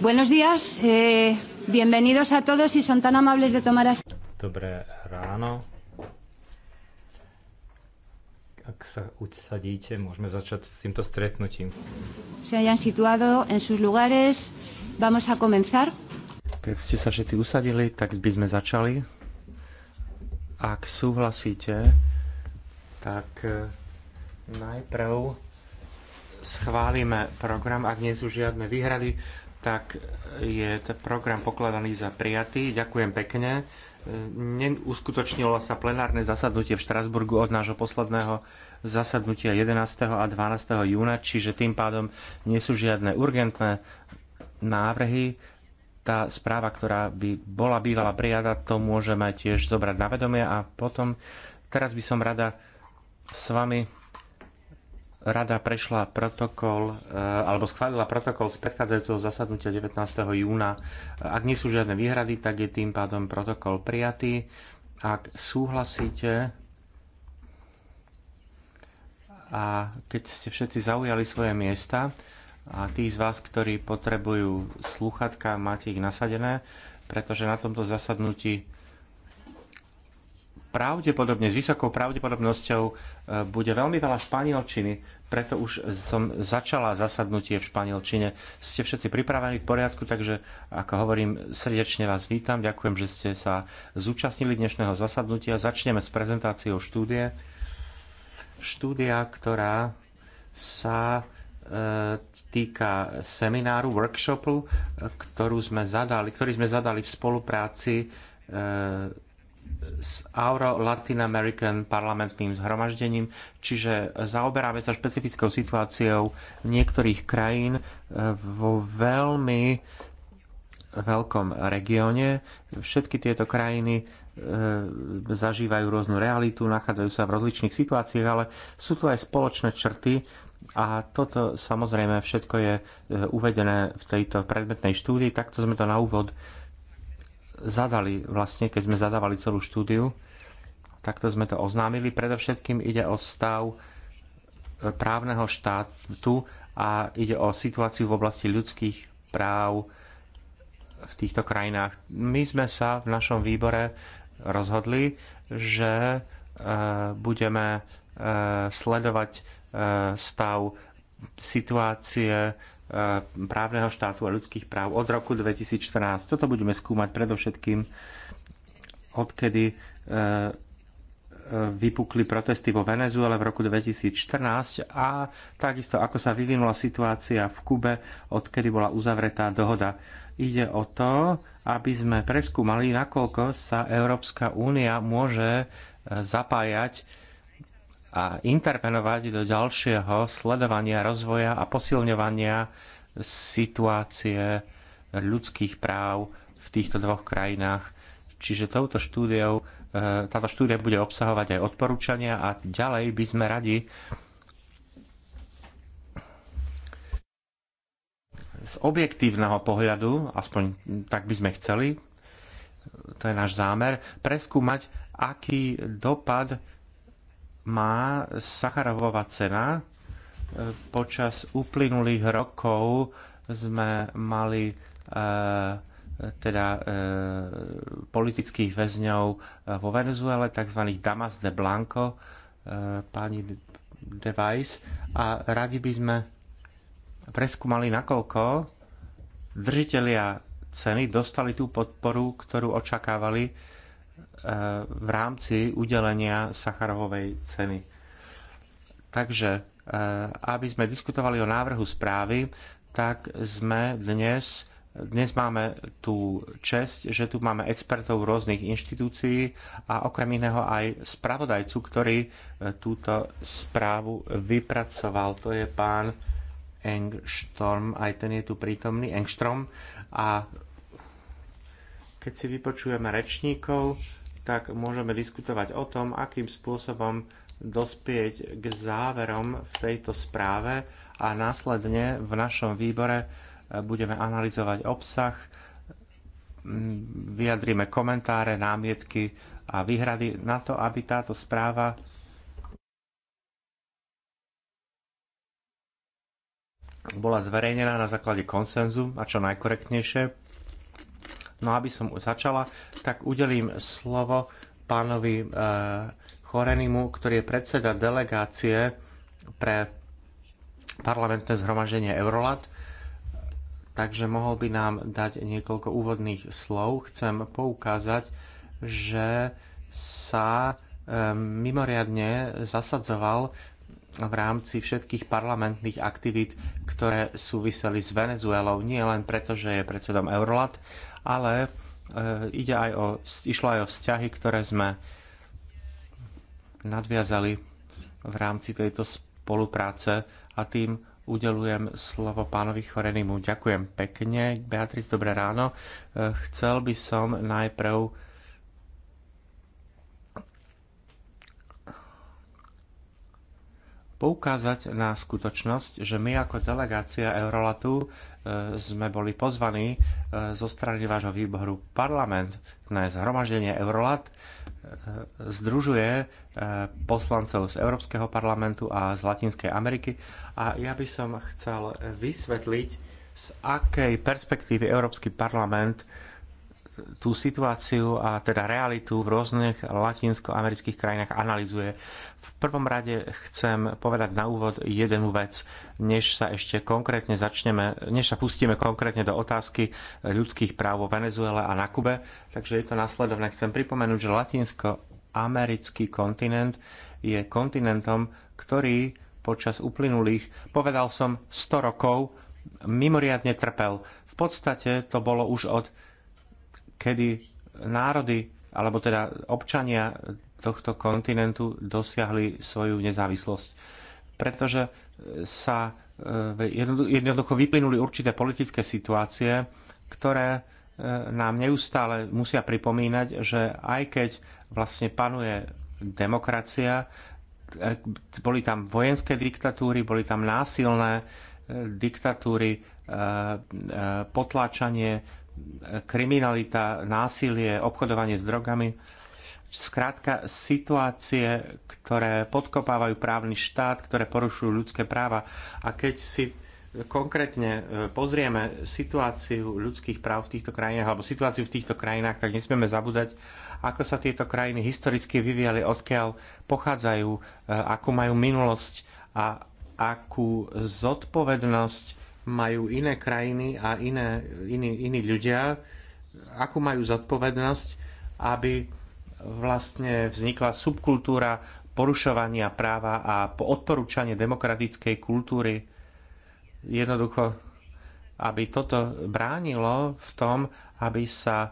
Buenos días, eh, bienvenidos a todos y son tan amables de tomar asiento. Dobré ráno. Ak sa usadíte, môžeme začať s týmto stretnutím. Se hayan situado en sus lugares, vamos a comenzar. Keď ste sa všetci usadili, tak by sme začali. Ak súhlasíte, tak eh, najprv schválime program, ak nie sú žiadne výhrady, tak je ten program pokladaný za prijatý. Ďakujem pekne. Neuskutočnilo sa plenárne zasadnutie v Štrasburgu od nášho posledného zasadnutia 11. a 12. júna, čiže tým pádom nie sú žiadne urgentné návrhy. Tá správa, ktorá by bola bývala prijata, to môžeme tiež zobrať na vedomie a potom teraz by som rada s vami Rada prešla protokol, e, alebo schválila protokol z predchádzajúceho zasadnutia 19. júna. Ak nie sú žiadne výhrady, tak je tým pádom protokol prijatý. Ak súhlasíte a keď ste všetci zaujali svoje miesta a tí z vás, ktorí potrebujú sluchatka, máte ich nasadené, pretože na tomto zasadnutí pravdepodobne, s vysokou pravdepodobnosťou e, bude veľmi veľa španielčiny, preto už som začala zasadnutie v španielčine. Ste všetci pripravení v poriadku, takže ako hovorím, srdečne vás vítam, ďakujem, že ste sa zúčastnili dnešného zasadnutia. Začneme s prezentáciou štúdie. Štúdia, ktorá sa e, týka semináru, workshopu, e, ktorú sme zadali, ktorý sme zadali v spolupráci s Auro Latin American parlamentným zhromaždením, čiže zaoberáme sa špecifickou situáciou niektorých krajín eh, vo veľmi veľkom regióne. Všetky tieto krajiny eh, zažívajú rôznu realitu, nachádzajú sa v rozličných situáciách, ale sú tu aj spoločné črty a toto samozrejme všetko je eh, uvedené v tejto predmetnej štúdii. Takto sme to na úvod zadali, vlastne, keď sme zadávali celú štúdiu, takto sme to oznámili. Predovšetkým ide o stav e, právneho štátu a ide o situáciu v oblasti ľudských práv v týchto krajinách. My sme sa v našom výbore rozhodli, že e, budeme e, sledovať stav situácie E, právneho štátu a ľudských práv od roku 2014. Toto budeme skúmať predovšetkým, odkedy e, e, vypukli protesty vo Venezuele v roku 2014 a takisto ako sa vyvinula situácia v Kube, odkedy bola uzavretá dohoda. Ide o to, aby sme preskúmali, nakoľko sa Európska únia môže zapájať a intervenovať do ďalšieho sledovania rozvoja a posilňovania situácie ľudských práv v týchto dvoch krajinách. Čiže touto štúdiou, e, táto štúdia bude obsahovať aj odporúčania a ďalej by sme radi z objektívneho pohľadu, aspoň tak by sme chceli, to je náš zámer, preskúmať, aký dopad má Sacharovová cena. E, počas uplynulých rokov sme mali e, teda e, politických väzňov vo Venezuele, tzv. Damas de Blanco, pani de Vice. A radi by sme preskúmali, nakoľko držitelia ceny dostali tú podporu, ktorú očakávali E, v rámci udelenia Sacharovej ceny. Takže, e, aby sme diskutovali o návrhu správy, tak sme dnes, dnes máme tú čest, že tu máme expertov rôznych inštitúcií a okrem iného aj spravodajcu, ktorý e, túto správu vypracoval. To je pán Engstrom, aj ten je tu prítomný, Engstrom. A keď si vypočujeme rečníkov, tak môžeme diskutovať o tom, akým spôsobom dospieť k záverom v tejto správe a následne v našom výbore e, budeme analyzovať obsah, vyjadrime komentáre, námietky a výhrady na to, aby táto správa bola zverejnená na základe konsenzu a čo najkorektnejšie No aby som začala, tak udelím slovo pánovi e, Chorenimu, ktorý je predseda delegácie pre parlamentné zhromaždenie Eurolat. Takže mohol by nám dať niekoľko úvodných slov. Chcem poukázať, že sa e, mimoriadne zasadzoval v rámci všetkých parlamentných aktivít, ktoré súviseli s Venezuelou, nie len preto, že je predsedom Eurolat, ale e, ide aj o, išlo aj o vzťahy, ktoré sme nadviazali v rámci tejto spolupráce a tým udelujem slovo pánovi Chorenýmu. Ďakujem pekne. Beatriz, dobré ráno. E, chcel by som najprv poukázať na skutočnosť, že my ako delegácia Eurolatu sme boli pozvaní e, zo strany vášho výboru parlament na zhromaždenie Eurolat. E, združuje e, poslancov z Európskeho parlamentu a z Latinskej Ameriky a ja by som chcel vysvetliť, z akej perspektívy Európsky parlament tú situáciu a teda realitu v rôznych latinskoamerických krajinách analizuje. V prvom rade chcem povedať na úvod jednu vec, než sa ešte konkrétne začneme, než sa pustíme konkrétne do otázky ľudských práv vo Venezuele a na Kube. Takže je to následovné. Chcem pripomenúť, že latinskoamerický kontinent je kontinentom, ktorý počas uplynulých, povedal som, 100 rokov mimoriadne trpel. V podstate to bolo už od kedy národy, alebo teda občania tohto kontinentu dosiahli svoju nezávislosť. Pretože sa e, jednoducho vyplynuli určité politické situácie, ktoré e, nám neustále musia pripomínať, že aj keď vlastne panuje demokracia, e, boli tam vojenské diktatúry, boli tam násilné diktatúry, potláčanie, kriminalita, násilie, obchodovanie s drogami. Skrátka, situácie, ktoré podkopávajú právny štát, ktoré porušujú ľudské práva. A keď si konkrétne e, pozrieme situáciu ľudských práv v týchto krajinách alebo situáciu v týchto krajinách, tak nesmieme zabúdať, ako sa tieto krajiny historicky vyvíjali, odkiaľ pochádzajú, e, akú majú minulosť a akú zodpovednosť majú iné krajiny a iné, iní, iní ľudia, akú majú zodpovednosť, aby vlastne vznikla subkultúra porušovania práva a odporúčanie demokratickej kultúry. Jednoducho, aby toto bránilo v tom, aby sa,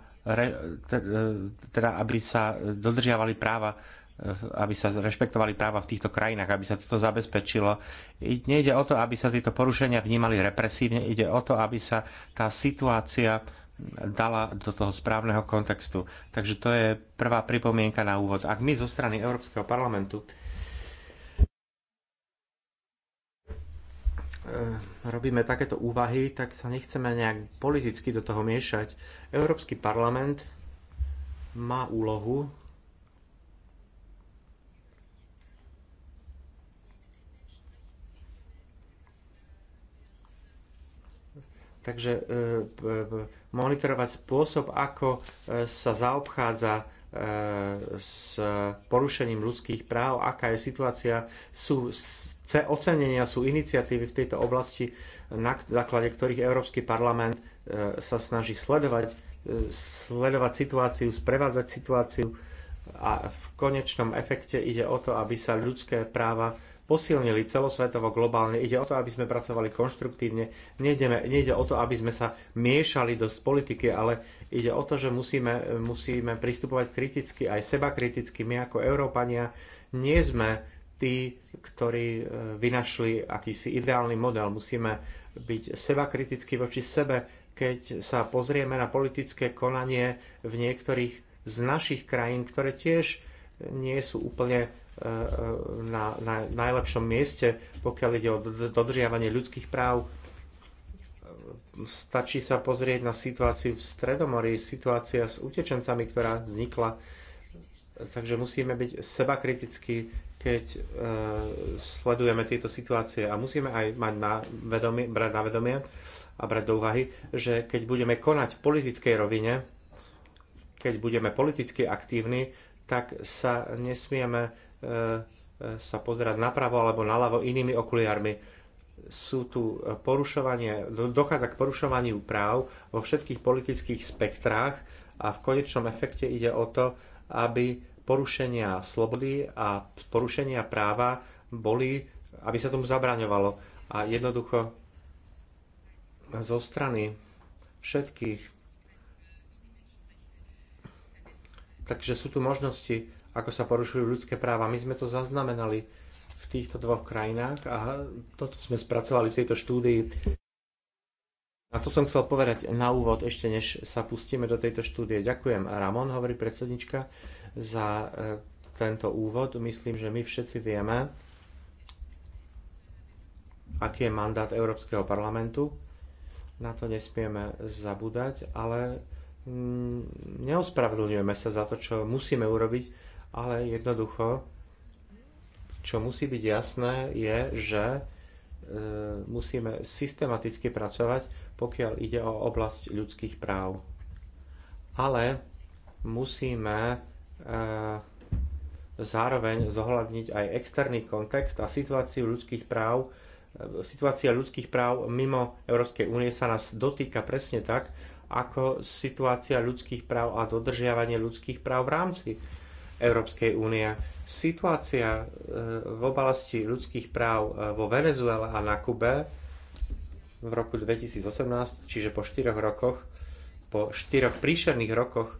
teda aby sa dodržiavali práva Eh, aby sa rešpektovali práva v týchto krajinách, aby sa toto zabezpečilo. Nejde o to, aby sa tieto porušenia vnímali represívne, ide o to, aby sa tá situácia dala do toho správneho kontextu. Takže to je prvá pripomienka na úvod. Ak my zo strany Európskeho parlamentu eh, robíme takéto úvahy, tak sa nechceme nejak politicky do toho miešať. Európsky parlament má úlohu Takže e, monitorovať spôsob, ako e, sa zaobchádza e, s porušením ľudských práv, aká je situácia, sú c, ocenenia, sú iniciatívy v tejto oblasti, na základe ktorých Európsky parlament e, sa snaží sledovať, e, sledovať situáciu, sprevádzať situáciu a v konečnom efekte ide o to, aby sa ľudské práva posilnili celosvetovo, globálne. Ide o to, aby sme pracovali konštruktívne. Nejdeme, nejde o to, aby sme sa miešali do politiky, ale ide o to, že musíme, musíme pristupovať kriticky, aj seba kriticky. My ako Európania nie sme tí, ktorí e, vynašli akýsi ideálny model. Musíme byť seba kriticky voči sebe, keď sa pozrieme na politické konanie v niektorých z našich krajín, ktoré tiež nie sú úplne Eh, na, na najlepšom mieste, pokiaľ ide o dodržiavanie ľudských práv. Stačí sa pozrieť na situáciu v Stredomorí, situácia s utečencami, ktorá vznikla. Takže musíme byť seba kriticky, keď e, sledujeme tieto situácie a musíme aj mať na vedomie, brať na vedomie a brať do úvahy, že keď budeme konať v politickej rovine, keď budeme politicky aktívni, tak sa nesmieme E, e, sa pozerať napravo alebo naľavo inými okuliarmi. Sú tu porušovanie, dochádza k porušovaniu práv vo všetkých politických spektrách a v konečnom efekte ide o to, aby porušenia slobody a porušenia práva boli, aby sa tomu zabraňovalo. A jednoducho zo strany všetkých. Takže sú tu možnosti ako sa porušujú ľudské práva. My sme to zaznamenali v týchto dvoch krajinách a toto sme spracovali v tejto štúdii. A to som chcel povedať na úvod, ešte než sa pustíme do tejto štúdie. Ďakujem, Ramon, hovorí predsednička, za e, tento úvod. Myslím, že my všetci vieme, aký je mandát Európskeho parlamentu. Na to nesmieme zabúdať, ale mm, neospravedlňujeme sa za to, čo musíme urobiť ale jednoducho, čo musí byť jasné, je, že e, musíme systematicky pracovať, pokiaľ ide o oblasť ľudských práv. Ale musíme e, zároveň zohľadniť aj externý kontext a situáciu ľudských práv. E, situácia ľudských práv mimo Európskej únie sa nás dotýka presne tak, ako situácia ľudských práv a dodržiavanie ľudských práv v rámci Európskej únie. Situácia e, v oblasti ľudských práv e, vo Venezuele a na Kube v roku 2018, čiže po štyroch rokoch, po štyroch príšerných rokoch,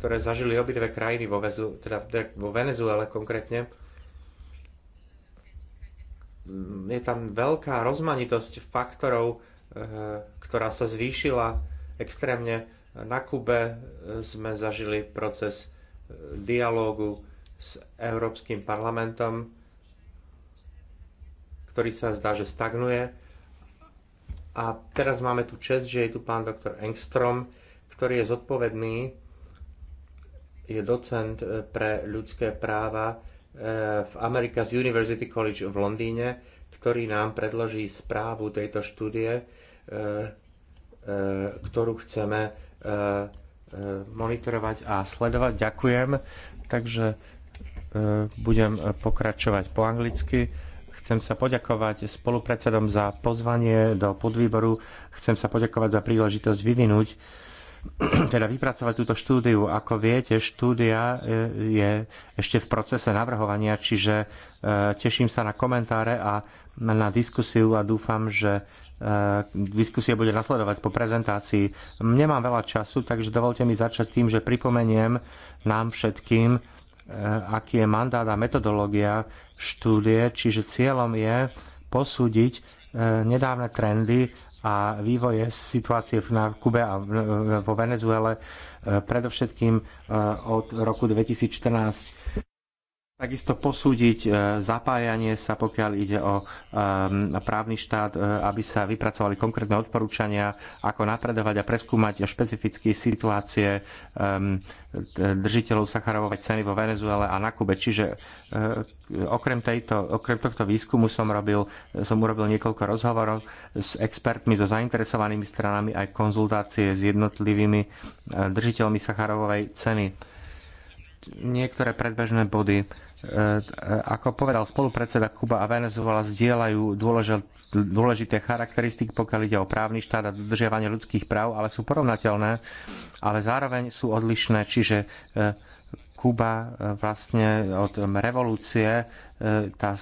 ktoré zažili obidve krajiny vo, Vezu, teda vo Venezuele konkrétne, mm, je tam veľká rozmanitosť faktorov, e, ktorá sa zvýšila extrémne. Na Kube sme zažili proces dialógu s Európskym parlamentom, ktorý sa zdá, že stagnuje. A teraz máme tu čest, že je tu pán doktor Engstrom, ktorý je zodpovedný, je docent eh, pre ľudské práva eh, v America's University College v Londýne, ktorý nám predloží správu tejto štúdie, eh, ktorú chceme E, monitorovať a sledovať. Ďakujem. Takže e, budem pokračovať po anglicky. Chcem sa poďakovať spolupredsedom za pozvanie do podvýboru. Chcem sa poďakovať za príležitosť vyvinúť teda vypracovať túto štúdiu. Ako viete, štúdia e, je ešte v procese navrhovania, čiže teším sa na komentáre a na diskusiu a dúfam, že Eh, diskusia bude nasledovať po prezentácii. Nemám veľa času, takže dovolte mi začať tým, že pripomeniem nám všetkým, eh, aký je mandát a metodológia štúdie, čiže cieľom je posúdiť eh, nedávne trendy a vývoje situácie na Kube a vo Venezuele, predovšetkým od roku 2014 Takisto posúdiť e, zapájanie sa, pokiaľ ide o e, právny štát, e, aby sa vypracovali konkrétne odporúčania, ako napredovať a preskúmať špecifické situácie držiteľov Sacharovovej ceny vo Venezuele a na Kube. Čiže okrem, tejto, okrem tohto výskumu som, robil, som urobil niekoľko rozhovorov s expertmi, so zainteresovanými stranami, aj konzultácie s jednotlivými držiteľmi Sacharovovej ceny. Niektoré predbežné body E, ako povedal spolupredseda Kuba a Venezuela zdieľajú dôležité charakteristiky, pokiaľ ide o právny štát a dodržiavanie ľudských práv, ale sú porovnateľné, ale zároveň sú odlišné, čiže e, Kuba e, vlastne od e, revolúcie, e, tá,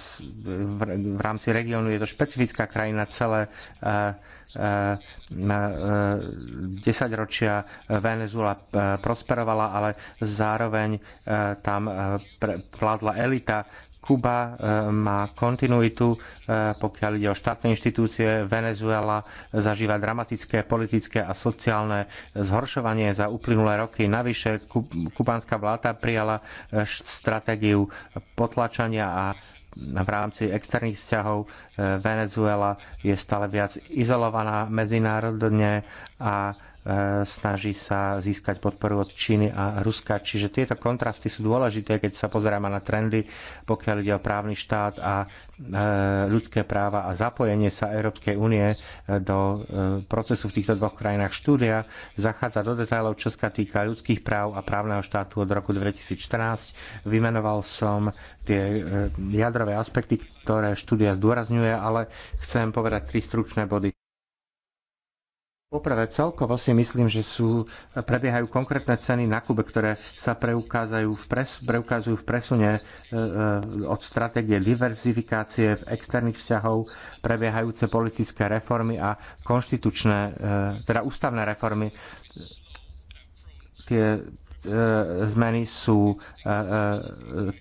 v rámci regiónu je to špecifická krajina, celé desaťročia Venezuela prosperovala, ale zároveň tam vládla elita, Kuba e, má kontinuitu, e, pokiaľ ide o štátne inštitúcie. Venezuela zažíva dramatické politické a sociálne zhoršovanie za uplynulé roky. Navyše, kubánska vláda prijala e, stratégiu potlačania a v rámci externých vzťahov Venezuela je stále viac izolovaná medzinárodne a E, snaží sa získať podporu od Číny a Ruska. Čiže tieto kontrasty sú dôležité, keď sa pozeráme na trendy, pokiaľ ide o právny štát a e, ľudské práva a zapojenie sa Európskej únie e, do procesu v týchto dvoch krajinách. Štúdia zachádza do detailov, čo sa týka ľudských práv a právneho štátu od roku 2014. Vymenoval som tie jadrové aspekty, ktoré štúdia zdôrazňuje, ale chcem povedať tri stručné body. Poprvé, celkovo si myslím, že sú, prebiehajú konkrétne ceny na Kube, ktoré sa preukázajú v pres, preukázajú v presune e, e, od stratégie diverzifikácie v externých vzťahov, prebiehajúce politické reformy a konštitučné, e, teda ústavné reformy. Tie E, zmeny sú e, e,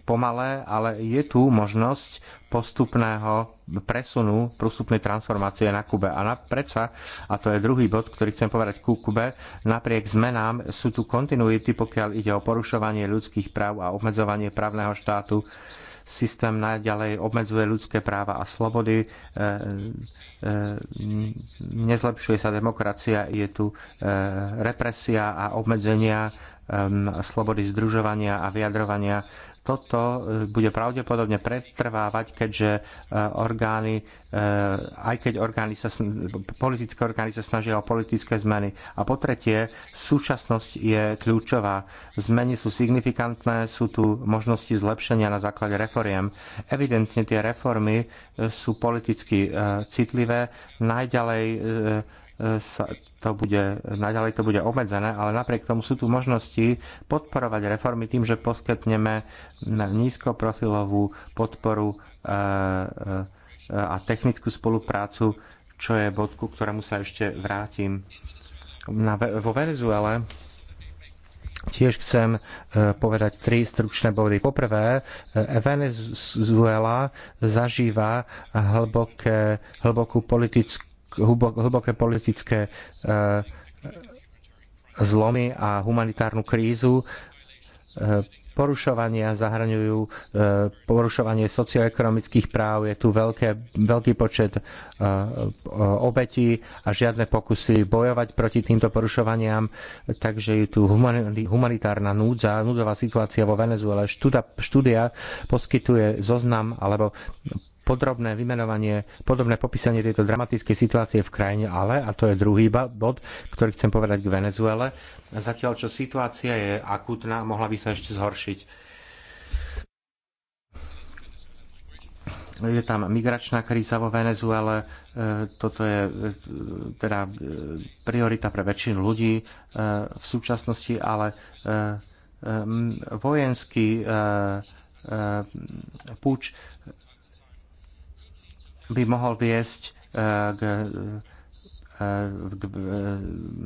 pomalé, ale je tu možnosť postupného presunu, postupnej transformácie na Kube. A na, predsa, a to je druhý bod, ktorý chcem povedať ku Kube, napriek zmenám sú tu kontinuity, pokiaľ ide o porušovanie ľudských práv a obmedzovanie právneho štátu systém naďalej obmedzuje ľudské práva a slobody, nezlepšuje sa demokracia, je tu represia a obmedzenia Um, slobody združovania a vyjadrovania. Toto uh, bude pravdepodobne pretrvávať, keďže uh, orgány, uh, aj keď orgány sa, politické orgány sa snažia o politické zmeny. A po tretie, súčasnosť je kľúčová. Zmeny sú signifikantné, sú tu možnosti zlepšenia na základe reforiem. Evidentne tie reformy sú politicky citlivé. Najďalej E, sa to bude, naďalej to bude obmedzené, ale napriek tomu sú tu možnosti podporovať reformy tým, že poskytneme nízkoprofilovú podporu e, e, a technickú spoluprácu, čo je bod, ku ktorému sa ešte vrátim. Na, vo Venezuele Tiež chcem povedať tri stručné body. Poprvé, Venezuela zažíva hlboké, hlbokú politickú hlboké politické e, e, zlomy a humanitárnu krízu. E, porušovania zahraňujú porušovanie socioekonomických práv, je tu veľké, veľký počet obetí a žiadne pokusy bojovať proti týmto porušovaniam, takže je tu humanitárna núdza, núdzová situácia vo Venezuele. Štúda, štúdia poskytuje zoznam alebo podrobné vymenovanie, podrobné popísanie tejto dramatickej situácie v krajine, ale, a to je druhý bod, ktorý chcem povedať k Venezuele, zatiaľ čo situácia je akútna, mohla by sa ešte zhoršiť. Je tam migračná kríza vo Venezuele, e, toto je e, teda e, priorita pre väčšinu ľudí v súčasnosti, ale vojenský púč by mohol viesť e, k, e, e, k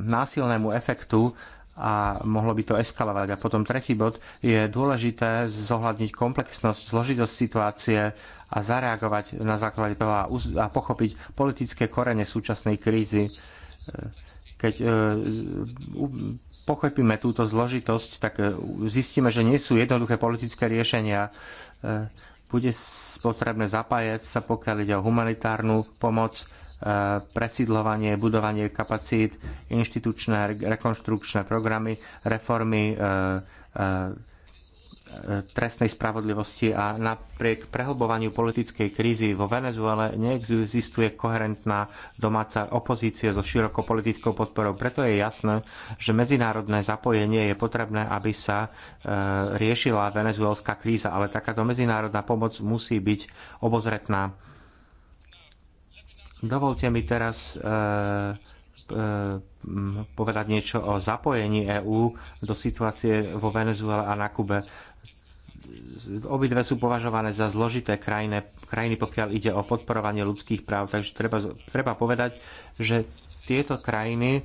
násilnému efektu a mohlo by to eskalovať. A potom tretí bod je dôležité zohľadniť komplexnosť, zložitosť situácie a zareagovať na základe toho a pochopiť politické korene súčasnej krízy keď pochopíme túto zložitosť, tak zistíme, že nie sú jednoduché politické riešenia. Bude potrebné zapájať sa, pokiaľ ide o humanitárnu pomoc, e, presídlovanie, budovanie kapacít, inštitučné, rekonštrukčné programy, reformy, e, e, trestnej spravodlivosti a napriek prehlbovaniu politickej krízy vo Venezuele neexistuje koherentná domáca opozícia so širokou politickou podporou. Preto je jasné, že medzinárodné zapojenie je potrebné, aby sa e, riešila venezuelská kríza, ale takáto medzinárodná pomoc musí byť obozretná. Dovolte mi teraz e, Eh, povedať niečo o zapojení EÚ do situácie vo Venezuele a na Kube. Obidve sú považované za zložité krajine, krajiny, pokiaľ ide o podporovanie ľudských práv. Takže treba, treba povedať, že tieto krajiny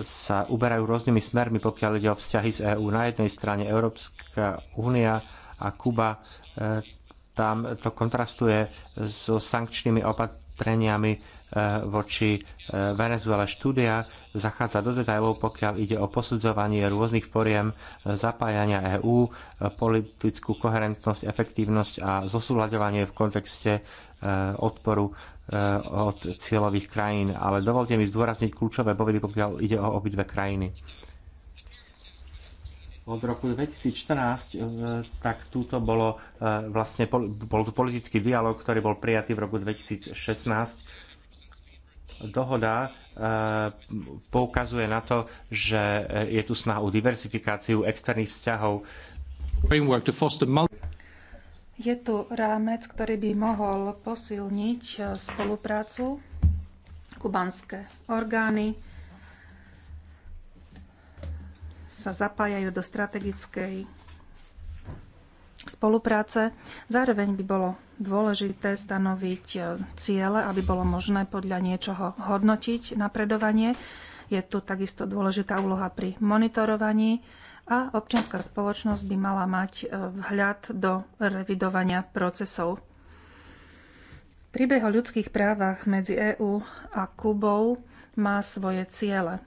sa uberajú rôznymi smermi, pokiaľ ide o vzťahy z EÚ. Na jednej strane Európska únia a Kuba, eh, tam to kontrastuje so sankčnými opatreniami opatreniami eh, voči eh, Venezuele. Štúdia zachádza do detajlov, pokiaľ ide o posudzovanie rôznych foriem eh, zapájania EÚ, politickú koherentnosť, efektívnosť a zosúľadovanie v kontexte odporu od cieľových krajín. Ale dovolte mi zdôrazniť kľúčové povedy, pokiaľ ide o obidve krajiny od roku 2014, e, tak túto bolo e, vlastne, bol tu politický dialog, ktorý bol prijatý v roku 2016. Dohoda e, poukazuje na to, že je tu snaha o diversifikáciu externých vzťahov. Je tu rámec, ktorý by mohol posilniť spoluprácu kubanské orgány, sa zapájajú do strategickej spolupráce. Zároveň by bolo dôležité stanoviť e, ciele, aby bolo možné podľa niečoho hodnotiť napredovanie. Je tu takisto dôležitá úloha pri monitorovaní a občianská spoločnosť by mala mať e, vhľad do revidovania procesov. Príbeh o ľudských právach medzi EÚ a Kubou má svoje ciele.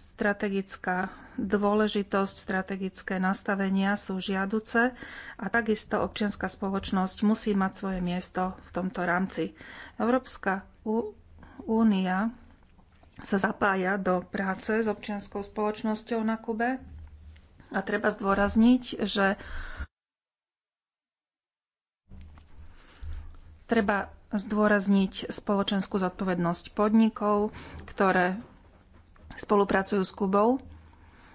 Strategická dôležitosť strategické nastavenia sú žiaduce a takisto občianská spoločnosť musí mať svoje miesto v tomto rámci. Európska únia sa zapája do práce s občianskou spoločnosťou na Kube a treba zdôrazniť, že treba zdôrazniť spoločenskú zodpovednosť podnikov, ktoré spolupracujú s Kubou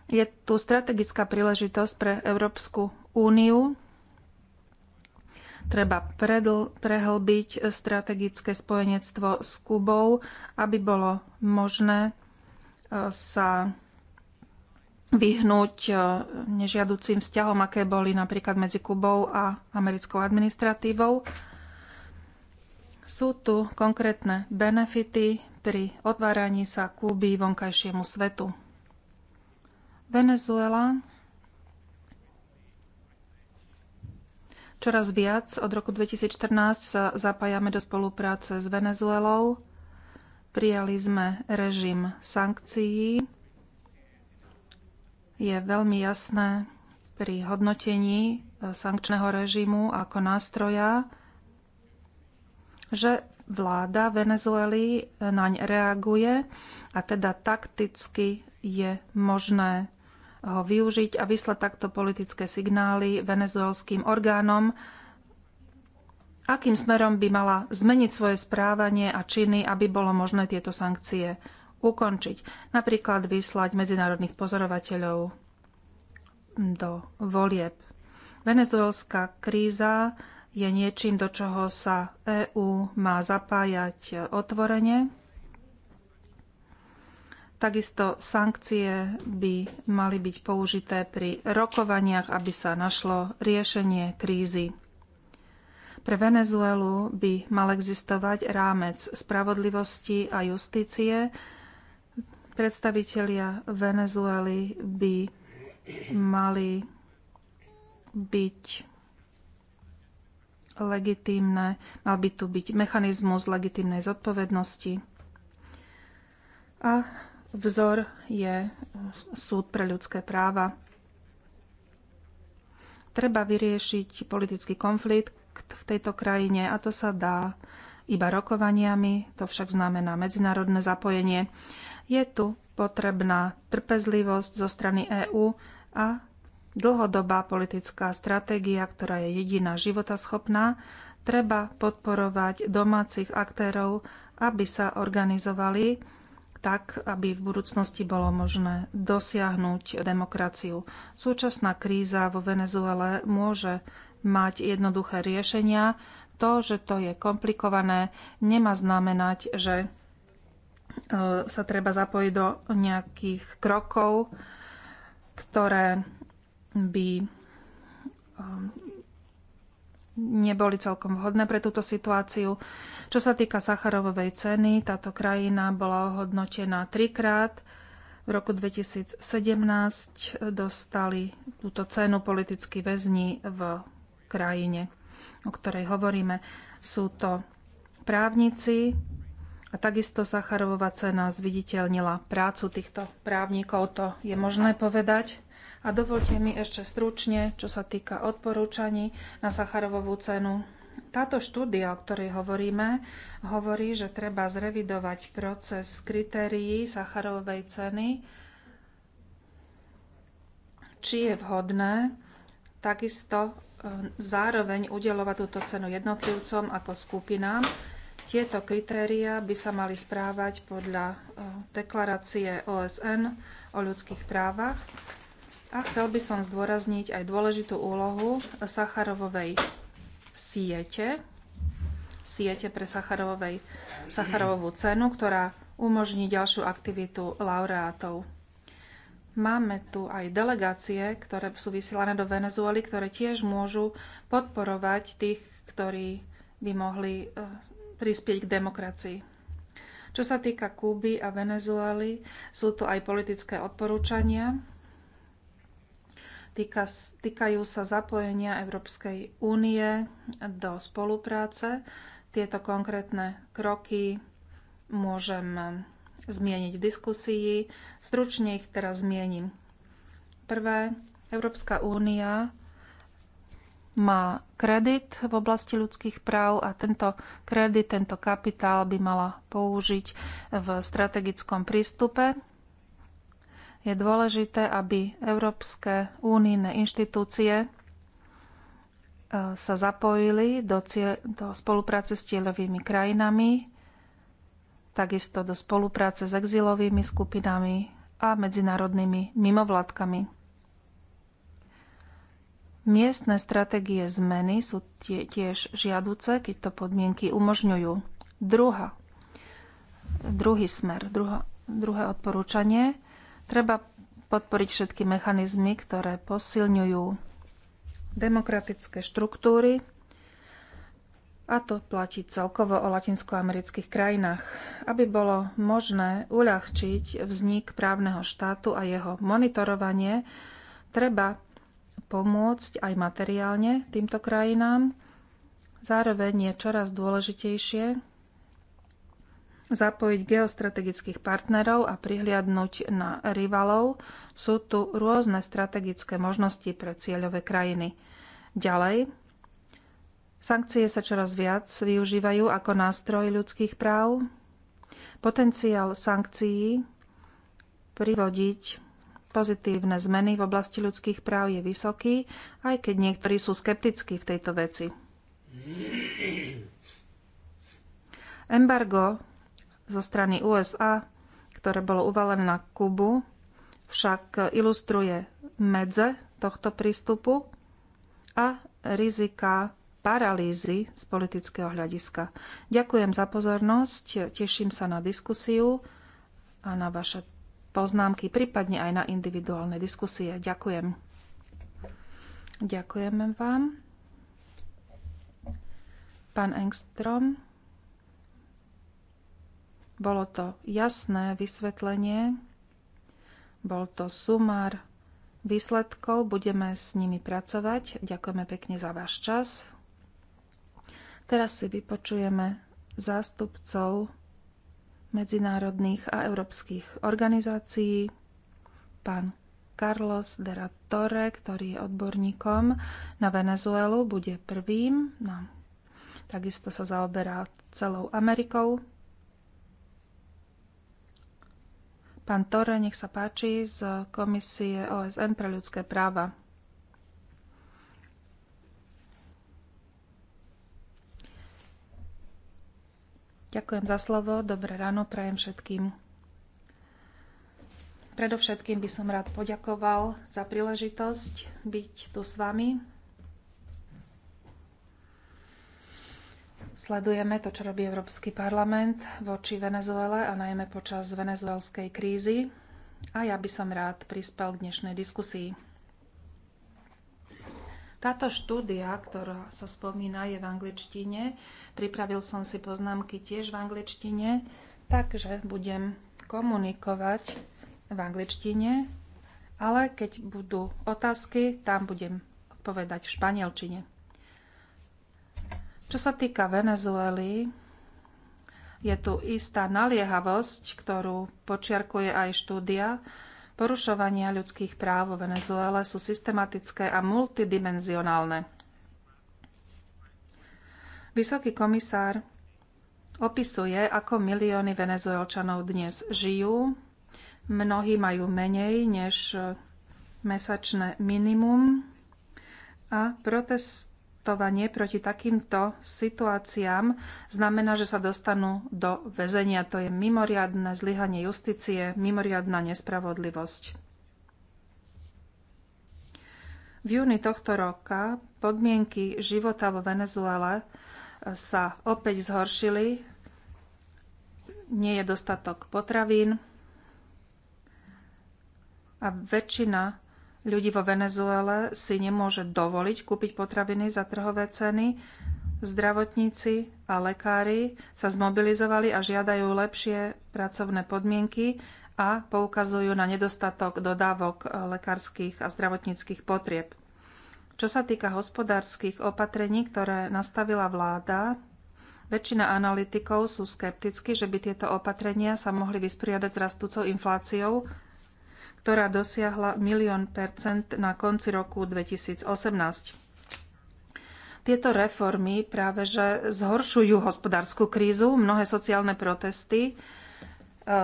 je tu strategická príležitosť pre Európsku úniu. Treba predl- prehlbiť strategické spojenectvo s Kubou, aby bolo možné e, sa vyhnúť e, nežiaducím vzťahom, aké boli napríklad medzi Kubou a americkou administratívou. Sú tu konkrétne benefity pri otváraní sa Kuby vonkajšiemu svetu. Venezuela čoraz viac od roku 2014 sa zapájame do spolupráce s Venezuelou. Prijali sme režim sankcií. Je veľmi jasné pri hodnotení eh, sankčného režimu ako nástroja, že vláda Venezuely eh, naň reaguje a teda takticky je možné ho využiť a vyslať takto politické signály venezuelským orgánom, akým smerom by mala zmeniť svoje správanie a činy, aby bolo možné tieto sankcie ukončiť. Napríklad vyslať medzinárodných pozorovateľov do volieb. Venezuelská kríza je niečím, do čoho sa EÚ má zapájať otvorene Takisto sankcie by mali byť použité pri rokovaniach, aby sa našlo riešenie krízy. Pre Venezuelu by mal existovať rámec spravodlivosti a justície. Predstavitelia Venezuely by mali byť legitímne, mal by tu byť mechanizmus legitímnej zodpovednosti. A Vzor je súd pre ľudské práva. Treba vyriešiť politický konflikt v tejto krajine a to sa dá iba rokovaniami, to však znamená medzinárodné zapojenie. Je tu potrebná trpezlivosť zo strany EÚ a dlhodobá politická stratégia, ktorá je jediná životaschopná. Treba podporovať domácich aktérov, aby sa organizovali tak, aby v budúcnosti bolo možné dosiahnuť demokraciu. Súčasná kríza vo Venezuele môže mať jednoduché riešenia. To, že to je komplikované, nemá znamenať, že e, sa treba zapojiť do nejakých krokov, ktoré by e, neboli celkom vhodné pre túto situáciu. Čo sa týka Sacharovovej ceny, táto krajina bola ohodnotená trikrát. V roku 2017 dostali túto cenu politickí väzni v krajine, o ktorej hovoríme. Sú to právnici a takisto Sacharovová cena zviditeľnila prácu týchto právnikov, to je možné povedať. A dovolte mi ešte stručne, čo sa týka odporúčaní na Sacharovovú cenu. Táto štúdia, o ktorej hovoríme, hovorí, že treba zrevidovať proces kritérií Sacharovej ceny, či je vhodné takisto e, zároveň udelovať túto cenu jednotlivcom ako skupinám. Tieto kritéria by sa mali správať podľa e, deklarácie OSN o ľudských právach a chcel by som zdôrazniť aj dôležitú úlohu Sacharovovej siete, siete pre Sacharovovej, Sacharovovú cenu, ktorá umožní ďalšiu aktivitu laureátov. Máme tu aj delegácie, ktoré sú vysielané do Venezuely, ktoré tiež môžu podporovať tých, ktorí by mohli eh, prispieť k demokracii. Čo sa týka Kúby a Venezuely, sú tu aj politické odporúčania, Týka, týkajú sa zapojenia Európskej únie do spolupráce. Tieto konkrétne kroky môžem zmieniť v diskusii. Stručne ich teraz zmienim. Prvé, Európska únia má kredit v oblasti ľudských práv a tento kredit, tento kapitál by mala použiť v strategickom prístupe je dôležité, aby európske únijné inštitúcie e, sa zapojili do, cieľ, do spolupráce s cieľovými krajinami, takisto do spolupráce s exilovými skupinami a medzinárodnými mimovládkami. Miestne stratégie zmeny sú tie, tiež žiaduce, keď to podmienky umožňujú. Druhá, druhý smer, druhá, druhé odporúčanie Treba podporiť všetky mechanizmy, ktoré posilňujú demokratické štruktúry, a to platí celkovo o latinskoamerických krajinách, aby bolo možné uľahčiť vznik právneho štátu a jeho monitorovanie, treba pomôcť aj materiálne týmto krajinám. Zároveň je čoraz dôležitejšie zapojiť geostrategických partnerov a prihliadnúť na rivalov, sú tu rôzne strategické možnosti pre cieľové krajiny. Ďalej, sankcie sa čoraz viac využívajú ako nástroj ľudských práv. Potenciál sankcií privodiť pozitívne zmeny v oblasti ľudských práv je vysoký, aj keď niektorí sú skeptickí v tejto veci. Embargo zo strany USA, ktoré bolo uvalené na Kubu, však ilustruje medze tohto prístupu a rizika paralýzy z politického hľadiska. Ďakujem za pozornosť, teším sa na diskusiu a na vaše poznámky, prípadne aj na individuálne diskusie. Ďakujem. Ďakujeme vám. Pán Engstrom. Bolo to jasné vysvetlenie, bol to sumár výsledkov, budeme s nimi pracovať. Ďakujeme pekne za váš čas. Teraz si vypočujeme zástupcov medzinárodných a európskych organizácií, pán Carlos de la Torre, ktorý je odborníkom na Venezuelu, bude prvým. No. Takisto sa zaoberá celou Amerikou. Pán Torre, nech sa páči, z Komisie OSN pre ľudské práva. Ďakujem za slovo, dobré ráno prajem všetkým. Predovšetkým by som rád poďakoval za príležitosť byť tu s vami Sledujeme to, čo robí Európsky parlament voči Venezuele a najmä počas venezuelskej krízy. A ja by som rád prispel k dnešnej diskusii. Táto štúdia, ktorá sa spomína, je v angličtine. Pripravil som si poznámky tiež v angličtine, takže budem komunikovať v angličtine, ale keď budú otázky, tam budem odpovedať v španielčine. Čo sa týka Venezuely, je tu istá naliehavosť, ktorú počiarkuje aj štúdia. Porušovania ľudských práv vo Venezuele sú systematické a multidimenzionálne. Vysoký komisár opisuje, ako milióny venezuelčanov dnes žijú. Mnohí majú menej než mesačné minimum a protest protestovanie proti takýmto situáciám znamená, že sa dostanú do väzenia. To je mimoriadne zlyhanie justície, mimoriadna nespravodlivosť. V júni tohto roka podmienky života vo Venezuele sa opäť zhoršili. Nie je dostatok potravín a väčšina ľudí vo Venezuele si nemôže dovoliť kúpiť potraviny za trhové ceny. Zdravotníci a lekári sa zmobilizovali a žiadajú lepšie pracovné podmienky a poukazujú na nedostatok dodávok eh, lekárskych a zdravotníckých potrieb. Čo sa týka hospodárskych opatrení, ktoré nastavila vláda, väčšina analytikov sú skeptickí, že by tieto opatrenia sa mohli vysporiadať s rastúcou infláciou ktorá dosiahla milión percent na konci roku 2018. Tieto reformy práve že zhoršujú hospodárskú krízu, mnohé sociálne protesty e,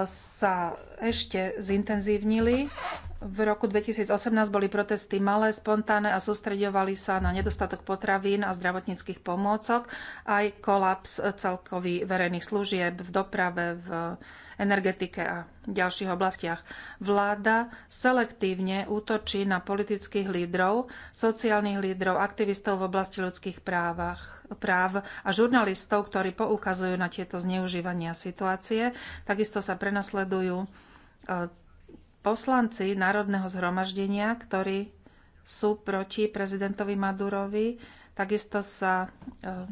sa ešte zintenzívnili. V roku 2018 boli protesty malé, spontánne a sústredovali sa na nedostatok potravín a zdravotníckých pomôcok, aj kolaps celkový verejných služieb v doprave, v energetike a ďalších oblastiach. Vláda selektívne útočí na politických lídrov, sociálnych lídrov, aktivistov v oblasti ľudských právach, práv a žurnalistov, ktorí poukazujú na tieto zneužívania situácie. Takisto sa prenasledujú e, poslanci Národného zhromaždenia, ktorí sú proti prezidentovi Madurovi. Takisto sa e,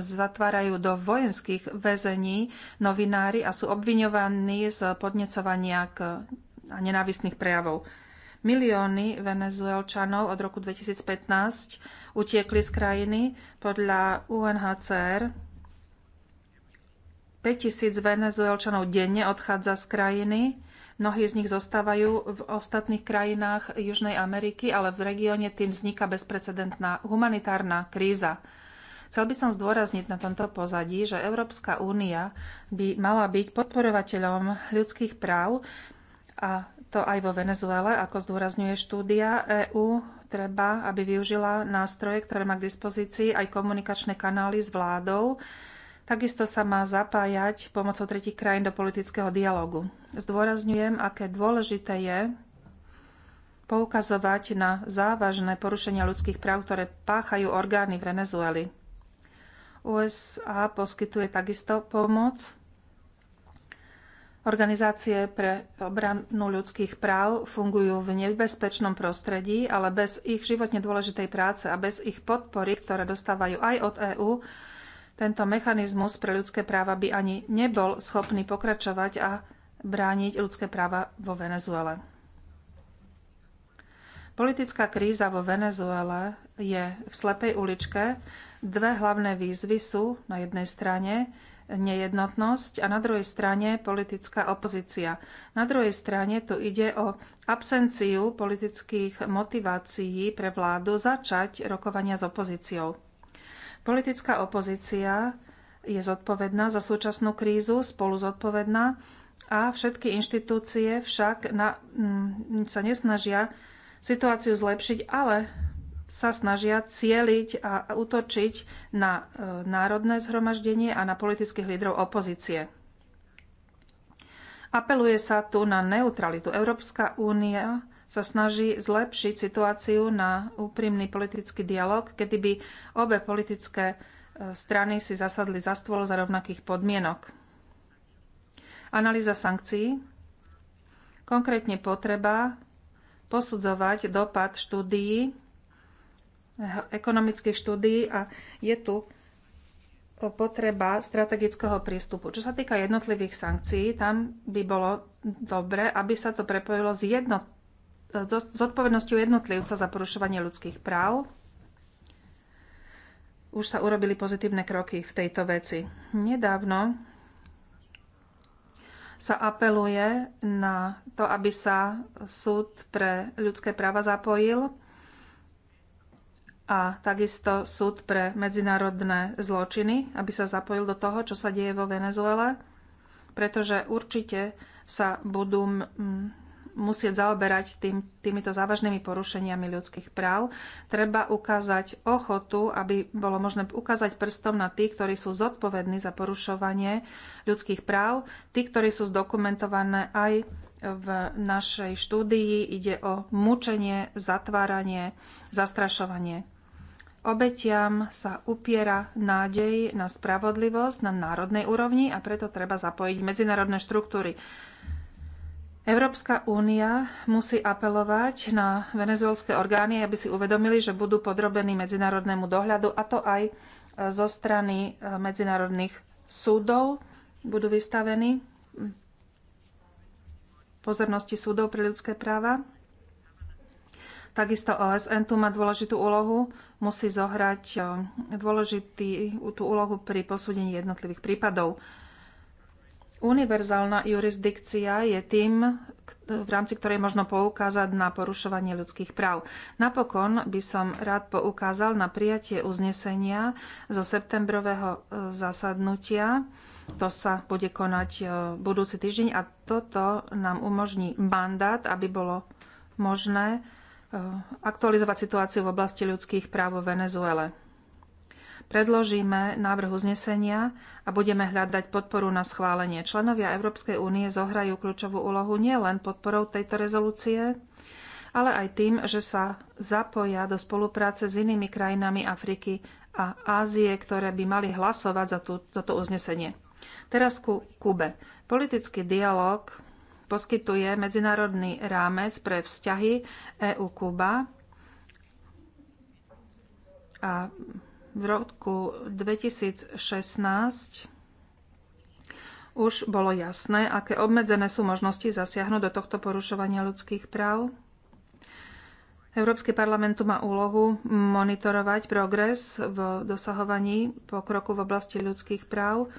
zatvárajú do vojenských väzení novinári a sú obviňovaní z podnecovania k, a nenávistných prejavov. Milióny venezuelčanov od roku 2015 utiekli z krajiny. Podľa UNHCR 5000 venezuelčanov denne odchádza z krajiny. Mnohí z nich zostávajú v ostatných krajinách Južnej Ameriky, ale v regióne tým vzniká bezprecedentná humanitárna kríza. Chcel by som zdôrazniť na tomto pozadí, že Európska únia by mala byť podporovateľom ľudských práv a to aj vo Venezuele, ako zdôrazňuje štúdia EÚ, treba, aby využila nástroje, ktoré má k dispozícii aj komunikačné kanály s vládou, Takisto sa má zapájať pomocou tretich krajín do politického dialogu. Zdôrazňujem, aké dôležité je poukazovať na závažné porušenia ľudských práv, ktoré páchajú orgány Venezuely. USA poskytuje takisto pomoc. Organizácie pre obranu ľudských práv fungujú v nebezpečnom prostredí, ale bez ich životne dôležitej práce a bez ich podpory, ktoré dostávajú aj od EÚ, tento mechanizmus pre ľudské práva by ani nebol schopný pokračovať a brániť ľudské práva vo Venezuele. Politická kríza vo Venezuele je v slepej uličke Dve hlavné výzvy sú na jednej strane nejednotnosť a na druhej strane politická opozícia. Na druhej strane tu ide o absenciu politických motivácií pre vládu začať rokovania s opozíciou. Politická opozícia je zodpovedná za súčasnú krízu, spolu zodpovedná a všetky inštitúcie však na, m, mm, sa nesnažia situáciu zlepšiť, ale sa snažia cieliť a útočiť na e, národné zhromaždenie a na politických lídrov opozície. Apeluje sa tu na neutralitu. Európska únia sa snaží zlepšiť situáciu na úprimný politický dialog, kedy by obe politické e, strany si zasadli za stôl za rovnakých podmienok. Analýza sankcií. Konkrétne potreba posudzovať dopad štúdií Eh, ekonomických štúdií a je tu potreba strategického prístupu. Čo sa týka jednotlivých sankcií, tam by bolo dobre, aby sa to prepojilo s, jedno, s odpovednosťou jednotlivca za porušovanie ľudských práv. Už sa urobili pozitívne kroky v tejto veci. Nedávno sa apeluje na to, aby sa súd pre ľudské práva zapojil a takisto súd pre medzinárodné zločiny, aby sa zapojil do toho, čo sa deje vo Venezuele, pretože určite sa budú musieť zaoberať tým, týmito závažnými porušeniami ľudských práv. Treba ukázať ochotu, aby bolo možné ukázať prstom na tých, ktorí sú zodpovední za porušovanie ľudských práv, tí, ktorí sú zdokumentované aj v našej štúdii. Ide o mučenie, zatváranie, zastrašovanie. Obetiam sa upiera nádej na spravodlivosť na národnej úrovni a preto treba zapojiť medzinárodné štruktúry. Európska únia musí apelovať na venezuelské orgány, aby si uvedomili, že budú podrobení medzinárodnému dohľadu, a to aj e, zo strany e, medzinárodných súdov budú vystavení pozornosti súdov pre ľudské práva. Takisto OSN tu má dôležitú úlohu musí zohrať e, dôležitý tú úlohu pri posúdení jednotlivých prípadov. Univerzálna jurisdikcia je tým, v rámci ktorej možno poukázať na porušovanie ľudských práv. Napokon by som rád poukázal na prijatie uznesenia zo septembrového e, zasadnutia. To sa bude konať e, budúci týždeň a toto nám umožní mandát, aby bolo možné Eh, aktualizovať situáciu v oblasti ľudských práv vo Venezuele. Predložíme návrh uznesenia a budeme hľadať podporu na schválenie. Členovia Európskej únie zohrajú kľúčovú úlohu nielen podporou tejto rezolúcie, ale aj tým, že sa zapoja do spolupráce s inými krajinami Afriky a Ázie, ktoré by mali hlasovať za tú, toto uznesenie. Teraz ku Kube. Politický dialog poskytuje medzinárodný rámec pre vzťahy EU-Kuba. A v roku 2016 už bolo jasné, aké obmedzené sú možnosti zasiahnuť do tohto porušovania ľudských práv. Európsky parlament má úlohu monitorovať progres v dosahovaní pokroku v oblasti ľudských práv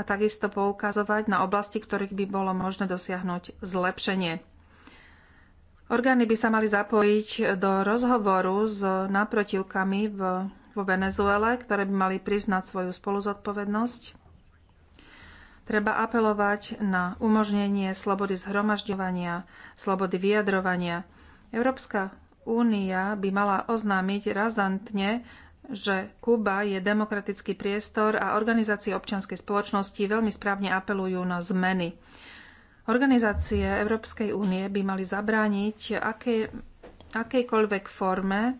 a takisto poukazovať na oblasti, ktorých by bolo možné dosiahnuť zlepšenie. Orgány by sa mali zapojiť do rozhovoru s naprotivkami v, vo Venezuele, ktoré by mali priznať svoju spoluzodpovednosť. Treba apelovať na umožnenie slobody zhromažďovania, slobody vyjadrovania. Európska únia by mala oznámiť razantne že Kuba je demokratický priestor a organizácie občianskej spoločnosti veľmi správne apelujú na zmeny. Organizácie Európskej únie by mali zabrániť aké, akejkoľvek forme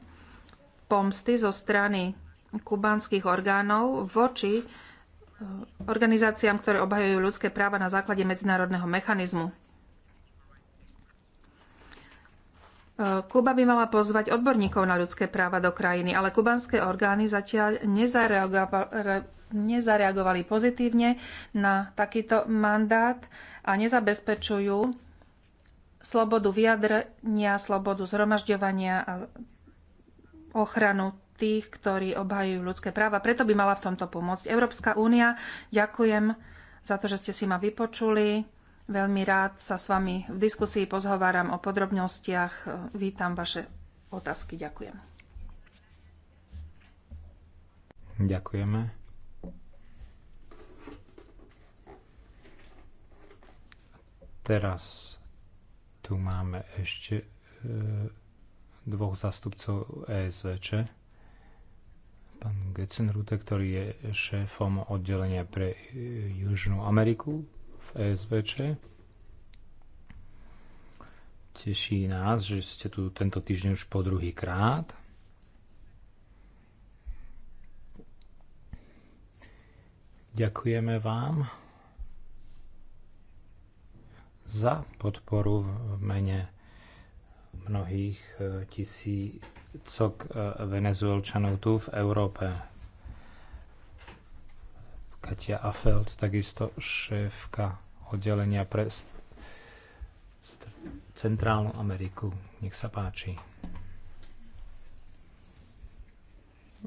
pomsty zo strany kubanských orgánov voči eh, organizáciám, ktoré obhajujú ľudské práva na základe medzinárodného mechanizmu. Kuba by mala pozvať odborníkov na ľudské práva do krajiny, ale kubanské orgány zatiaľ nezareagovali pozitívne na takýto mandát a nezabezpečujú slobodu vyjadrenia, slobodu zhromažďovania a ochranu tých, ktorí obhajujú ľudské práva. Preto by mala v tomto pomôcť Európska únia. Ďakujem za to, že ste si ma vypočuli. Veľmi rád sa s vami v diskusii pozhováram o podrobnostiach. Vítam vaše otázky. Ďakujem. Ďakujeme. Teraz tu máme ešte e, dvoch zastupcov ESVČ. Pán Getzenrute, ktorý je šéfom oddelenia pre Južnú Ameriku E v ESVČ. Teší nás, že ste tu tento týždeň už po druhý krát. Ďakujeme vám za podporu v mene mnohých eh, tisícok eh, venezuelčanov tu v Európe. Katia Afeld, takisto šéfka oddelenia pre Centrálnu Ameriku. Nech sa páči.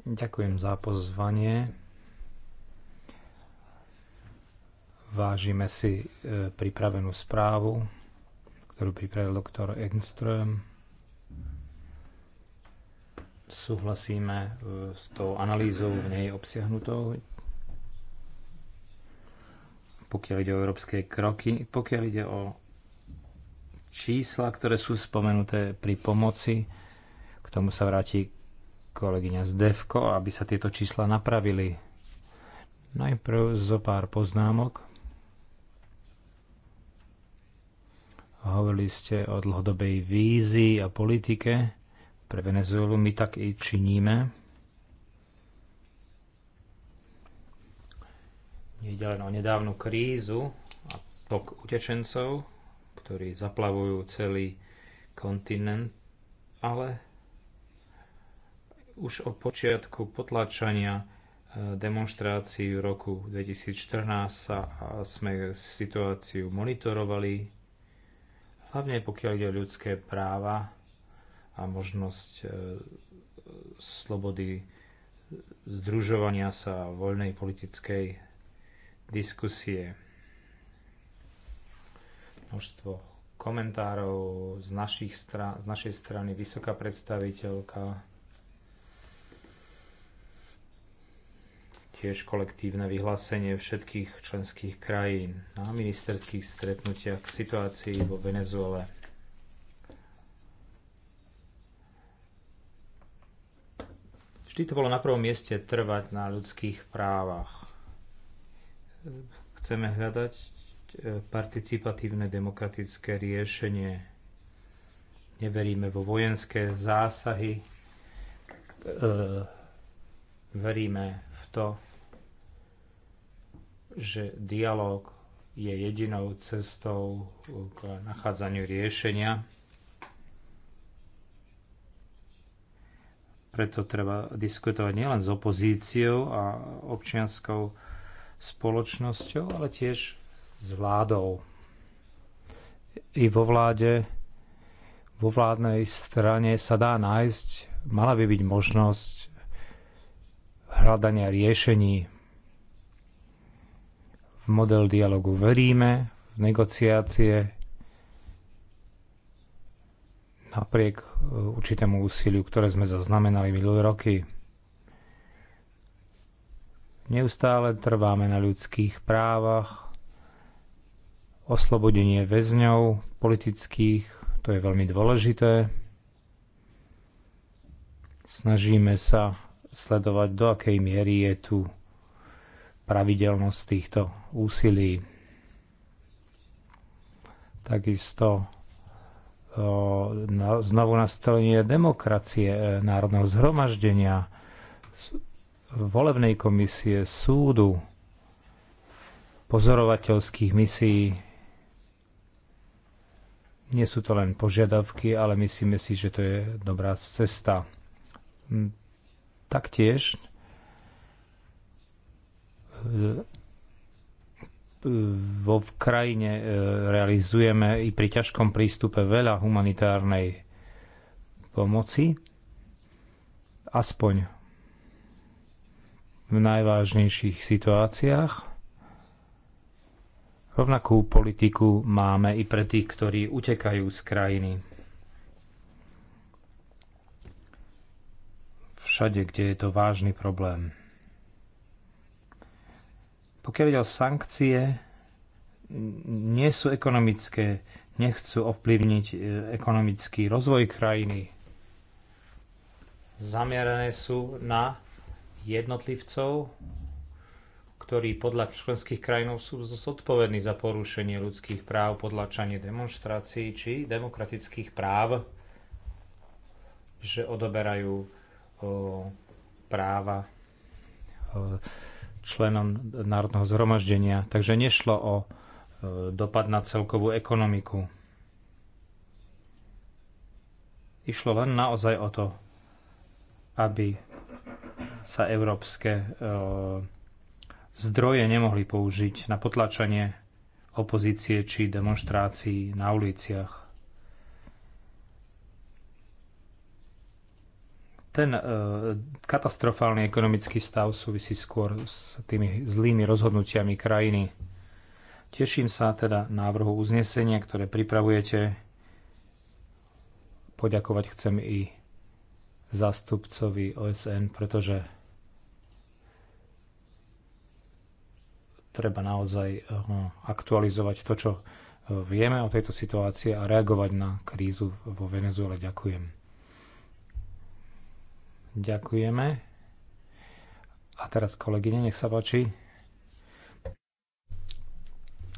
Ďakujem za pozvanie. Vážime si e, pripravenú správu, ktorú pripravil doktor Engström. Súhlasíme e, s tou analýzou v nej obsiahnutou pokiaľ ide o európske kroky, pokiaľ ide o čísla, ktoré sú spomenuté pri pomoci, k tomu sa vráti kolegyňa Zdevko, aby sa tieto čísla napravili. Najprv zo pár poznámok. Hovorili ste o dlhodobej vízii a politike pre Venezuelu. My tak i činíme Ide len o nedávnu krízu a tok utečencov, ktorí zaplavujú celý kontinent, ale už od počiatku potlačania e, demonstrácií v roku 2014 sa sme situáciu monitorovali, hlavne pokiaľ ide o ľudské práva a možnosť e, slobody združovania sa voľnej politickej diskusie. Množstvo komentárov z, našich stran- z našej strany, vysoká predstaviteľka, tiež kolektívne vyhlásenie všetkých členských krajín na ministerských stretnutiach k situácii vo Venezuele. Vždy to bolo na prvom mieste trvať na ľudských právach. Chceme hľadať e, participatívne demokratické riešenie. Neveríme vo vojenské zásahy. E, veríme v to, že dialog je jedinou cestou k nachádzaniu riešenia. Preto treba diskutovať nielen s opozíciou a občianskou spoločnosťou, ale tiež s vládou. I vo vláde, vo vládnej strane sa dá nájsť, mala by byť možnosť hľadania riešení. V model dialogu veríme, v negociácie napriek e, určitému úsiliu, ktoré sme zaznamenali minulé roky. Neustále trváme na ľudských právach, oslobodenie väzňov politických, to je veľmi dôležité. Snažíme sa sledovať, do akej miery je tu pravidelnosť týchto úsilí. Takisto znovu nastolenie demokracie, e, národného zhromaždenia, volebnej komisie, súdu, pozorovateľských misií. Nie sú to len požiadavky, ale myslíme si, že to je dobrá cesta. Hm, taktiež e, vo v krajine e, realizujeme i pri ťažkom prístupe veľa humanitárnej pomoci, aspoň v najvážnejších situáciách. Rovnakú politiku máme i pre tých, ktorí utekajú z krajiny. Všade, kde je to vážny problém. Pokiaľ ide o sankcie, nie sú ekonomické, nechcú ovplyvniť e, ekonomický rozvoj krajiny. Zamerané sú na jednotlivcov, ktorí podľa členských krajinov sú zodpovední za porušenie ľudských práv, podlačanie demonstrácií či demokratických práv, že odoberajú o, práva o, členom národného zhromaždenia. Takže nešlo o e, dopad na celkovú ekonomiku. Išlo len naozaj o to, aby sa európske e, zdroje nemohli použiť na potlačanie opozície či demonstrácií na uliciach. Ten e, katastrofálny ekonomický stav súvisí skôr s tými zlými rozhodnutiami krajiny. Teším sa teda návrhu uznesenia, ktoré pripravujete. Poďakovať chcem i zástupcovi OSN, pretože treba naozaj eh, aktualizovať to, čo eh, vieme o tejto situácii a reagovať na krízu vo Venezuele. Ďakujem. Ďakujeme. A teraz kolegyne, nech sa páči.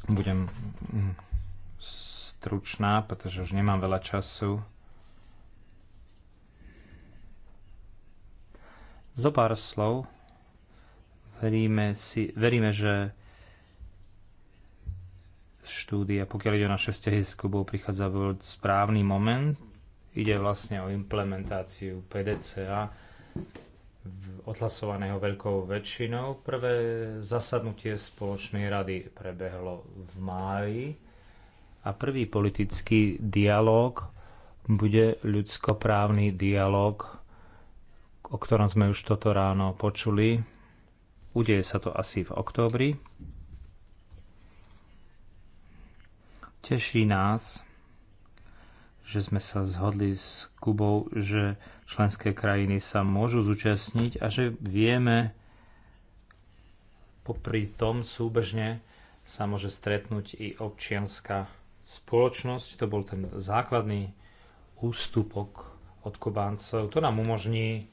Budem mm, stručná, pretože už nemám veľa času. Zo pár slov veríme, si, veríme že štúdia, pokiaľ ide o naše vzťahy s Kubou, prichádza v správny moment. Ide vlastne o implementáciu PDCA odhlasovaného veľkou väčšinou. Prvé zasadnutie spoločnej rady prebehlo v máji a prvý politický dialog bude ľudskoprávny dialog o ktorom sme už toto ráno počuli. Udeje sa to asi v októbri. Teší nás, že sme sa zhodli s Kubou, že členské krajiny sa môžu zúčastniť a že vieme, popri tom súbežne sa môže stretnúť i občianská spoločnosť. To bol ten základný ústupok od Kubáncov. To nám umožní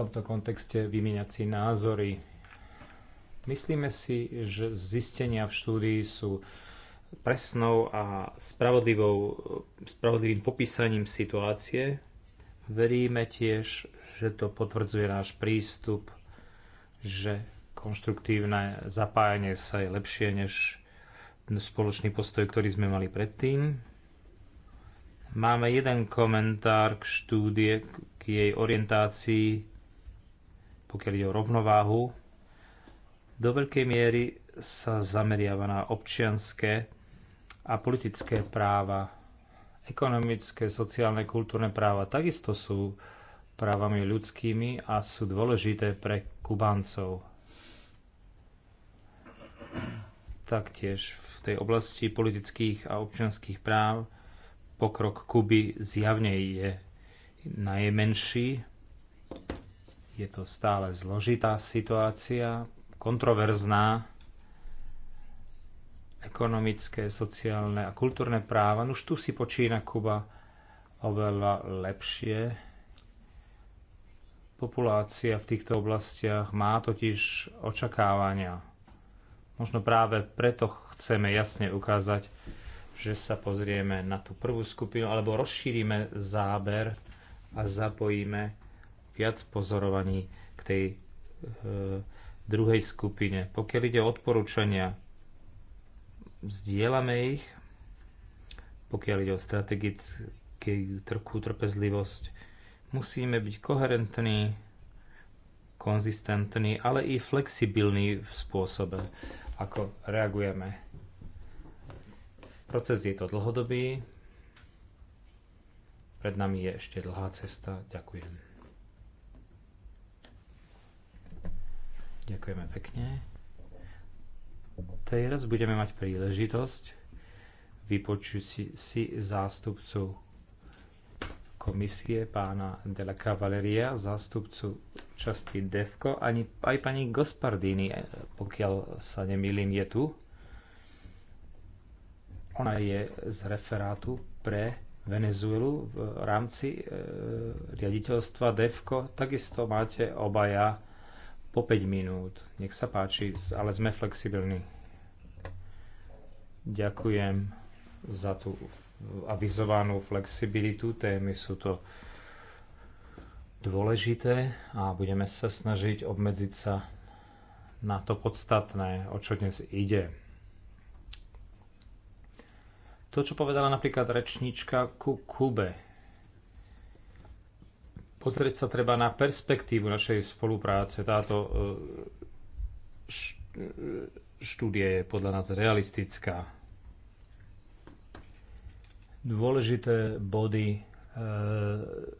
tomto kontexte vymieňať si názory. Myslíme si, že zistenia v štúdii sú presnou a spravodlivou, spravodlivým popísaním situácie. Veríme tiež, že to potvrdzuje náš prístup, že konštruktívne zapájanie sa je lepšie než spoločný postoj, ktorý sme mali predtým. Máme jeden komentár k štúdie, k jej orientácii pokiaľ ide o rovnováhu, do veľkej miery sa zameriava na občianské a politické práva, ekonomické, sociálne, kultúrne práva takisto sú právami ľudskými a sú dôležité pre Kubáncov. Taktiež v tej oblasti politických a občianských práv pokrok Kuby zjavne je najmenší je to stále zložitá situácia, kontroverzná. Ekonomické, sociálne a kultúrne práva. No už tu si počína Kuba oveľa lepšie. Populácia v týchto oblastiach má totiž očakávania. Možno práve preto chceme jasne ukázať, že sa pozrieme na tú prvú skupinu alebo rozšírime záber a zapojíme viac pozorovaní k tej e, druhej skupine. Pokiaľ ide o odporúčania, vzdielame ich. Pokiaľ ide o strategickú trpezlivosť, musíme byť koherentní, konzistentní, ale i flexibilní v spôsobe, ako reagujeme. Proces je to dlhodobý, pred nami je ešte dlhá cesta. Ďakujem. Ďakujeme pekne. Teraz budeme mať príležitosť vypočuť si, si zástupcu komisie pána la Cavalleria, zástupcu časti DEFCO, ani, aj pani Gospardini, e, pokiaľ sa nemýlim, je tu. Ona je z referátu pre Venezuelu v rámci e, riaditeľstva DEFCO. Takisto máte obaja po 5 minút. Nech sa páči, ale sme flexibilní. Ďakujem za tú avizovanú flexibilitu. Témy sú to dôležité a budeme sa snažiť obmedziť sa na to podstatné, o čo dnes ide. To, čo povedala napríklad rečníčka ku Kube, Pozrieť sa treba na perspektívu našej spolupráce. Táto e, e, štúdia je podľa nás realistická. Dôležité body e,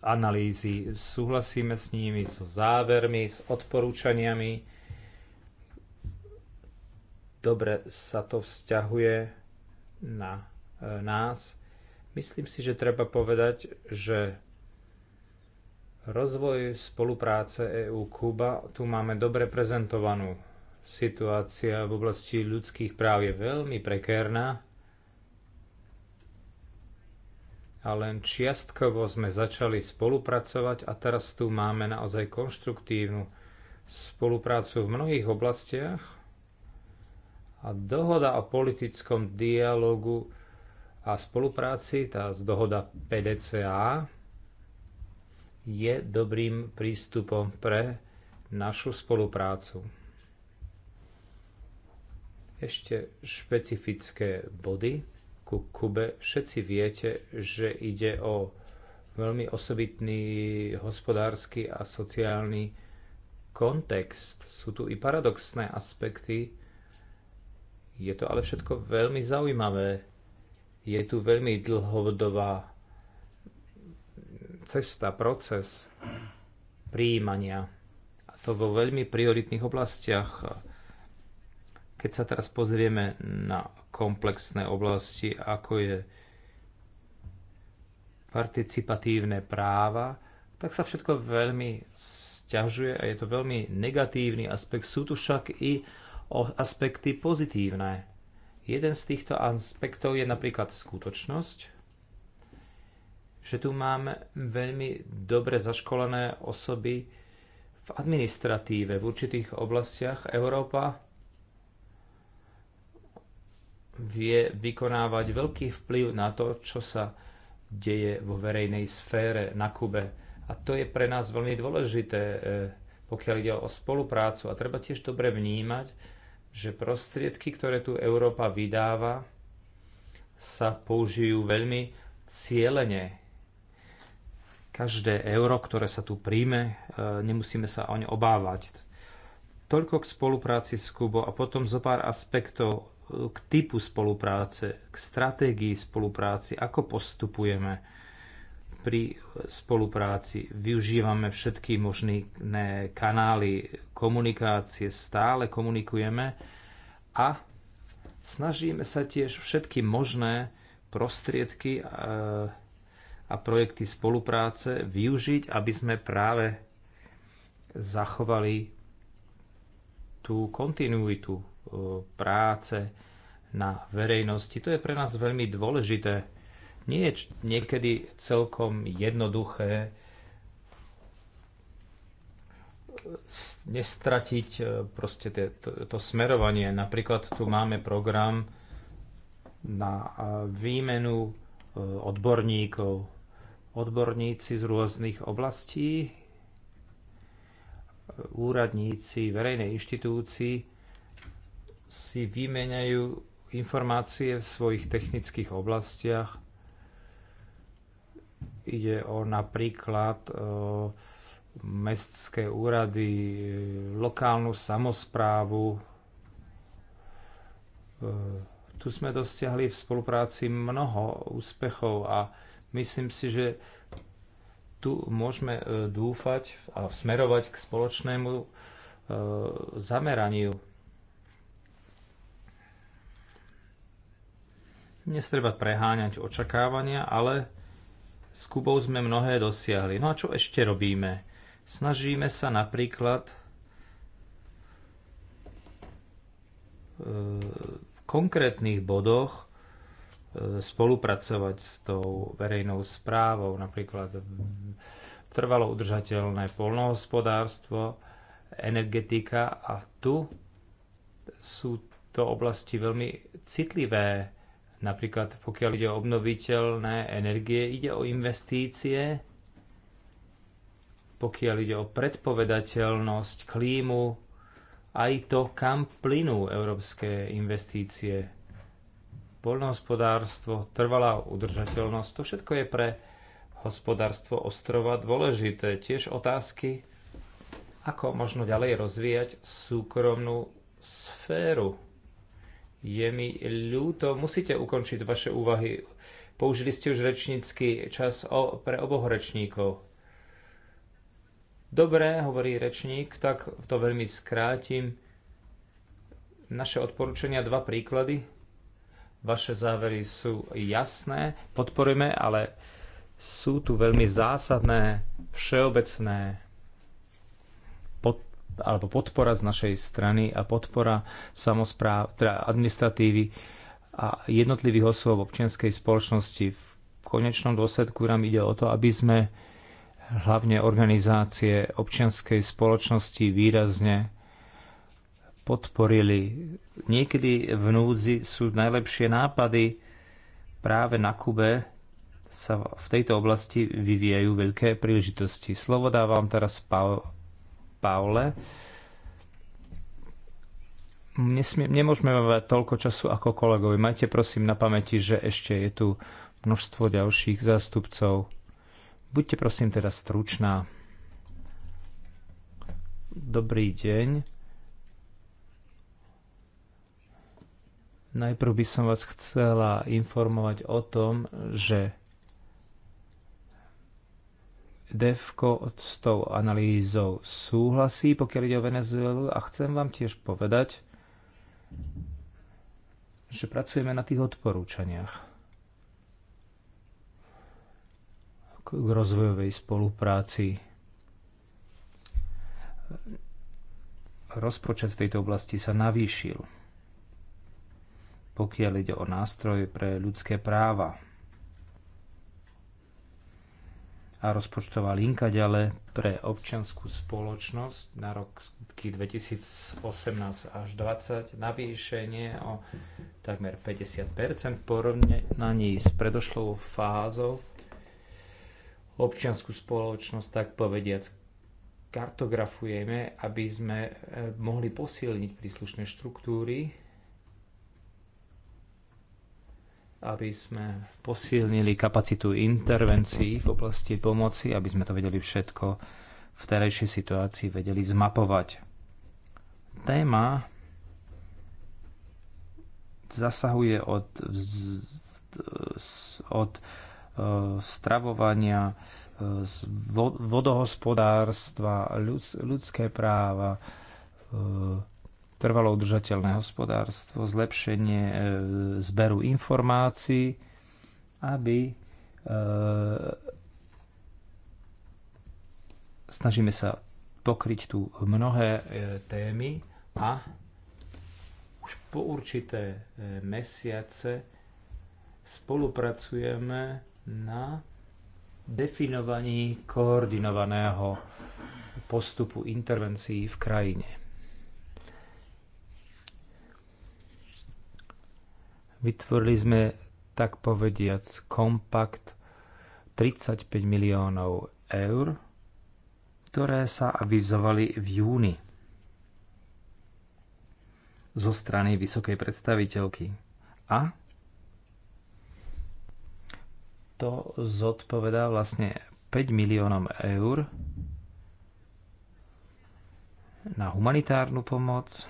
analýzy. Súhlasíme s nimi, so závermi, s odporúčaniami. Dobre sa to vzťahuje na nás. Myslím si, že treba povedať, že Rozvoj spolupráce EU-Kuba, tu máme dobre prezentovanú. Situácia v oblasti ľudských práv je veľmi prekérna a len čiastkovo sme začali spolupracovať a teraz tu máme naozaj konštruktívnu spoluprácu v mnohých oblastiach a dohoda o politickom dialogu a spolupráci, tá z dohoda PDCA, je dobrým prístupom pre našu spoluprácu. Ešte špecifické body ku Kube. Všetci viete, že ide o veľmi osobitný hospodársky a sociálny kontext. Sú tu i paradoxné aspekty. Je to ale všetko veľmi zaujímavé. Je tu veľmi dlhodobá cesta, proces prijímania. A to vo veľmi prioritných oblastiach. Keď sa teraz pozrieme na komplexné oblasti, ako je participatívne práva, tak sa všetko veľmi sťažuje a je to veľmi negatívny aspekt. Sú tu však i aspekty pozitívne. Jeden z týchto aspektov je napríklad skutočnosť, že tu máme veľmi dobre zaškolené osoby v administratíve v určitých oblastiach. Európa vie vykonávať veľký vplyv na to, čo sa deje vo verejnej sfére na Kube. A to je pre nás veľmi dôležité, e, pokiaľ ide o spoluprácu. A treba tiež dobre vnímať, že prostriedky, ktoré tu Európa vydáva, sa použijú veľmi cieľene Každé euro, ktoré sa tu príjme, e, nemusíme sa o ne obávať. Toľko k spolupráci s Kubo a potom zo pár aspektov e, k typu spolupráce, k stratégii spolupráci, ako postupujeme pri spolupráci. Využívame všetky možné kanály komunikácie, stále komunikujeme a snažíme sa tiež všetky možné prostriedky e, a projekty spolupráce využiť, aby sme práve zachovali tú kontinuitu e, práce na verejnosti. To je pre nás veľmi dôležité. Nie je niekedy celkom jednoduché e, nestratiť e, proste to, to smerovanie. Napríklad tu máme program na výmenu odborníkov odborníci z rôznych oblastí, úradníci verejnej inštitúcii si vymeniajú informácie v svojich technických oblastiach. Ide o napríklad o e, mestské úrady, lokálnu samozprávu. E, tu sme dosiahli v spolupráci mnoho úspechov a Myslím si, že tu môžeme e, dúfať a smerovať k spoločnému e, zameraniu. Nestreba preháňať očakávania, ale s Kubou sme mnohé dosiahli. No a čo ešte robíme? Snažíme sa napríklad e, v konkrétnych bodoch E, spolupracovať s tou verejnou správou, napríklad trvalo udržateľné polnohospodárstvo, energetika a tu sú to oblasti veľmi citlivé. Napríklad pokiaľ ide o obnoviteľné energie, ide o investície, pokiaľ ide o predpovedateľnosť klímu, aj to, kam plynú európske investície poľnohospodárstvo, trvalá udržateľnosť, to všetko je pre hospodárstvo ostrova dôležité. Tiež otázky, ako možno ďalej rozvíjať súkromnú sféru. Je mi ľúto, musíte ukončiť vaše úvahy. Použili ste už rečnícky čas o, pre oboch rečníkov. Dobre, hovorí rečník, tak to veľmi skrátim. Naše odporúčania, dva príklady Vaše závery sú jasné, podporujeme, ale sú tu veľmi zásadné, všeobecné pod, alebo podpora z našej strany a podpora samozpráv, teda administratívy a jednotlivých osôb občianskej spoločnosti. V konečnom dôsledku nám ide o to, aby sme hlavne organizácie občianskej spoločnosti výrazne podporili. Niekedy v núdzi sú najlepšie nápady. Práve na Kube sa v tejto oblasti vyvíjajú veľké príležitosti. Slovo dávam teraz pa- Paule. Nesmie, nemôžeme mať toľko času ako kolegovi. Majte prosím na pamäti, že ešte je tu množstvo ďalších zástupcov. Buďte prosím teda stručná. Dobrý deň. Najprv by som vás chcela informovať o tom, že DEFCO s tou analýzou súhlasí, pokiaľ ide o Venezuelu a chcem vám tiež povedať, že pracujeme na tých odporúčaniach k rozvojovej spolupráci. Rozpočet v tejto oblasti sa navýšil pokiaľ ide o nástroj pre ľudské práva. A rozpočtová linka ďalej pre občianskú spoločnosť na rok 2018 až 2020 navýšenie o takmer 50 v porovnaní s predošlou fázou občianskú spoločnosť, tak povediac, kartografujeme, aby sme eh, mohli posilniť príslušné štruktúry aby sme posilnili kapacitu intervencií v oblasti pomoci, aby sme to vedeli všetko v terajšej situácii vedeli zmapovať. Téma zasahuje od, od e, stravovania, e, vodohospodárstva, ľudské práva, e, trvalo udržateľné hospodárstvo, zlepšenie e, zberu informácií, aby e, snažíme sa pokryť tu mnohé e, témy a už po určité mesiace spolupracujeme na definovaní koordinovaného postupu intervencií v krajine. Vytvorili sme, tak povediac, kompakt 35 miliónov eur, ktoré sa avizovali v júni zo strany vysokej predstaviteľky. A to zodpovedá vlastne 5 miliónom eur na humanitárnu pomoc,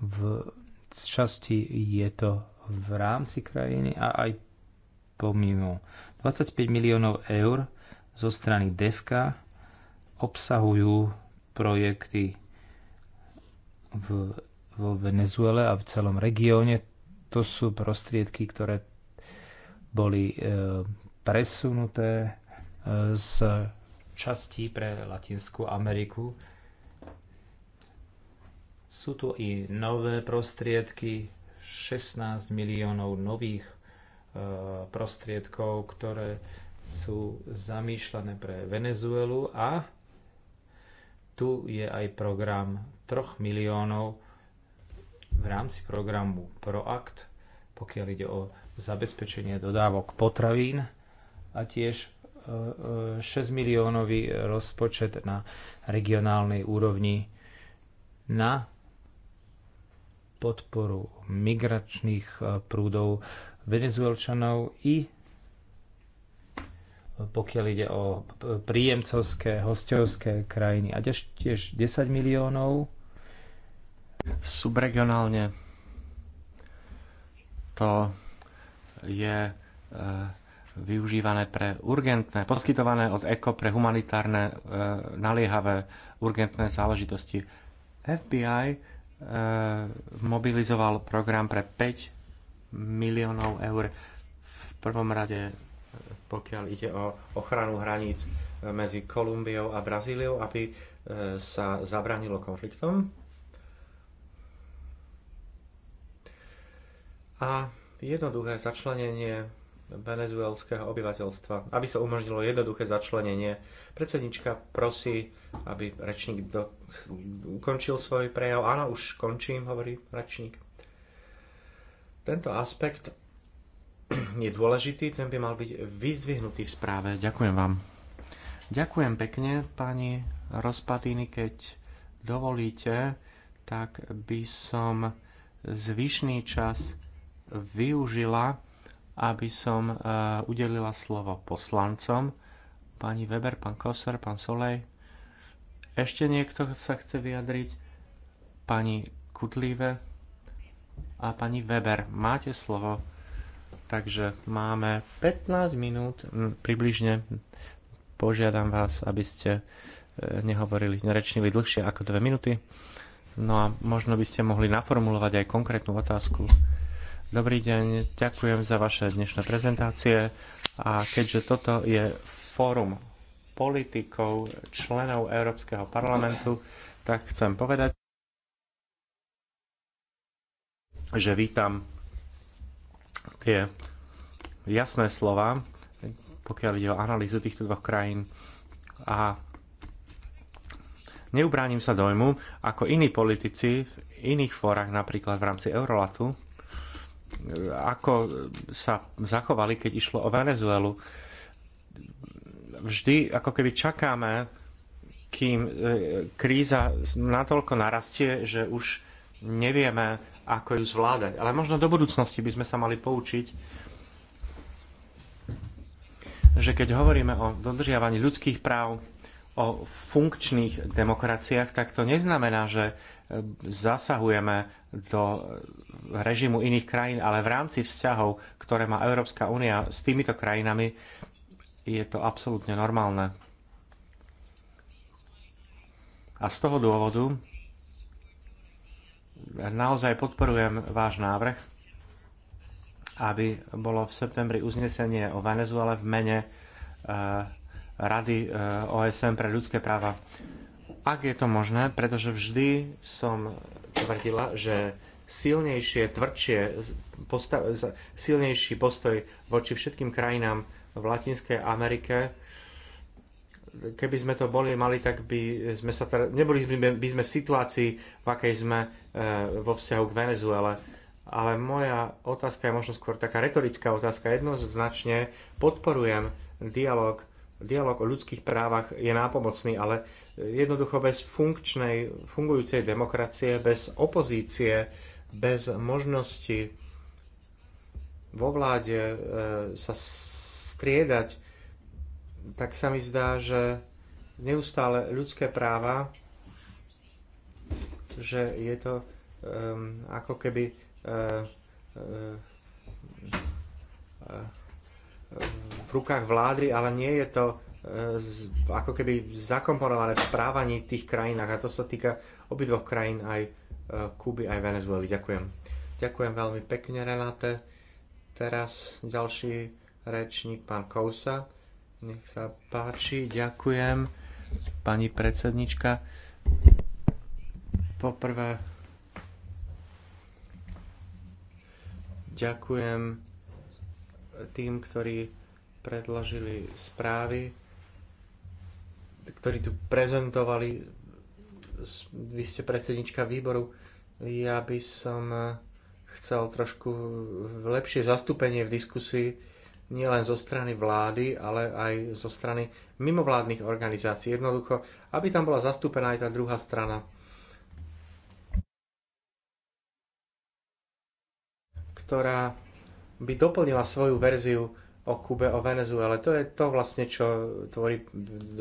V časti je to v rámci krajiny a aj pomimo. 25 miliónov eur zo strany DEVKA obsahujú projekty v, vo Venezuele a v celom regióne. To sú prostriedky, ktoré boli e, presunuté e, z častí pre Latinskú Ameriku sú tu i nové prostriedky, 16 miliónov nových e, prostriedkov, ktoré sú zamýšľané pre Venezuelu a tu je aj program 3 miliónov v rámci programu ProAct, pokiaľ ide o zabezpečenie dodávok potravín a tiež 6 e, e, miliónový rozpočet na regionálnej úrovni na podporu migračných e, prúdov venezuelčanov i e, pokiaľ ide o e, príjemcovské, hostovské krajiny. A tiež 10 miliónov subregionálne to je e, využívané pre urgentné, poskytované od ECO pre humanitárne e, naliehavé urgentné záležitosti. FBI Eh, mobilizoval program pre 5 miliónov eur v prvom rade, eh, pokiaľ ide o ochranu hraníc eh, medzi Kolumbiou a Brazíliou, aby sa zabránilo konfliktom. A jednoduché začlenenie venezuelského obyvateľstva, aby sa umožnilo jednoduché začlenenie. Predsednička prosí, aby rečník do, ukončil svoj prejav. Áno, už končím, hovorí rečník. Tento aspekt je dôležitý, ten by mal byť vyzdvihnutý v správe. Ďakujem vám. Ďakujem pekne, pani Rozpatýny, keď dovolíte, tak by som zvyšný čas využila aby som eh, udelila slovo poslancom. Pani Weber, pán Koser, pán Solej. Ešte niekto sa chce vyjadriť? Pani Kutlíve a pani Weber, máte slovo. Takže máme 15 minút približne. Požiadam vás, aby ste eh, nehovorili, nerečnili dlhšie ako 2 minúty. No a možno by ste mohli naformulovať aj konkrétnu otázku Dobrý deň, ďakujem za vaše dnešné prezentácie a keďže toto je fórum politikov, členov Európskeho parlamentu, tak chcem povedať, že vítam tie jasné slova, pokiaľ ide o analýzu týchto dvoch krajín a neubránim sa dojmu, ako iní politici v iných fórach, napríklad v rámci Eurolatu, ako sa zachovali, keď išlo o Venezuelu. Vždy ako keby čakáme, kým e, kríza natoľko narastie, že už nevieme, ako ju zvládať. Ale možno do budúcnosti by sme sa mali poučiť, že keď hovoríme o dodržiavaní ľudských práv, o funkčných demokraciách, tak to neznamená, že zasahujeme do režimu iných krajín, ale v rámci vzťahov, ktoré má Európska únia s týmito krajinami, je to absolútne normálne. A z toho dôvodu naozaj podporujem váš návrh, aby bolo v septembri uznesenie o Venezuele v mene e, Rady e, OSM pre ľudské práva. Ak je to možné, pretože vždy som tvrdila, že silnejšie, tvrdšie, posta- silnejší postoj voči všetkým krajinám v Latinskej Amerike, keby sme to boli mali, tak by sme sa teda, neboli by, by sme v situácii, v akej sme e, vo vzťahu k Venezuele. Ale moja otázka je možno skôr taká retorická otázka. Jednoznačne podporujem dialog dialog o ľudských právach je nápomocný, ale jednoducho bez funkčnej, fungujúcej demokracie, bez opozície, bez možnosti vo vláde e, sa striedať, tak sa mi zdá, že neustále ľudské práva, že je to um, ako keby uh, uh, uh, v rukách vlády, ale nie je to e, ako keby zakomponované v správaní tých krajinách a to sa týka obidvoch krajín aj e, Kuby, aj Venezueli. Ďakujem. Ďakujem veľmi pekne, Renate. Teraz ďalší rečník, pán Kousa. Nech sa páči, ďakujem, pani predsednička. Poprvé, ďakujem tým, ktorí predložili správy, ktorí tu prezentovali. Vy ste predsednička výboru. Ja by som eh, chcel trošku lepšie zastúpenie v diskusii nielen zo strany vlády, ale aj zo strany mimovládnych organizácií. Jednoducho, aby tam bola zastúpená aj tá druhá strana. ktorá by doplnila svoju verziu o Kube, o Venezuele. To je to vlastne, čo tvorí,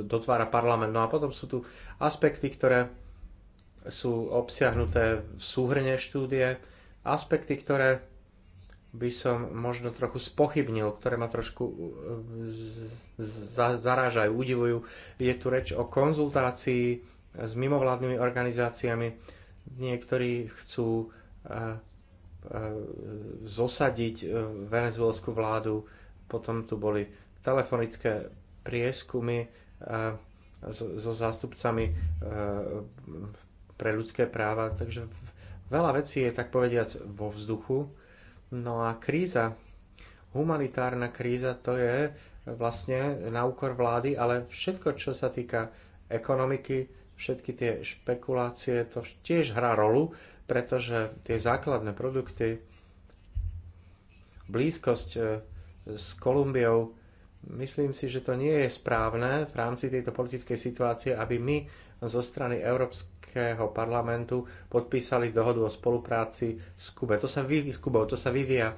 dotvára parlament. No a potom sú tu aspekty, ktoré sú obsiahnuté v súhrne štúdie, aspekty, ktoré by som možno trochu spochybnil, ktoré ma trošku e, zarážajú, udivujú. Je tu reč o konzultácii s mimovládnymi organizáciami. Niektorí chcú e, E, zosadiť e, venezuelskú vládu. Potom tu boli telefonické prieskumy e, so zástupcami pre ľudské práva. Takže veľa vecí je, tak povediac, vo vzduchu. No a kríza, humanitárna kríza, to je vlastne na úkor vlády, ale všetko, čo sa týka ekonomiky, všetky tie špekulácie, to tiež hrá rolu pretože tie základné produkty, blízkosť e, s Kolumbiou, myslím si, že to nie je správne v rámci tejto politickej situácie, aby my zo strany Európskeho parlamentu podpísali dohodu o spolupráci s, Kube. To sa vyvíja, s Kubou. To sa vyvíja.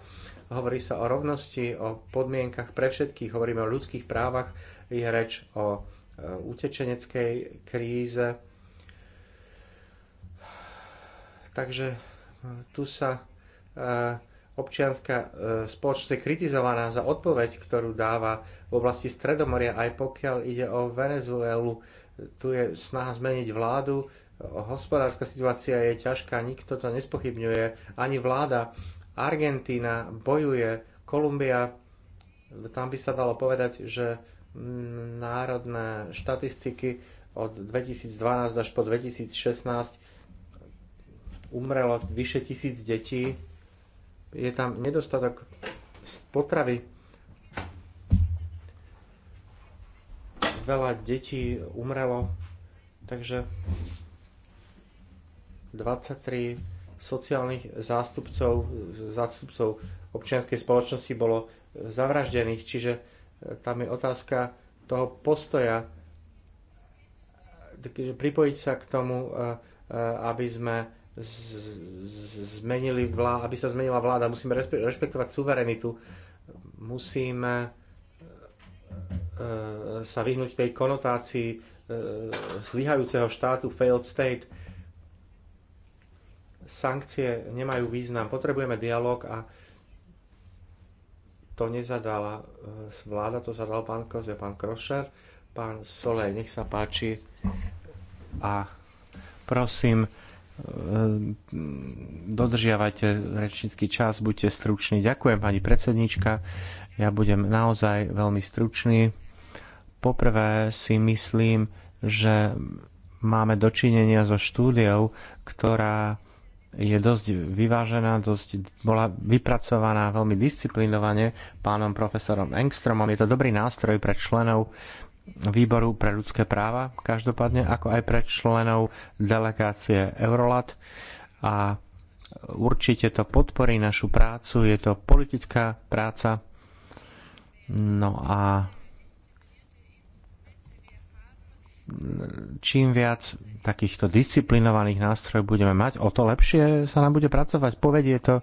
Hovorí sa o rovnosti, o podmienkach pre všetkých, hovoríme o ľudských právach, je reč o e, utečeneckej kríze, Takže e, tu sa e, občianská e, spoločnosť je kritizovaná za odpoveď, ktorú dáva v oblasti Stredomoria, aj pokiaľ ide o Venezuelu. Tu je snaha zmeniť vládu, hospodárska situácia je ťažká, nikto to nespochybňuje, ani vláda. Argentína bojuje, Kolumbia, tam by sa dalo povedať, že mm, národné štatistiky od 2012 až po 2016 umrelo vyše tisíc detí. Je tam nedostatok potravy. Veľa detí umrelo, takže 23 sociálnych zástupcov, zástupcov občianskej spoločnosti bolo zavraždených, čiže e, tam je otázka toho postoja, pripojiť sa k tomu, e, e, aby sme zmenili vláda, aby sa zmenila vláda, musíme rešpektovať suverenitu, musíme e, e, sa vyhnúť tej konotácii e, zlyhajúceho štátu, failed state. Sankcie nemajú význam, potrebujeme dialog a to nezadala vláda, to zadal pán Koze, pán Krošer, pán Solej, nech sa páči a prosím, Ehm, dodržiavajte rečnícky čas, buďte struční. Ďakujem pani predsednička, ja budem naozaj veľmi stručný. Poprvé si myslím, že máme dočinenia so štúdiou, ktorá je dosť vyvážená, dosť bola vypracovaná veľmi disciplinovane pánom profesorom Engstromom. Je to dobrý nástroj pre členov výboru pre ľudské práva, každopádne ako aj pre členov delegácie Eurolat a určite to podporí našu prácu, je to politická práca. No a čím viac takýchto disciplinovaných nástrojov budeme mať, o to lepšie sa nám bude pracovať. Povedie to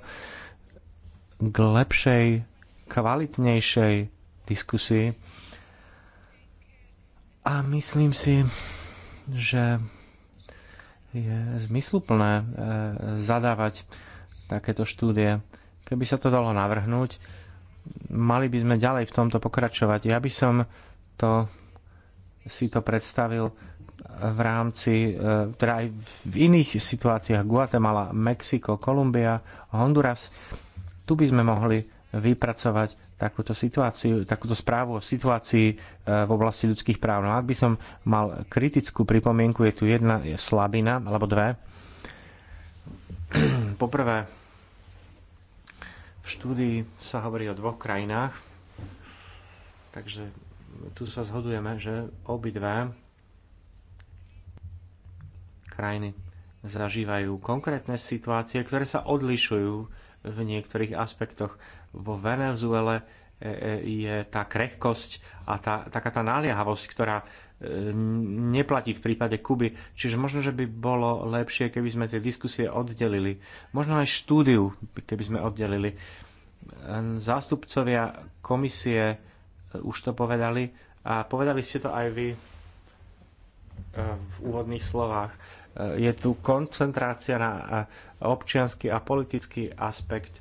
k lepšej, kvalitnejšej diskusii a myslím si, že je zmysluplné e, zadávať takéto štúdie. Keby sa to dalo navrhnúť, mali by sme ďalej v tomto pokračovať. Ja by som to, si to predstavil v rámci, e, teda aj v iných situáciách, Guatemala, Mexiko, Kolumbia, Honduras, tu by sme mohli vypracovať takúto, situáciu, takúto správu o situácii e, v oblasti ľudských práv. No ak by som mal kritickú pripomienku, je tu jedna je slabina, alebo dve. Poprvé, v štúdii sa hovorí o dvoch krajinách, takže tu sa zhodujeme, že obidve krajiny zažívajú konkrétne situácie, ktoré sa odlišujú v niektorých aspektoch vo Venezuele e, e, je tá krehkosť a tá, taká tá naliehavosť, ktorá e, neplatí v prípade Kuby. Čiže možno, že by bolo lepšie, keby sme tie diskusie oddelili. Možno aj štúdiu, keby sme oddelili. Zástupcovia komisie už to povedali a povedali ste to aj vy v úvodných slovách. Je tu koncentrácia na občiansky a politický aspekt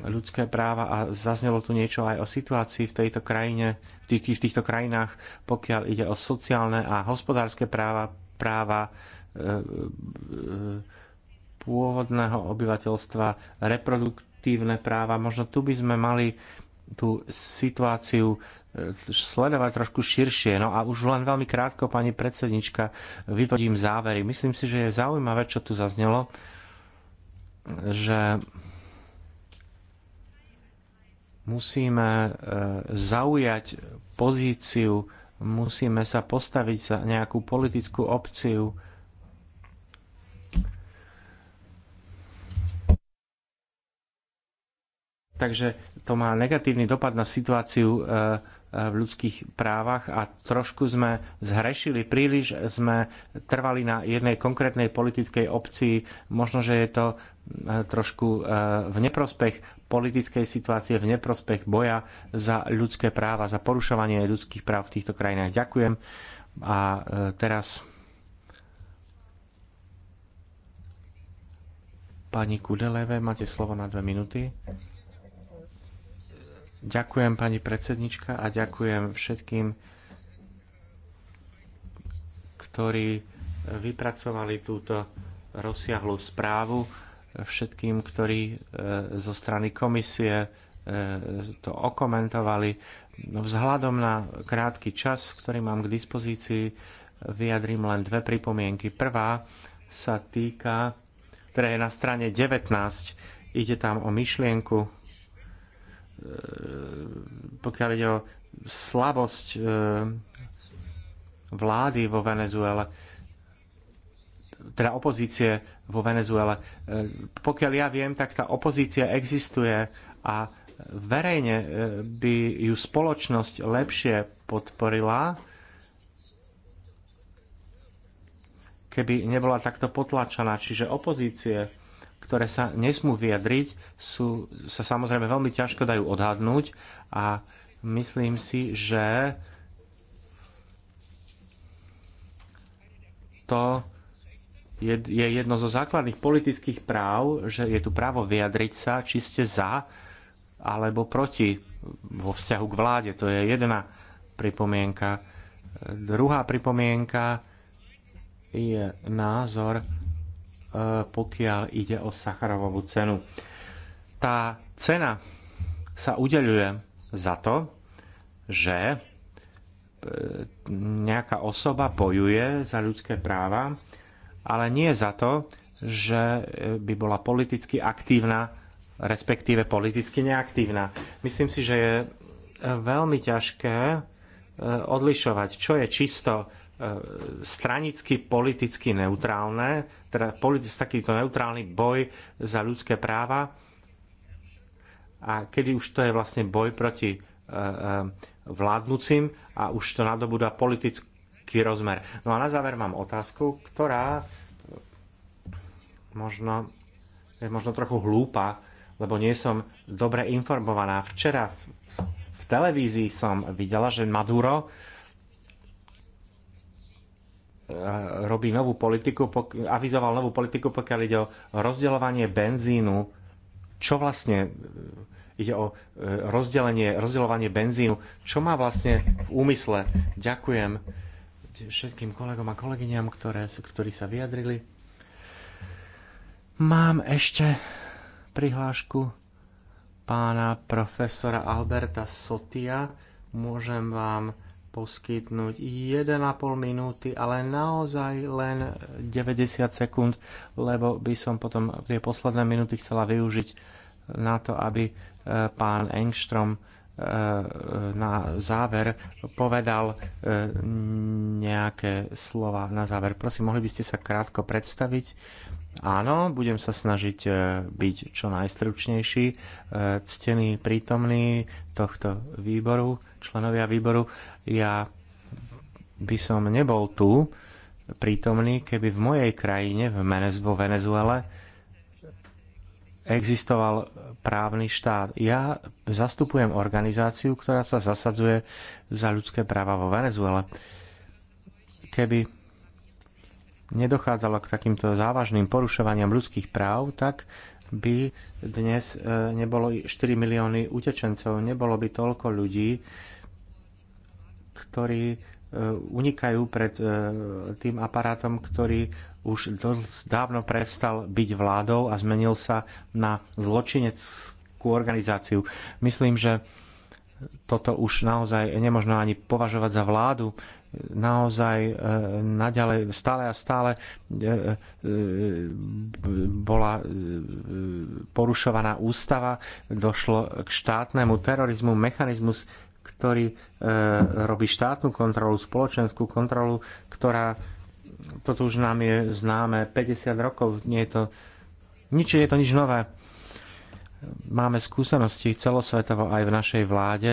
ľudské práva a zaznelo tu niečo aj o situácii v tejto krajine, v, tých, v týchto krajinách, pokiaľ ide o sociálne a hospodárske práva, práva e, e, pôvodného obyvateľstva, reproduktívne práva. Možno tu by sme mali tú situáciu e, sledovať trošku širšie. No a už len veľmi krátko, pani predsednička, vyvodím závery. Myslím si, že je zaujímavé, čo tu zaznelo, že Musíme e, zaujať pozíciu, musíme sa postaviť za nejakú politickú opciu. Takže to má negatívny dopad na situáciu e, e, v ľudských právach a trošku sme zhrešili príliš, sme trvali na jednej konkrétnej politickej opcii. Možno, že je to trošku v neprospech politickej situácie v neprospech boja za ľudské práva, za porušovanie ľudských práv v týchto krajinách. Ďakujem. A e, teraz pani Kudeleve, máte slovo na dve minúty. Ďakujem pani predsednička a ďakujem všetkým, ktorí vypracovali túto rozsiahlu správu všetkým, ktorí e, zo strany komisie e, to okomentovali. No, vzhľadom na krátky čas, ktorý mám k dispozícii, vyjadrím len dve pripomienky. Prvá sa týka, ktorá je na strane 19, ide tam o myšlienku, e, pokiaľ ide o slabosť vlády vo Venezuele teda opozície vo Venezuele. E, pokiaľ ja viem, tak tá opozícia existuje a verejne e, by ju spoločnosť lepšie podporila, keby nebola takto potlačaná. Čiže opozície, ktoré sa nesmú vyjadriť, sú, sa samozrejme veľmi ťažko dajú odhadnúť a myslím si, že to je, je jedno zo základných politických práv, že je tu právo vyjadriť sa, či ste za alebo proti vo vzťahu k vláde. To je jedna pripomienka. Druhá pripomienka je názor, e, pokiaľ ide o Sacharovovú cenu. Tá cena sa udeľuje za to, že e, nejaká osoba bojuje za ľudské práva ale nie za to, že e, by bola politicky aktívna, respektíve politicky neaktívna. Myslím si, že je e, veľmi ťažké e, odlišovať, čo je čisto stranicky politicky neutrálne, teda politicky takýto neutrálny boj za ľudské práva a kedy už to je vlastne boj proti vládnúcim a už to nadobúda politickú veľký rozmer. No a na záver mám otázku, ktorá možno, je možno trochu hlúpa, lebo nie som dobre informovaná. Včera v, v televízii som videla, že Maduro e, robí novú politiku, avizoval novú politiku, pokiaľ ide o rozdeľovanie benzínu. Čo vlastne e, ide o e, rozdelenie, rozdeľovanie benzínu? Čo má vlastne v úmysle? Ďakujem všetkým kolegom a kolegyňam, ktoré, ktorí sa vyjadrili. Mám ešte prihlášku pána profesora Alberta Sotia. Môžem vám poskytnúť 1,5 minúty, ale naozaj len 90 sekúnd, lebo by som potom tie posledné minúty chcela využiť na to, aby eh, pán Engstrom na záver povedal e, nejaké slova na záver. Prosím, mohli by ste sa krátko predstaviť? Áno, budem sa snažiť e, byť čo najstručnejší. E, ctený prítomný tohto výboru, členovia výboru, ja by som nebol tu prítomný, keby v mojej krajine, v Venezuele, existoval právny štát. Ja zastupujem organizáciu, ktorá sa zasadzuje za ľudské práva vo Venezuele. Keby nedochádzalo k takýmto závažným porušovaniam ľudských práv, tak by dnes e, nebolo 4 milióny utečencov, nebolo by toľko ľudí, ktorí e, unikajú pred e, tým aparátom, ktorý už dosť dávno prestal byť vládou a zmenil sa na zločineckú organizáciu. Myslím, že toto už naozaj nemožno ani považovať za vládu. Naozaj e, naďalej stále a stále e, e, bola porušovaná ústava, došlo k štátnemu terorizmu, mechanizmus, ktorý robí štátnu kontrolu, spoločenskú kontrolu, ktorá toto už nám je známe 50 rokov, nie je to nič, je to nič nové. Máme skúsenosti celosvetovo aj v našej vláde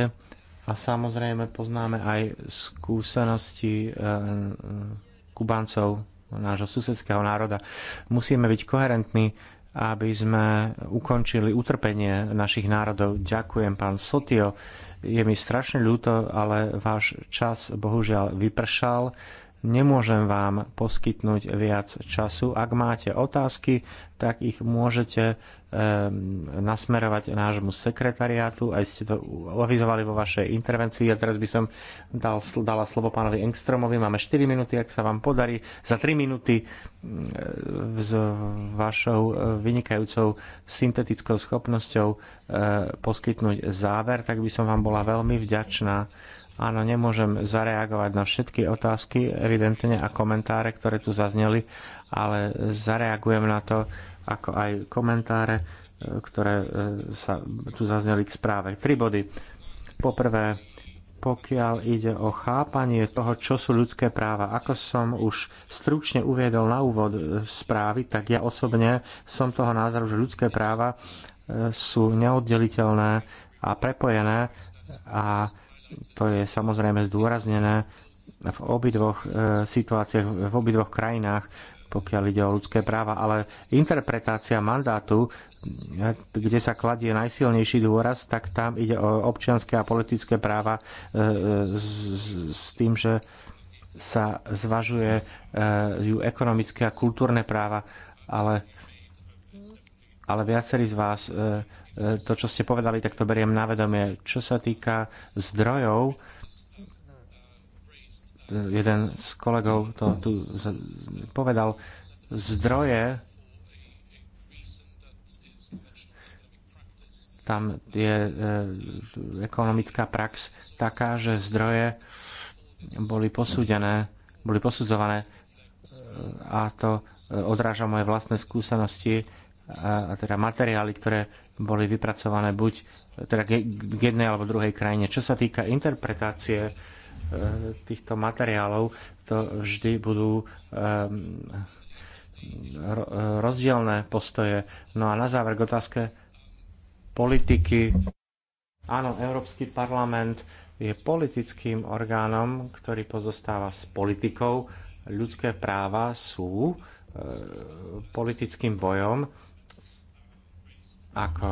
a samozrejme poznáme aj skúsenosti eh, Kubáncov, nášho susedského národa. Musíme byť koherentní, aby sme ukončili utrpenie našich národov. Ďakujem, pán Sotio. Je mi strašne ľúto, ale váš čas bohužiaľ vypršal. Nemôžem vám poskytnúť viac času. Ak máte otázky, tak ich môžete nasmerovať nášmu sekretariátu, aj ste to avizovali vo vašej intervencii. A teraz by som dal, dala slovo pánovi Engstromovi. Máme 4 minúty, ak sa vám podarí za 3 minúty s vašou e, vynikajúcou syntetickou schopnosťou e, poskytnúť záver, tak by som vám bola veľmi vďačná. Áno, nemôžem zareagovať na všetky otázky, evidentne, a komentáre, ktoré tu zazneli, ale zareagujem na to, ako aj komentáre, e, ktoré e, sa tu zazneli k správe. Tri body. Poprvé, pokiaľ ide o chápanie toho, čo sú ľudské práva. Ako som už stručne uviedol na úvod e, správy, tak ja osobne som toho názoru, že ľudské práva sú neoddeliteľné a prepojené a to je samozrejme zdôraznené v obidvoch situáciách, v obidvoch krajinách pokiaľ ide o ľudské práva, ale interpretácia mandátu, kde sa kladie najsilnejší dôraz, tak tam ide o občianské a politické práva e, e, s tým, že sa zvažuje e, ju ekonomické a kultúrne práva, ale, ale viacerí z vás to, čo ste povedali, tak to beriem na vedomie. Čo sa týka zdrojov, jeden z kolegov to tu povedal, zdroje tam je e, ekonomická prax taká, že zdroje boli posúdené, boli posudzované e, a to e, odráža moje vlastné skúsenosti a teda materiály, ktoré boli vypracované buď teda k jednej alebo druhej krajine. Čo sa týka interpretácie e, týchto materiálov, to vždy budú rozdielne postoje. No a na záver k otázke politiky. Áno, Európsky parlament je politickým orgánom, ktorý pozostáva z politikov. Ľudské práva sú e, politickým bojom ako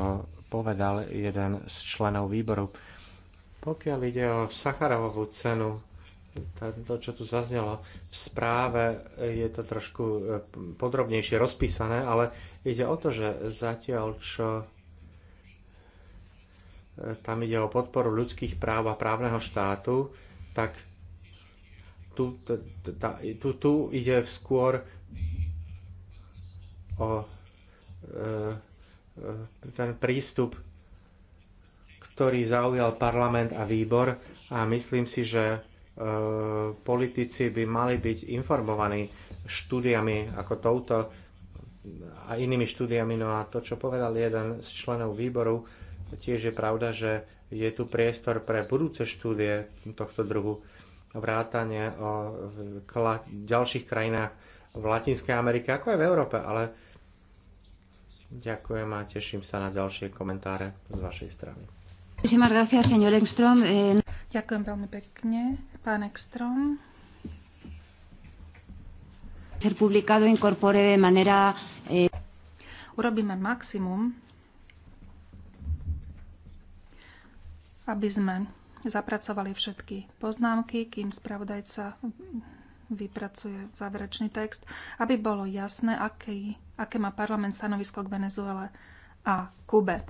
povedal jeden z členov výboru. Pokiaľ ide o Sacharovú cenu, to, čo tu zaznelo v správe, je to trošku eh, podrobnejšie rozpísané, ale ide o to, že zatiaľ, čo eh, tam ide o podporu ľudských práv a právneho štátu, tak tu, tu, tu ide skôr o e, E, ten prístup, ktorý zaujal parlament a výbor a myslím si, že e, politici by mali byť informovaní štúdiami ako touto a inými štúdiami. No a to, čo povedal jeden z členov výboru, tiež je pravda, že je tu priestor pre budúce štúdie tohto druhu vrátane o ďalších krajinách v Latinskej Amerike, ako aj v Európe, ale Ďakujem a teším sa na ďalšie komentáre z vašej strany. Eh, Ďakujem veľmi pekne, pán Ekstrom. Eh, Urobíme maximum, aby sme zapracovali všetky poznámky, kým spravodajca vypracuje záverečný text, aby bolo jasné, aké, aké má parlament stanovisko k Venezuele a Kube.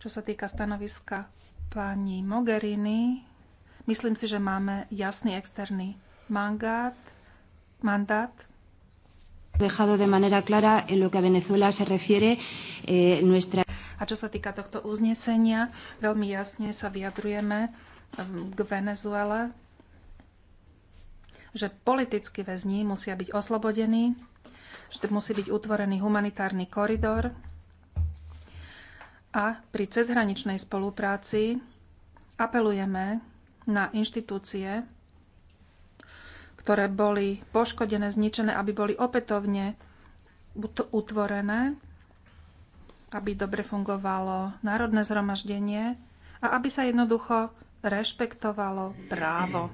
Čo sa týka stanoviska pani Mogherini, myslím si, že máme jasný externý mangát, mandát dejado de manera clara en lo que a Venezuela se refiere eh, nuestra... A čo sa týka tohto uznesenia, veľmi jasne sa vyjadrujeme ehm, k Venezuele že politickí väzni musia byť oslobodení, že musí byť utvorený humanitárny koridor a pri cezhraničnej spolupráci apelujeme na inštitúcie, ktoré boli poškodené, zničené, aby boli opätovne utvorené, aby dobre fungovalo národné zhromaždenie a aby sa jednoducho rešpektovalo právo.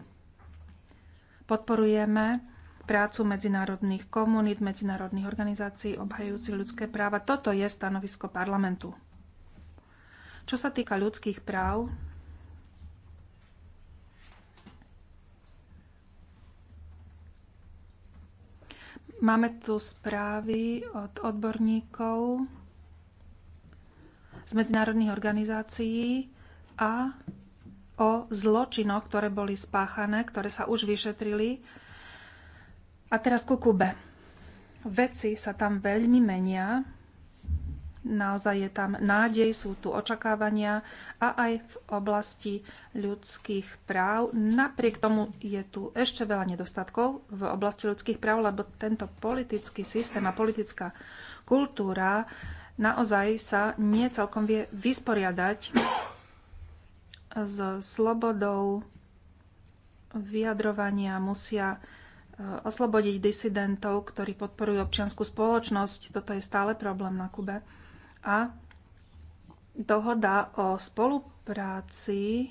Podporujeme prácu medzinárodných komunít, medzinárodných organizácií obhajujúcich ľudské práva. Toto je stanovisko parlamentu. Čo sa týka ľudských práv, Máme tu správy od odborníkov z medzinárodných organizácií a o zločinoch, ktoré boli spáchané, ktoré sa už vyšetrili. A teraz ku Kube. Veci sa tam veľmi menia. Naozaj je tam nádej, sú tu očakávania a aj v oblasti ľudských práv. Napriek tomu je tu ešte veľa nedostatkov v oblasti ľudských práv, lebo tento politický systém a politická kultúra naozaj sa nie celkom vie vysporiadať so slobodou vyjadrovania musia e, oslobodiť disidentov, ktorí podporujú občianskú spoločnosť. Toto je stále problém na Kube. A dohoda o spolupráci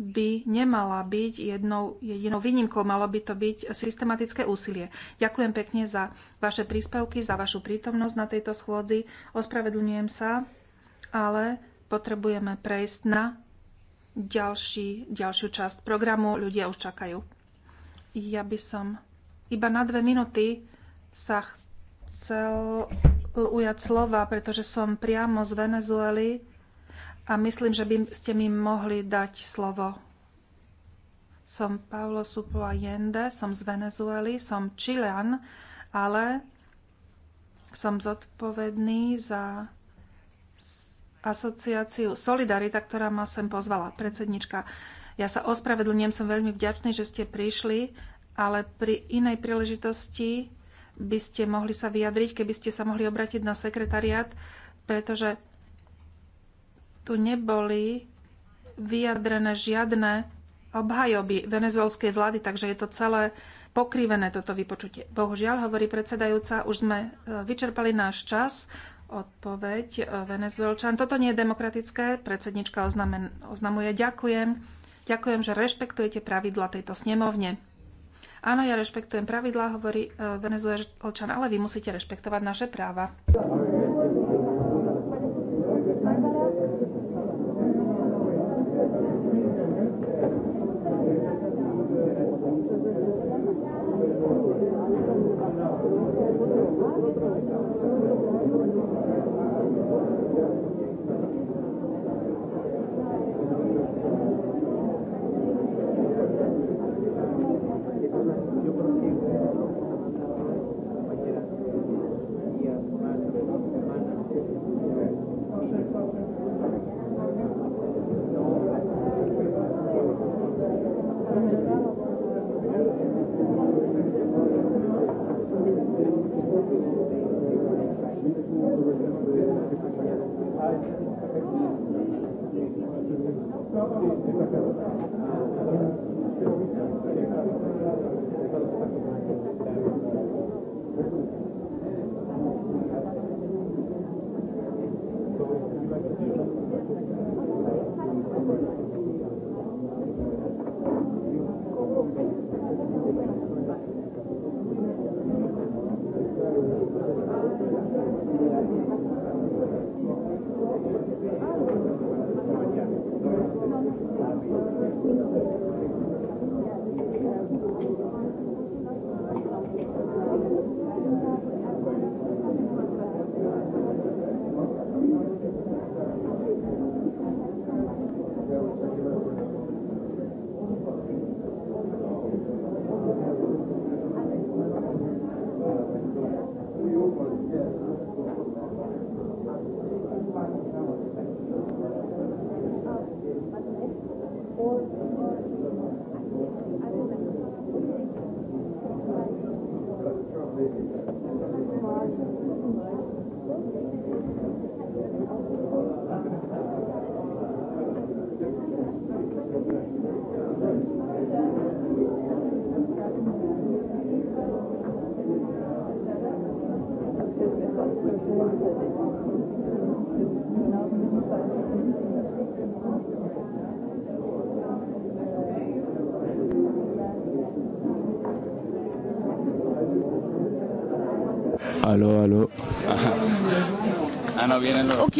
by nemala byť jednou jedinou výnimkou, malo by to byť systematické úsilie. Ďakujem pekne za vaše príspevky, za vašu prítomnosť na tejto schôdzi. Ospravedlňujem sa, ale potrebujeme prejsť na ďalší, ďalšiu časť programu. Ľudia už čakajú. Ja by som iba na dve minúty sa chcel ujať slova, pretože som priamo z Venezuely a myslím, že by ste mi mohli dať slovo. Som Paulo Supo Allende, som z Venezuely, som Čilean, ale som zodpovedný za asociáciu Solidarita, ktorá ma sem pozvala, predsednička. Ja sa ospravedlňujem, som veľmi vďačný, že ste prišli, ale pri inej príležitosti by ste mohli sa vyjadriť, keby ste sa mohli obratiť na sekretariat, pretože tu neboli vyjadrené žiadne obhajoby venezuelskej vlády, takže je to celé pokrivené toto vypočutie. Bohužiaľ, hovorí predsedajúca, už sme e, vyčerpali náš čas odpoveď. E, venezuelčan, toto nie je demokratické. Predsednička oznamen, oznamuje ďakujem. Ďakujem, že rešpektujete pravidla tejto snemovne. Áno, ja rešpektujem pravidlá, hovorí e, Venezuelčan, ale vy musíte rešpektovať naše práva.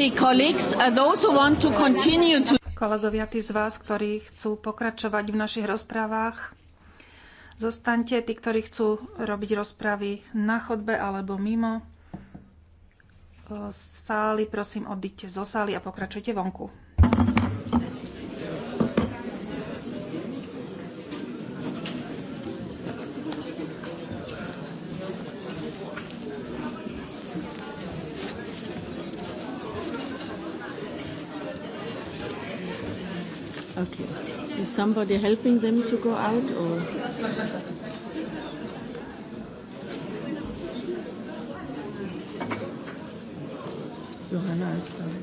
Uh, Kolegovia, tí z vás, ktorí chcú pokračovať v našich rozprávach, zostaňte. Tí, ktorí chcú robiť rozpravy na chodbe alebo mimo eh, sály, prosím, odíďte zo sály a pokračujte vonku. somebody helping them to go out or? Johanna is done.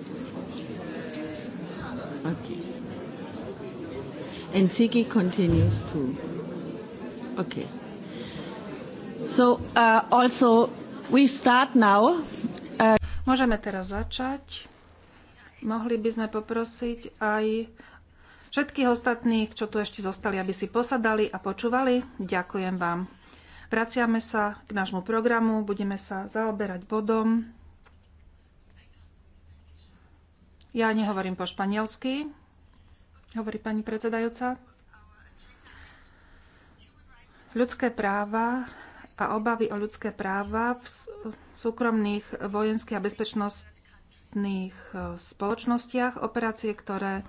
Okay. And Ziggy continues to Okay. So uh, also we start now. Uh... Môžeme teraz začať. Mohli by sme poprosiť aj všetkých ostatných, čo tu ešte zostali, aby si posadali a počúvali. Ďakujem vám. Vraciame sa k nášmu programu, budeme sa zaoberať bodom. Ja nehovorím po španielsky, hovorí pani predsedajúca. Ľudské práva a obavy o ľudské práva v súkromných vojenských a bezpečnostných e, spoločnostiach, operácie, ktoré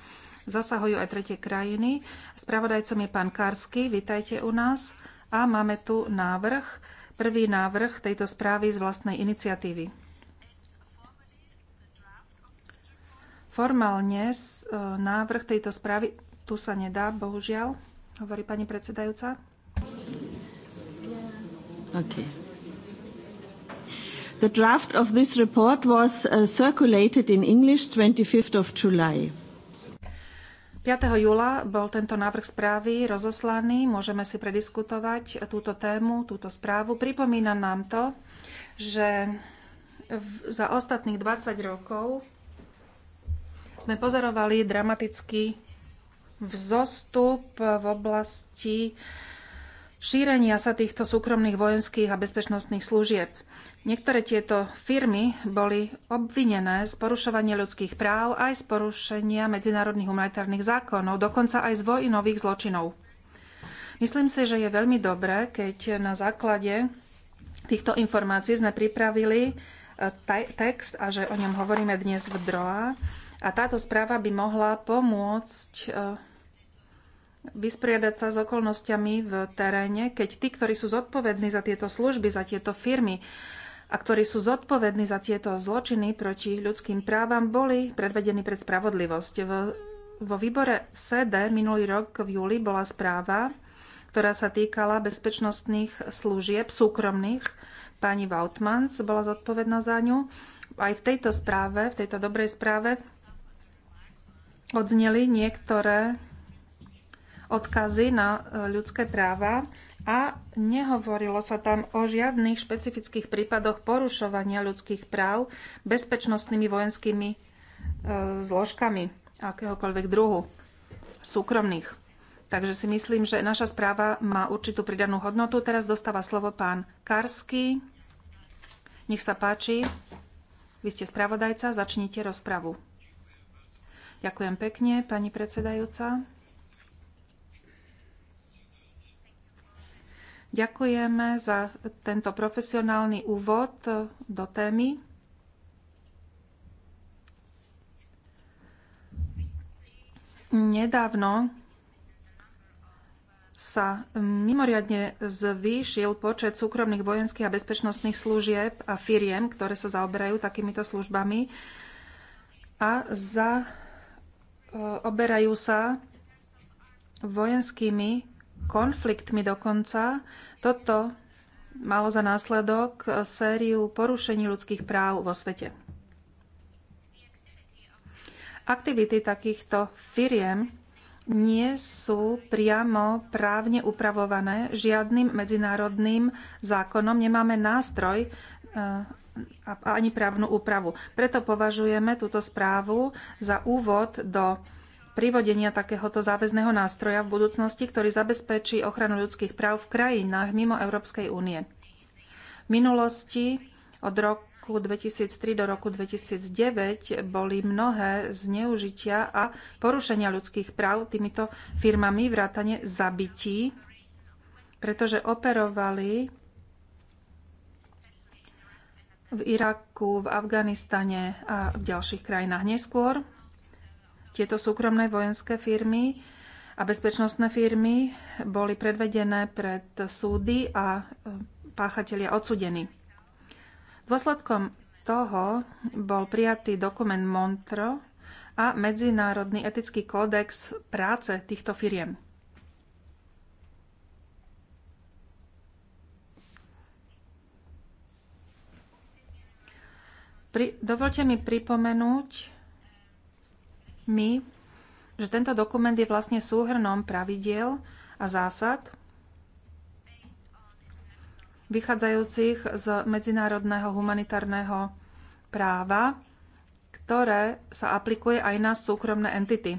zasahujú aj tretie krajiny. Spravodajcom je pán Karsky, vitajte u nás. A máme tu návrh, prvý návrh tejto správy z vlastnej iniciatívy. Formálne e, návrh tejto správy tu sa nedá, bohužiaľ, hovorí pani predsedajúca. Okay. The draft of this report was uh, circulated in English 25th of July. 5. júla bol tento návrh správy rozoslaný. Môžeme si prediskutovať túto tému, túto správu. Pripomína nám to, že za ostatných 20 rokov sme pozorovali dramatický vzostup v oblasti šírenia sa týchto súkromných vojenských a bezpečnostných služieb. Niektoré tieto firmy boli obvinené z porušovania ľudských práv aj z porušenia medzinárodných humanitárnych zákonov, dokonca aj z vojnových zločinov. Myslím si, že je veľmi dobré, keď na základe týchto informácií sme pripravili e, text a že o ňom hovoríme dnes v DROA. A táto správa by mohla pomôcť e, vysporiadať sa s okolnostiami v teréne, keď tí, ktorí sú zodpovední za tieto služby, za tieto firmy, a ktorí sú zodpovední za tieto zločiny proti ľudským právam, boli predvedení pred spravodlivosť. V, vo výbore SEDE minulý rok v júli bola správa, ktorá sa týkala bezpečnostných služieb súkromných. Pani Vautmans bola zodpovedná za ňu. Aj v tejto správe, v tejto dobrej správe, odzneli niektoré odkazy na e, ľudské práva a nehovorilo sa tam o žiadnych špecifických prípadoch porušovania ľudských práv bezpečnostnými vojenskými e, zložkami akéhokoľvek druhu, súkromných. Takže si myslím, že naša správa má určitú pridanú hodnotu. Teraz dostáva slovo pán Karsky. Nech sa páči. Vy ste spravodajca, začnite rozpravu. Ďakujem pekne, pani predsedajúca. Ďakujeme za tento profesionálny úvod do témy. Nedávno sa mimoriadne zvýšil počet súkromných vojenských a bezpečnostných služieb a firiem, ktoré sa zaoberajú takýmito službami a zaoberajú e, sa vojenskými konfliktmi dokonca. Toto malo za následok sériu porušení ľudských práv vo svete. Aktivity takýchto firiem nie sú priamo právne upravované žiadnym medzinárodným zákonom. Nemáme nástroj eh, ani právnu úpravu. Preto považujeme túto správu za úvod do privodenia takéhoto záväzného nástroja v budúcnosti, ktorý zabezpečí ochranu ľudských práv v krajinách mimo Európskej únie. V minulosti od roku 2003 do roku 2009 boli mnohé zneužitia a porušenia ľudských práv týmito firmami vrátane zabití, pretože operovali v Iraku, v Afganistane a v ďalších krajinách neskôr tieto súkromné vojenské firmy a bezpečnostné firmy boli predvedené pred súdy a e, páchatelia odsudení. Dôsledkom toho bol prijatý dokument Montro a Medzinárodný etický kódex práce týchto firiem. Pri, dovolte mi pripomenúť, my, že tento dokument je vlastne súhrnom pravidiel a zásad, vychádzajúcich z medzinárodného humanitárneho práva, ktoré sa aplikuje aj na súkromné entity.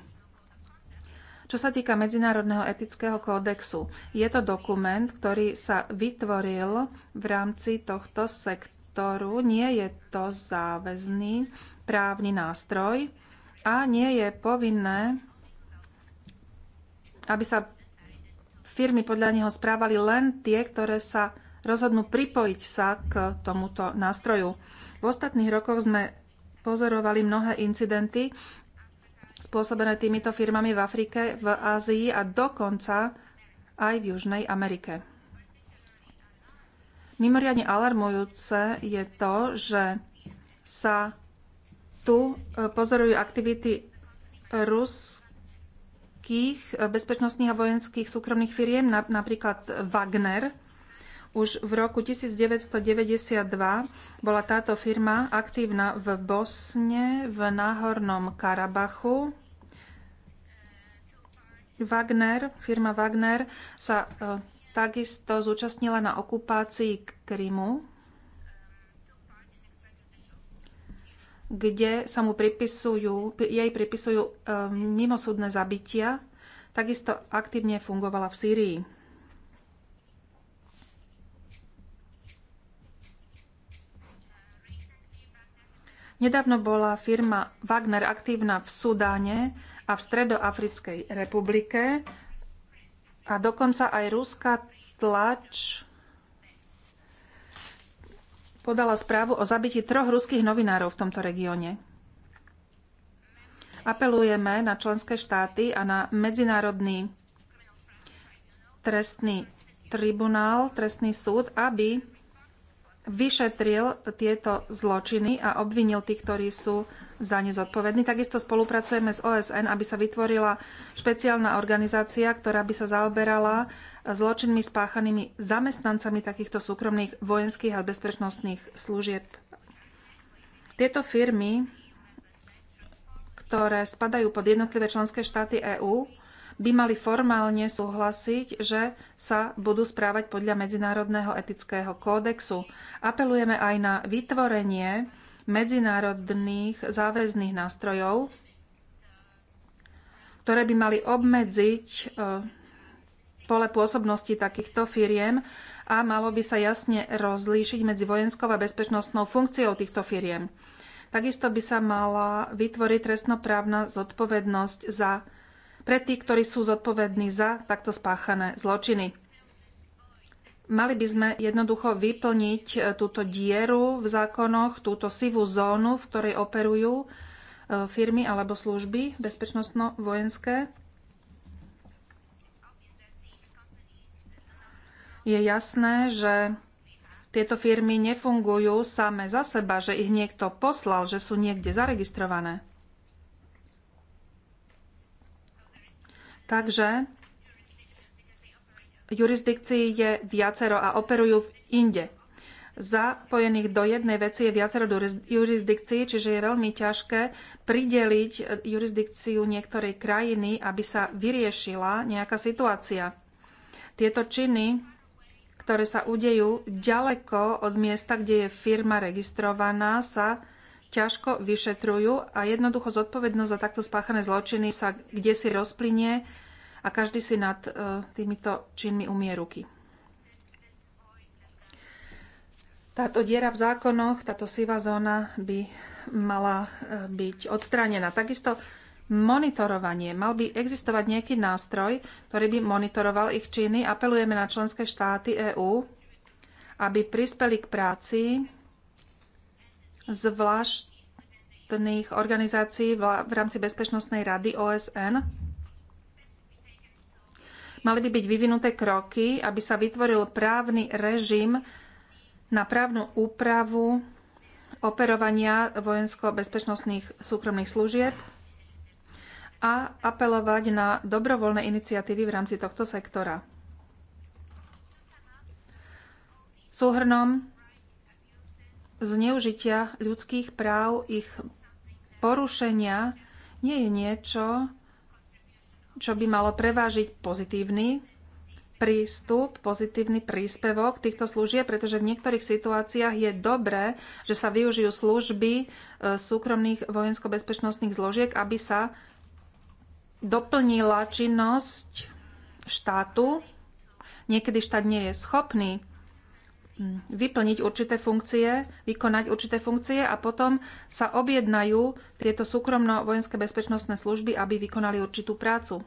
Čo sa týka Medzinárodného etického kódexu, je to dokument, ktorý sa vytvoril v rámci tohto sektoru. Nie je to záväzný právny nástroj, a nie je povinné, aby sa firmy podľa neho správali len tie, ktoré sa rozhodnú pripojiť sa k tomuto nástroju. V ostatných rokoch sme pozorovali mnohé incidenty spôsobené týmito firmami v Afrike, v Ázii a dokonca aj v Južnej Amerike. Mimoriadne alarmujúce je to, že sa tu e, pozorujú aktivity ruských bezpečnostných a vojenských súkromných firiem, napríklad Wagner. Už v roku 1992 bola táto firma aktívna v Bosne, v Náhornom Karabachu. Wagner, firma Wagner sa e, takisto zúčastnila na okupácii Krymu kde sa mu pripisujú, jej pripisujú e, mimosúdne zabitia, takisto aktívne fungovala v Sýrii. Nedávno bola firma Wagner aktívna v Sudáne a v Stredoafrickej republike a dokonca aj ruská tlač podala správu o zabití troch ruských novinárov v tomto regióne. Apelujeme na členské štáty a na medzinárodný trestný tribunál, trestný súd, aby vyšetril tieto zločiny a obvinil tých, ktorí sú za ne zodpovední. Takisto spolupracujeme s OSN, aby sa vytvorila špeciálna organizácia, ktorá by sa zaoberala zločinmi spáchanými zamestnancami takýchto súkromných vojenských a bezpečnostných služieb. Tieto firmy, ktoré spadajú pod jednotlivé členské štáty EÚ, by mali formálne súhlasiť, že sa budú správať podľa Medzinárodného etického kódexu. Apelujeme aj na vytvorenie medzinárodných záväzných nástrojov, ktoré by mali obmedziť e, pole pôsobnosti takýchto firiem a malo by sa jasne rozlíšiť medzi vojenskou a bezpečnostnou funkciou týchto firiem. Takisto by sa mala vytvoriť trestnoprávna zodpovednosť za, pre tých, ktorí sú zodpovední za takto spáchané zločiny. Mali by sme jednoducho vyplniť e, túto dieru v zákonoch, túto sivú zónu, v ktorej operujú e, firmy alebo služby bezpečnostno-vojenské je jasné, že tieto firmy nefungujú same za seba, že ich niekto poslal, že sú niekde zaregistrované. Takže jurisdikcií je viacero a operujú v inde. Zapojených do jednej veci je viacero jurisdikcií, čiže je veľmi ťažké prideliť jurisdikciu niektorej krajiny, aby sa vyriešila nejaká situácia. Tieto činy ktoré sa udejú ďaleko od miesta, kde je firma registrovaná, sa ťažko vyšetrujú a jednoducho zodpovednosť za takto spáchané zločiny sa kde si rozplynie a každý si nad e, týmito činmi umie ruky. Táto diera v zákonoch, táto sivá zóna by mala e, byť odstránená. Takisto monitorovanie. Mal by existovať nejaký nástroj, ktorý by monitoroval ich činy. Apelujeme na členské štáty EÚ, aby prispeli k práci zvláštnych organizácií v rámci Bezpečnostnej rady OSN. Mali by byť vyvinuté kroky, aby sa vytvoril právny režim na právnu úpravu operovania vojensko-bezpečnostných súkromných služieb a apelovať na dobrovoľné iniciatívy v rámci tohto sektora. Súhrnom zneužitia ľudských práv, ich porušenia nie je niečo, čo by malo prevážiť pozitívny prístup, pozitívny príspevok týchto služieb, pretože v niektorých situáciách je dobré, že sa využijú služby e, súkromných vojensko-bezpečnostných zložiek, aby sa doplnila činnosť štátu. Niekedy štát nie je schopný vyplniť určité funkcie, vykonať určité funkcie a potom sa objednajú tieto súkromno-vojenské bezpečnostné služby, aby vykonali určitú prácu.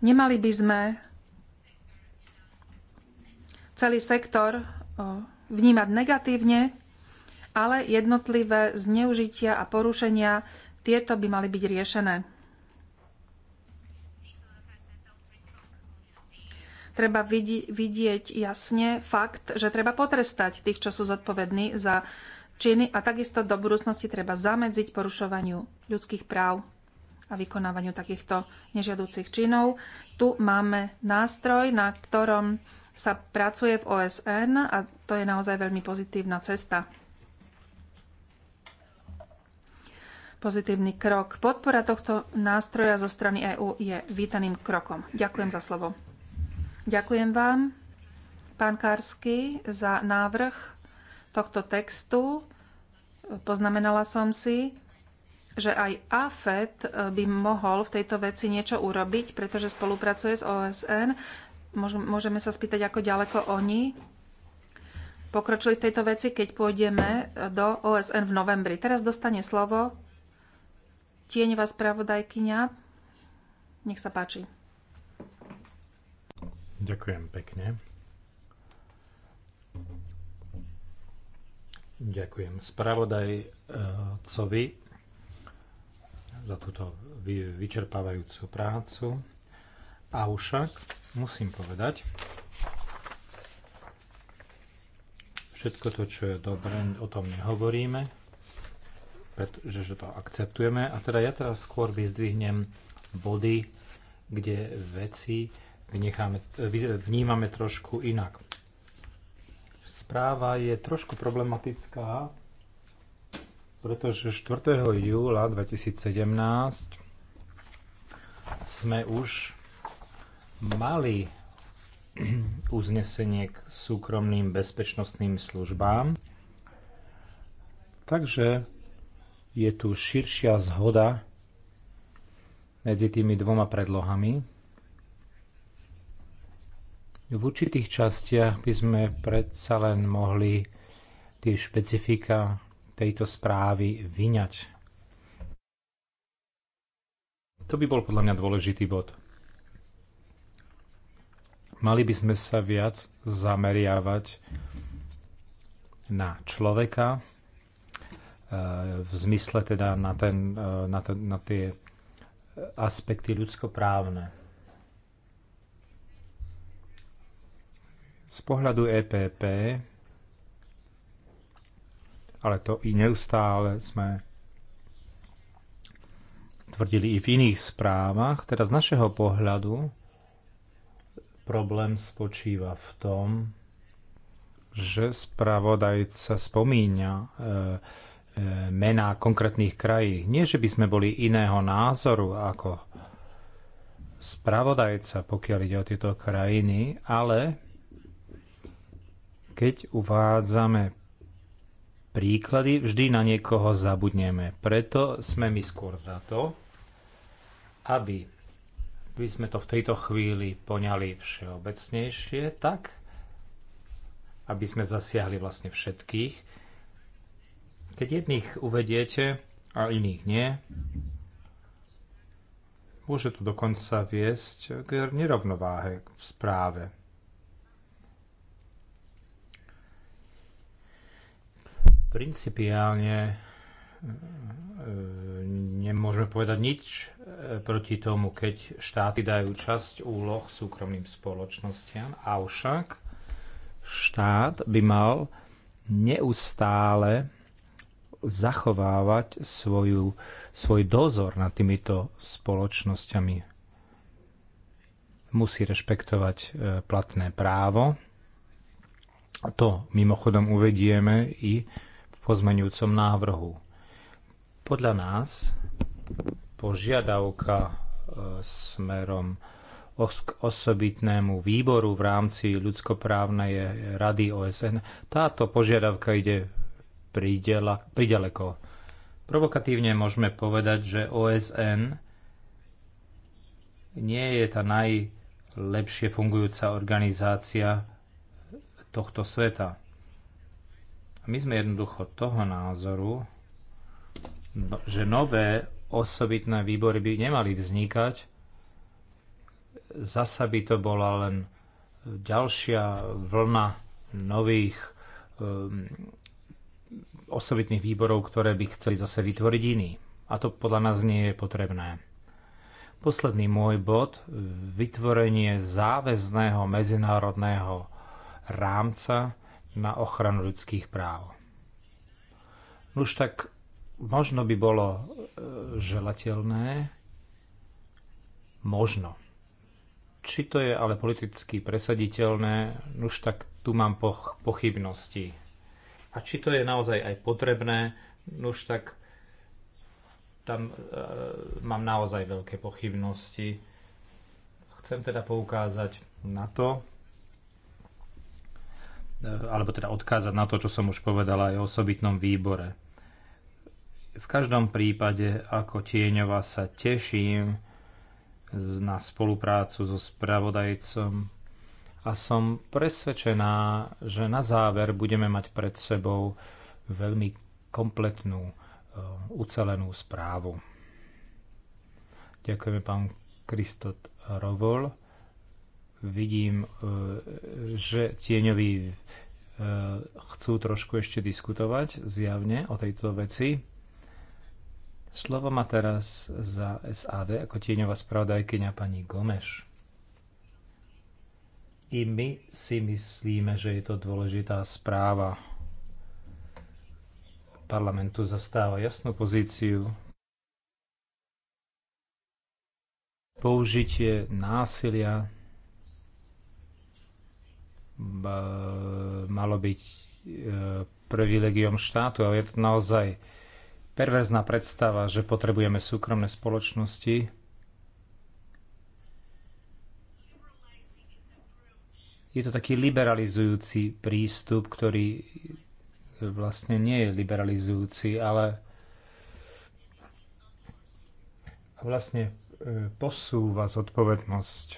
Nemali by sme celý sektor eh, vnímať negatívne, ale jednotlivé zneužitia a porušenia, tieto by mali byť riešené. Treba vidieť jasne fakt, že treba potrestať tých, čo sú zodpovední za činy a takisto do budúcnosti treba zamedziť porušovaniu ľudských práv a vykonávaniu takýchto nežiaducich činov. Tu máme nástroj, na ktorom sa pracuje v OSN a to je naozaj veľmi pozitívna cesta. pozitívny krok. Podpora tohto nástroja zo strany EÚ je vítaným krokom. Ďakujem za slovo. Ďakujem vám, pán Karsky, za návrh tohto textu. Poznamenala som si, že aj AFED eh, by mohol v tejto veci niečo urobiť, pretože spolupracuje s OSN. Môžeme sa spýtať, ako ďaleko oni pokročili v tejto veci, keď pôjdeme eh, do OSN v novembri. Teraz dostane slovo Tieňová spravodajkyňa. Nech sa páči. Ďakujem pekne. Ďakujem spravodajcovi eh, za túto vyčerpávajúcu prácu. A však musím povedať, všetko to, čo je dobré, o tom nehovoríme pretože to akceptujeme. A teda ja teraz skôr vyzdvihnem body, kde veci vnecháme, vnímame trošku inak. Správa je trošku problematická, pretože 4. júla 2017 sme už mali uznesenie k súkromným bezpečnostným službám. Takže je tu širšia zhoda medzi tými dvoma predlohami. V určitých častiach by sme predsa len mohli tie špecifika tejto správy vyňať. To by bol podľa mňa dôležitý bod. Mali by sme sa viac zameriavať na človeka, Eh, v zmysle teda na, ten, eh, na, to, na tie aspekty ľudskoprávne. Z pohľadu EPP, ale to i neustále sme tvrdili i v iných správach, teda z našeho pohľadu problém spočíva v tom, že spravodajca spomína e, mená konkrétnych krají. Nie, že by sme boli iného názoru ako spravodajca, pokiaľ ide o tieto krajiny, ale keď uvádzame príklady, vždy na niekoho zabudneme. Preto sme my skôr za to, aby by sme to v tejto chvíli poňali všeobecnejšie, tak aby sme zasiahli vlastne všetkých, keď jedných uvediete a iných nie, môže to dokonca viesť k nerovnováhe v správe. Principiálne e, nemôžeme povedať nič e, proti tomu, keď štáty dajú časť úloh súkromným spoločnostiam, avšak štát by mal neustále zachovávať svoju, svoj dozor nad týmito spoločnosťami. Musí rešpektovať e, platné právo. To mimochodom uvedieme i v pozmenujúcom návrhu. Podľa nás požiadavka e, smerom k osobitnému výboru v rámci ľudskoprávnej rady OSN. Táto požiadavka ide pridela, prideleko. Provokatívne môžeme povedať, že OSN nie je tá najlepšie fungujúca organizácia tohto sveta. A my sme jednoducho toho názoru, no, že nové osobitné výbory by nemali vznikať. Zasa by to bola len ďalšia vlna nových ehm, osobitných výborov, ktoré by chceli zase vytvoriť iní. A to podľa nás nie je potrebné. Posledný môj bod, vytvorenie záväzného medzinárodného rámca na ochranu ľudských práv. No už tak možno by bolo e, želateľné, možno. Či to je ale politicky presaditeľné, no už tak tu mám poch- pochybnosti a či to je naozaj aj potrebné, už tak tam e, mám naozaj veľké pochybnosti. Chcem teda poukázať na to, e, alebo teda odkázať na to, čo som už povedala aj o osobitnom výbore. V každom prípade ako tieňova sa teším na spoluprácu so spravodajcom a som presvedčená, že na záver budeme mať pred sebou veľmi kompletnú, e, ucelenú správu. Ďakujeme pán Kristot Rovol. Vidím, e, že tieňoví e, chcú trošku ešte diskutovať zjavne o tejto veci. Slovo má teraz za SAD ako tieňová spravodajkyňa pani Gomeš. I my si myslíme, že je to dôležitá správa. Parlamentu zastáva jasnú pozíciu. Použitie násilia malo byť e, privilegiom štátu. ale je to naozaj perverzná predstava, že potrebujeme súkromné spoločnosti, Je to taký liberalizujúci prístup, ktorý vlastne nie je liberalizujúci, ale vlastne e, posúva zodpovednosť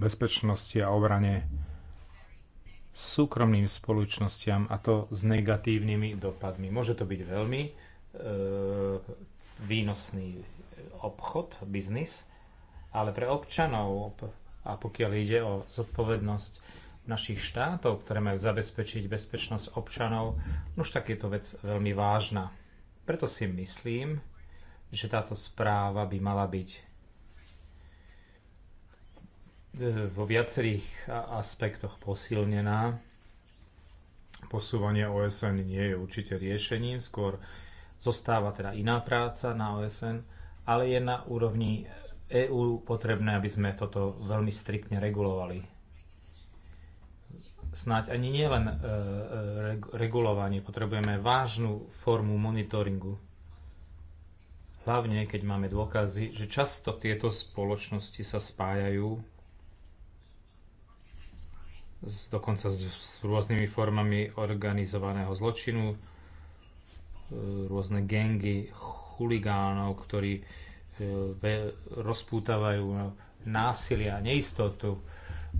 bezpečnosti a obrane súkromným spoločnostiam a to s negatívnymi dopadmi. Môže to byť veľmi e, výnosný obchod, biznis, ale pre občanov, a pokiaľ ide o zodpovednosť našich štátov, ktoré majú zabezpečiť bezpečnosť občanov, no už tak je to vec veľmi vážna. Preto si myslím, že táto správa by mala byť e, vo viacerých aspektoch posilnená. Posúvanie OSN nie je určite riešením, skôr zostáva teda iná práca na OSN, ale je na úrovni EÚ potrebné, aby sme toto veľmi striktne regulovali. Snáď ani nielen e, e regulovanie, potrebujeme vážnu formu monitoringu. Hlavne, keď máme dôkazy, že často tieto spoločnosti sa spájajú s, dokonca s, s rôznymi formami organizovaného zločinu, e, rôzne gengy, chuligánov, ktorí rozpútavajú násilia a neistotu e,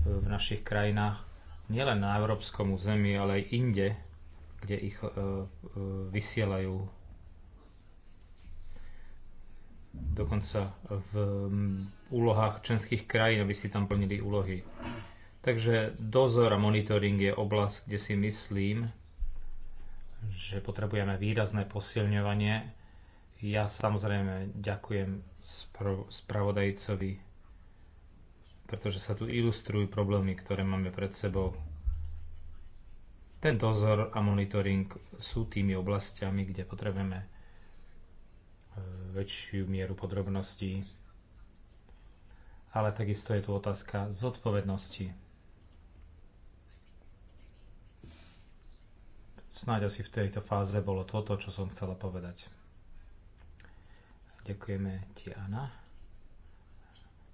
v našich krajinách, nielen na európskom území, ale aj inde, kde ich e, e, vysielajú dokonca v úlohách členských krajín, aby si tam plnili úlohy. Takže dozor a monitoring je oblasť, kde si myslím, že potrebujeme výrazné posilňovanie ja samozrejme ďakujem spravodajcovi, pretože sa tu ilustrujú problémy, ktoré máme pred sebou. Ten dozor a monitoring sú tými oblastiami, kde potrebujeme e, väčšiu mieru podrobností. Ale takisto je tu otázka zodpovednosti. Snáď asi v tejto fáze bolo toto, čo som chcela povedať. Ďakujeme ti, Anna.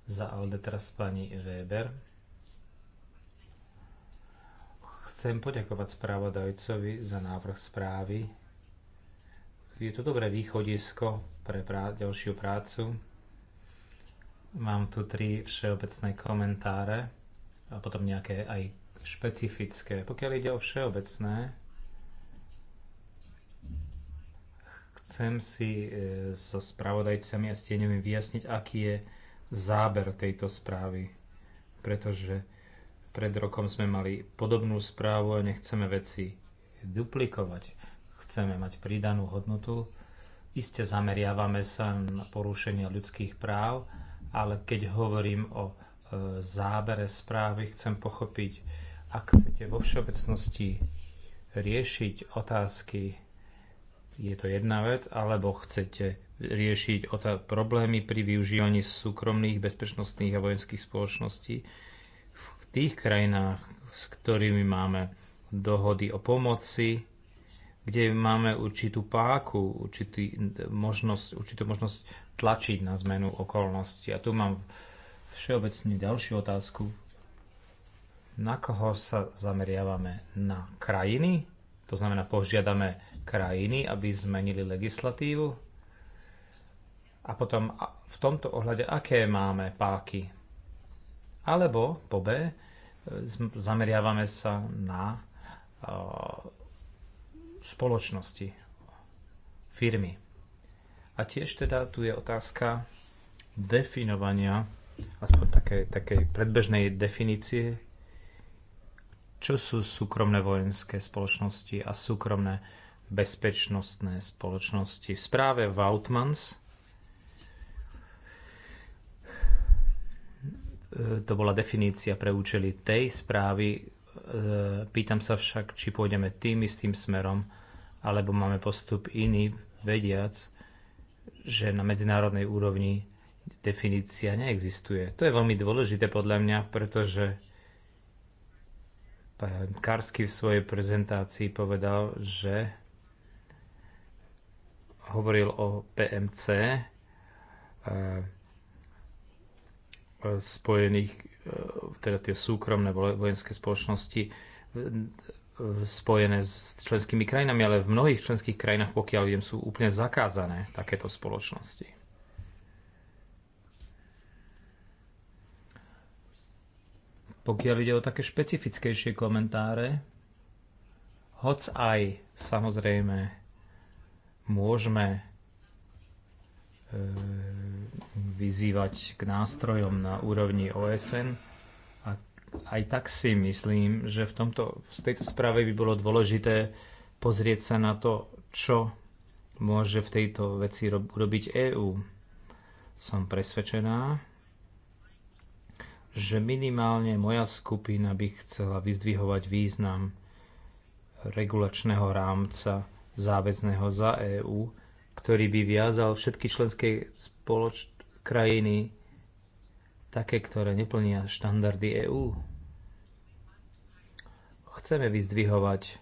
Za Alde teraz pani Weber. Chcem poďakovať správodajcovi za návrh správy. Je to dobré východisko pre prá- ďalšiu prácu. Mám tu tri všeobecné komentáre a potom nejaké aj špecifické. Pokiaľ ide o všeobecné, Chcem si e, so spravodajcami a stieňovým vyjasniť, aký je záber tejto správy, pretože pred rokom sme mali podobnú správu a nechceme veci duplikovať. Chceme mať pridanú hodnotu. Iste zameriavame sa na porušenie ľudských práv, ale keď hovorím o e, zábere správy, chcem pochopiť, ak chcete vo všeobecnosti riešiť otázky je to jedna vec, alebo chcete riešiť problémy pri využívaní súkromných bezpečnostných a vojenských spoločností v tých krajinách, s ktorými máme dohody o pomoci, kde máme určitú páku, určitý možnosť, určitú možnosť tlačiť na zmenu okolností. A tu mám všeobecne ďalšiu otázku. Na koho sa zameriavame? Na krajiny? To znamená, požiadame krajiny, aby zmenili legislatívu? A potom v tomto ohľade, aké máme páky? Alebo po B, e, zameriavame sa na uh, spoločnosti, firmy. A tiež teda tu je otázka definovania, aspoň takej, takej predbežnej definície, čo sú súkromné vojenské spoločnosti a súkromné bezpečnostné spoločnosti. V správe Vautmans e, to bola definícia pre účely tej správy. E, pýtam sa však, či pôjdeme tým istým smerom, alebo máme postup iný, vediac, že na medzinárodnej úrovni definícia neexistuje. To je veľmi dôležité podľa mňa, pretože Karsky v svojej prezentácii povedal, že hovoril o PMC e, e, spojených, e, teda tie súkromné vojenské spoločnosti spojené s členskými krajinami, ale v mnohých členských krajinách, pokiaľ viem, sú úplne zakázané takéto spoločnosti. Pokiaľ ide o také špecifickejšie komentáre, hoc aj samozrejme môžeme e, vyzývať k nástrojom na úrovni OSN. A aj tak si myslím, že v, tomto, v tejto správe by bolo dôležité pozrieť sa na to, čo môže v tejto veci urobiť EÚ. Som presvedčená, že minimálne moja skupina by chcela vyzdvihovať význam regulačného rámca záväzného za EÚ, ktorý by viazal všetky členské spoloč- krajiny, také, ktoré neplnia štandardy EÚ. Chceme vyzdvihovať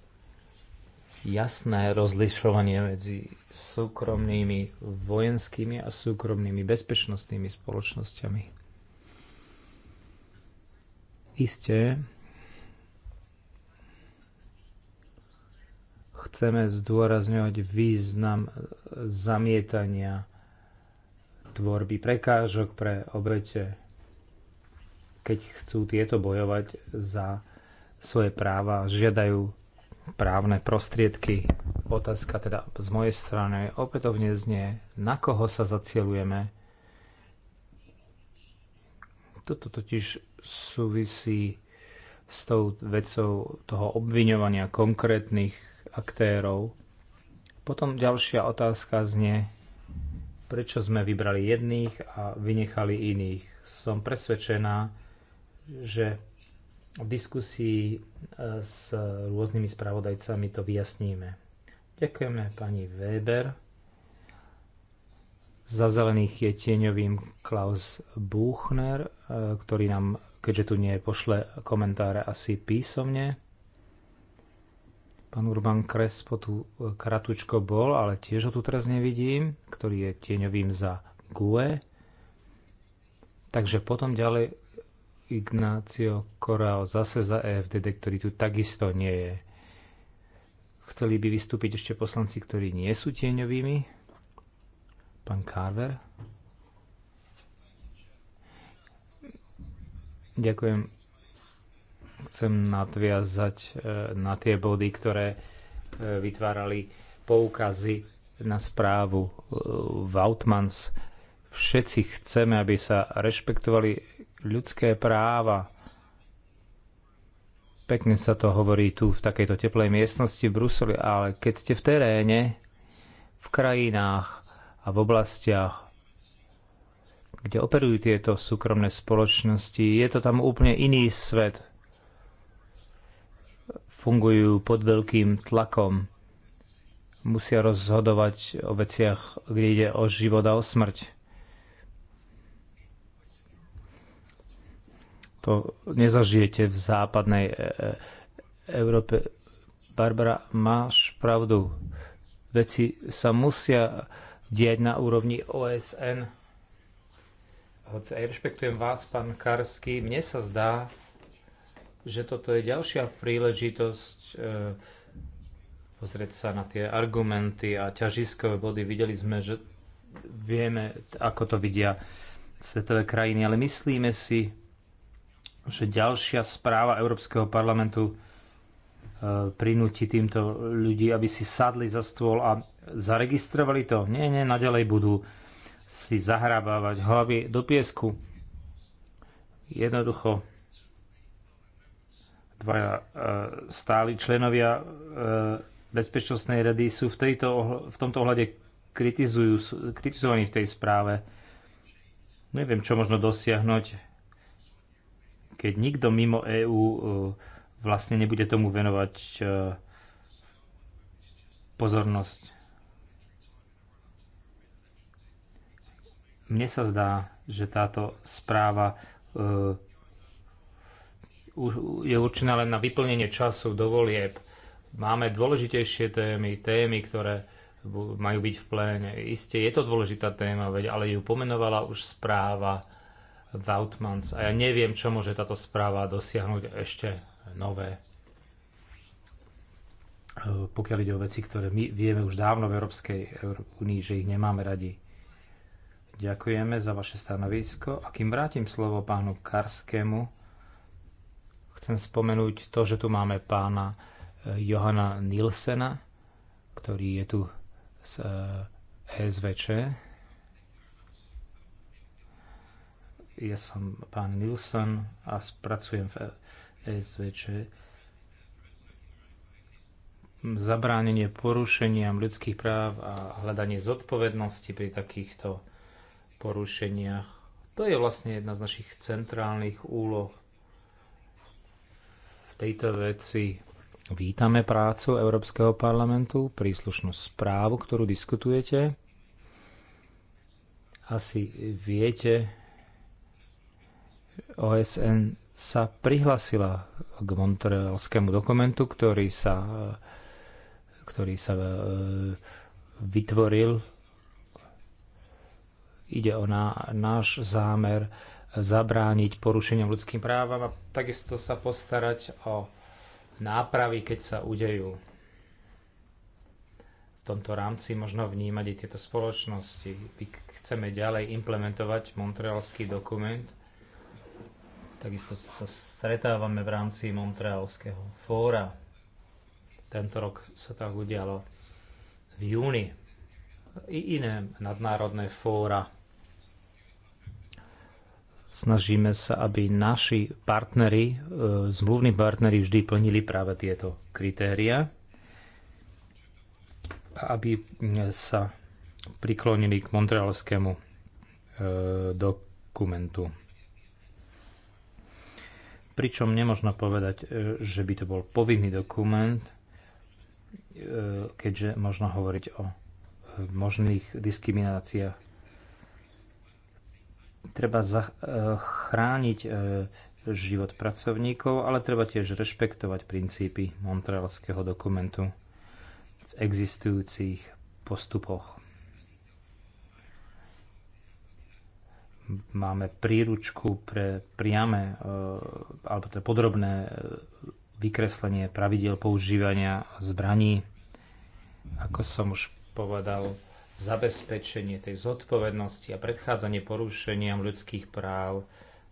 jasné rozlišovanie medzi súkromnými vojenskými a súkromnými bezpečnostnými spoločnosťami. Isté, chceme zdôrazňovať význam zamietania tvorby prekážok pre obete, keď chcú tieto bojovať za svoje práva, žiadajú právne prostriedky. Otázka teda z mojej strany opätovne znie, na koho sa zacielujeme. Toto totiž súvisí s tou vecou toho obviňovania konkrétnych aktérov. Potom ďalšia otázka znie, prečo sme vybrali jedných a vynechali iných. Som presvedčená, že v diskusii e, s rôznymi spravodajcami to vyjasníme. Ďakujeme pani Weber. Za zelených je tieňovým Klaus Buchner, e, ktorý nám, keďže tu nie je, pošle komentáre asi písomne. Pán Urban Krespo tu e, kratučko bol, ale tiež ho tu teraz nevidím, ktorý je tieňovým za GUE. Takže potom ďalej Ignácio Corao zase za EFDD, ktorý tu takisto nie je. Chceli by vystúpiť ešte poslanci, ktorí nie sú tieňovými. Pán Carver. Ďakujem Chcem nadviazať e, na tie body, ktoré e, vytvárali poukazy na správu Vautmans. E, Všetci chceme, aby sa rešpektovali ľudské práva. Pekne sa to hovorí tu v takejto teplej miestnosti v Bruseli, ale keď ste v teréne, v krajinách a v oblastiach, kde operujú tieto súkromné spoločnosti, je to tam úplne iný svet fungujú pod veľkým tlakom. Musia rozhodovať o veciach, kde ide o život a o smrť. To nezažijete v západnej e e Európe. Barbara, máš pravdu. Veci sa musia diať na úrovni OSN. Hoci aj rešpektujem vás, pán Karsky, mne sa zdá, že toto je ďalšia príležitosť e, pozrieť sa na tie argumenty a ťažiskové body. Videli sme, že vieme, ako to vidia svetové krajiny, ale myslíme si, že ďalšia správa Európskeho parlamentu e, prinúti týmto ľudí, aby si sadli za stôl a zaregistrovali to. Nie, nie, naďalej budú si zahrabávať hlavy do piesku. Jednoducho Dvaja e, stáli členovia e, Bezpečnostnej rady sú v, tejto, v tomto ohľade kritizujú, kritizovaní v tej správe. Neviem, čo možno dosiahnuť, keď nikto mimo EÚ e, vlastne nebude tomu venovať pozornosť. Mne sa zdá, že táto správa je určená len na vyplnenie času do volieb. Máme dôležitejšie témy, témy, ktoré majú byť v pléne. Isté, je to dôležitá téma, veď, ale ju pomenovala už správa Vautmans a ja neviem, čo môže táto správa dosiahnuť ešte nové. Pokiaľ ide o veci, ktoré my vieme už dávno v Európskej únii, že ich nemáme radi. Ďakujeme za vaše stanovisko a kým vrátim slovo pánu Karskému, Chcem spomenúť to, že tu máme pána eh, Johana Nilsena, ktorý je tu z eh, SVČ. Ja som pán Nilsen a pracujem v eh, SVČ. zabránenie porušeniam ľudských práv a hľadanie zodpovednosti pri takýchto porušeniach. To je vlastne jedna z našich centrálnych úloh tejto veci vítame prácu Európskeho parlamentu, príslušnú správu, ktorú diskutujete. Asi viete, OSN sa prihlasila k montrealskému dokumentu, ktorý sa, ktorý sa e, vytvoril. Ide o náš zámer zabrániť porušeniam ľudským právam a takisto sa postarať o nápravy, keď sa udejú. V tomto rámci možno vnímať i tieto spoločnosti. My chceme ďalej implementovať montrealský dokument. Takisto sa stretávame v rámci montrealského fóra. Tento rok sa tak udialo v júni. I iné nadnárodné fóra Snažíme sa, aby naši partneri, e, zmluvní partneri vždy plnili práve tieto kritéria a aby sa priklonili k montrealskému e, dokumentu pričom nemožno povedať, e, že by to bol povinný dokument, keďže možno hovoriť o možných diskrimináciách Treba eh, chrániť eh, život pracovníkov, ale treba tiež rešpektovať princípy Montrealského dokumentu v existujúcich postupoch. Máme príručku pre priame eh, alebo teda podrobné vykreslenie pravidel používania zbraní. Ako som už povedal, zabezpečenie tej zodpovednosti a predchádzanie porušeniam ľudských práv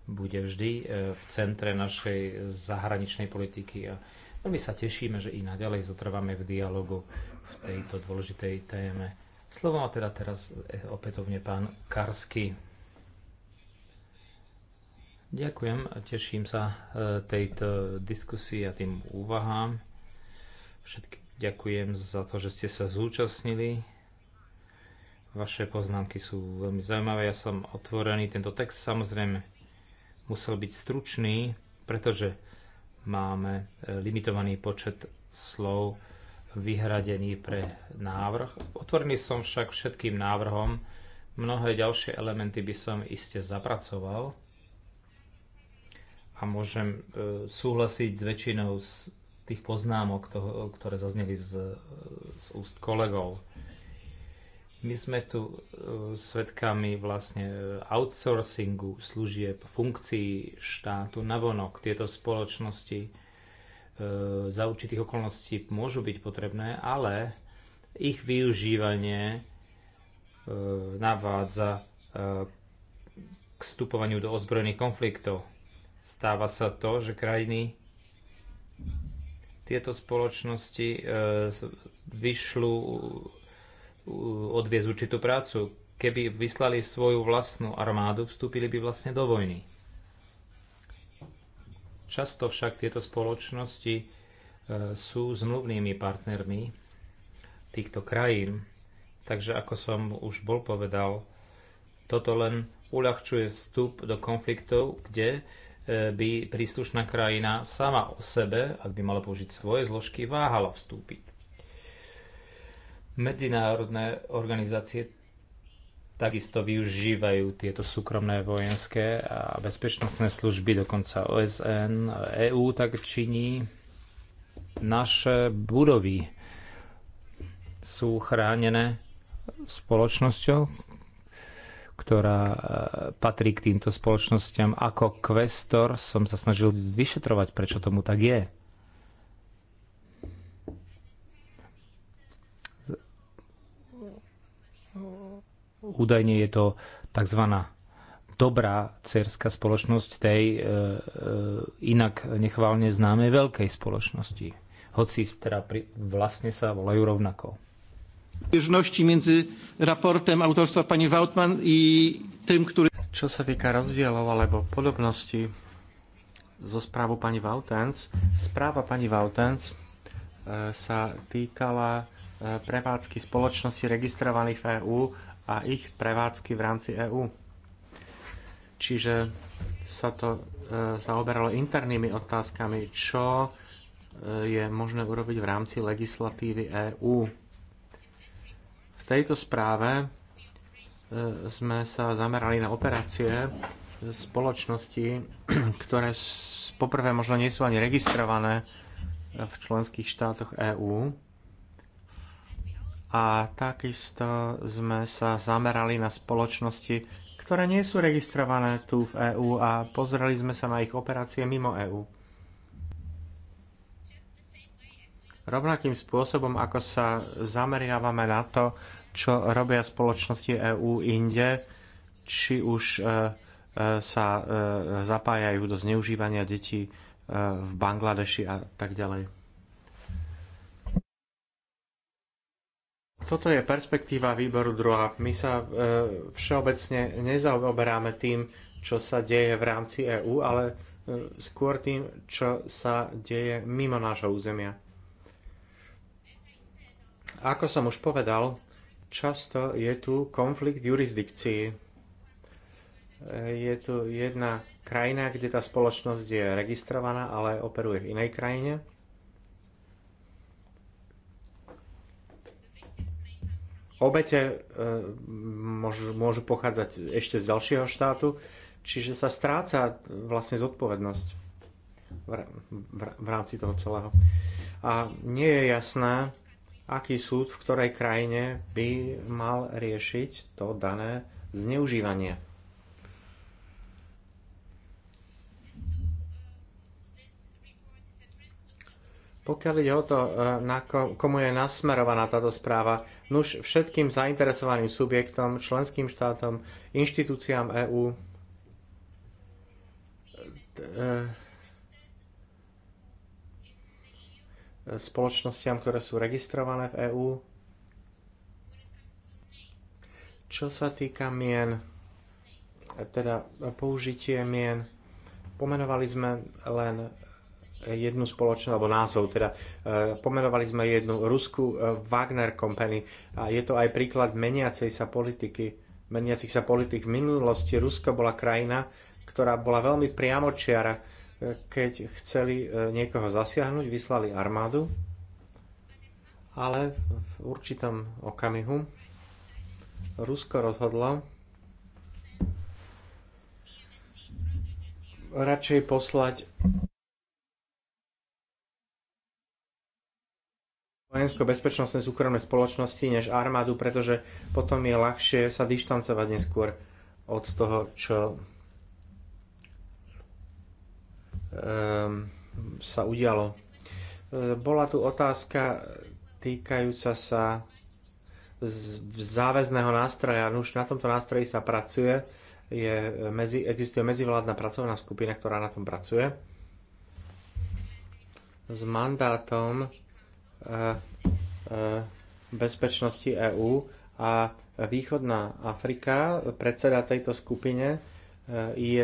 bude vždy e, v centre našej zahraničnej politiky. A veľmi sa tešíme, že i naďalej zotrváme v dialogu v tejto dôležitej téme. Slovo má teda teraz e, opätovne pán Karsky. Ďakujem a teším sa e, tejto diskusii a tým úvahám. Všetkým ďakujem za to, že ste sa zúčastnili Vaše poznámky sú veľmi zaujímavé. Ja som otvorený. Tento text samozrejme musel byť stručný, pretože máme e, limitovaný počet slov vyhradený pre návrh. Otvorený som však všetkým návrhom. Mnohé ďalšie elementy by som iste zapracoval a môžem e, súhlasiť s väčšinou z tých poznámok, ktoré zazneli z, e, z úst kolegov. My sme tu e, svedkami vlastne e, outsourcingu služieb, funkcií štátu na vonok. Tieto spoločnosti e, za určitých okolností môžu byť potrebné, ale ich využívanie navádza k vstupovaniu do ozbrojených konfliktov. Stáva sa to, že krajiny tieto spoločnosti vyšľú odviezť určitú prácu. Keby vyslali svoju vlastnú armádu, vstúpili by vlastne do vojny. Často však tieto spoločnosti e, sú zmluvnými partnermi týchto krajín. Takže ako som už bol povedal, toto len uľahčuje vstup do konfliktov, kde e, by príslušná krajina sama o sebe, ak by mala použiť svoje zložky, váhala vstúpiť. Medzinárodné organizácie takisto využívajú tieto súkromné vojenské a bezpečnostné služby, dokonca OSN, EÚ tak činí. Naše budovy sú chránené spoločnosťou, ktorá e, patrí k týmto spoločnosťam. Ako kvestor som sa snažil vyšetrovať, prečo tomu tak je. údajne je to tzv. dobrá cerská spoločnosť tej e, e, inak nechválne známej veľkej spoločnosti. Hoci teda pri, vlastne sa volajú rovnako. Biežnosti medzi raportem autorstva pani Vautman i tým, ktorý... Čo sa týka rozdielov alebo podobnosti zo správu pani Vautens, správa pani Vautens e, sa týkala e, prevádzky spoločnosti registrovaných v EÚ a ich prevádzky v rámci EÚ. Čiže sa to e, zaoberalo internými otázkami, čo e, je možné urobiť v rámci legislatívy EÚ. V tejto správe e, sme sa zamerali na operácie spoločnosti, ktoré poprvé možno nie sú ani registrované v členských štátoch EÚ a takisto sme sa zamerali na spoločnosti, ktoré nie sú registrované tu v EÚ a pozreli sme sa na ich operácie mimo EÚ. Rovnakým spôsobom, ako sa zameriavame na to, čo robia spoločnosti EÚ inde, či už e, e, sa e, zapájajú do zneužívania detí v Bangladeši a tak ďalej. toto je perspektíva výboru druhá. My sa e, všeobecne nezaoberáme tým, čo sa deje v rámci EÚ, ale e, skôr tým, čo sa deje mimo nášho územia. Ako som už povedal, často je tu konflikt jurisdikcií. E, je tu jedna krajina, kde tá spoločnosť je registrovaná, ale operuje v inej krajine Obete e, môžu, môžu pochádzať ešte z ďalšieho štátu, čiže sa stráca vlastne zodpovednosť v rámci toho celého. A nie je jasné, aký súd v ktorej krajine by mal riešiť to dané zneužívanie. Pokiaľ ide o to, e, na komu je nasmerovaná táto správa, nuž všetkým zainteresovaným subjektom, členským štátom, inštitúciám EÚ, e, e, spoločnostiam, ktoré sú registrované v EÚ. Čo sa týka mien, teda použitie mien, pomenovali sme len jednu spoločnú, alebo názov, teda e, pomenovali sme jednu ruskú e, Wagner Company a je to aj príklad meniacej sa politiky, meniacich sa politik. V minulosti Rusko bola krajina, ktorá bola veľmi priamočiara, e, keď chceli niekoho zasiahnuť, vyslali armádu, ale v určitom okamihu Rusko rozhodlo radšej poslať vojensko-bezpečnostné súkromné spoločnosti než armádu, pretože potom je ľahšie sa dištancovať neskôr od toho, čo um, sa udialo. E, bola tu otázka týkajúca sa záväzného nástroja. No už na tomto nástroji sa pracuje. Je, medzi, existuje medzivládna pracovná skupina, ktorá na tom pracuje. S mandátom E, e, bezpečnosti EÚ a východná Afrika, predseda tejto skupine, e, je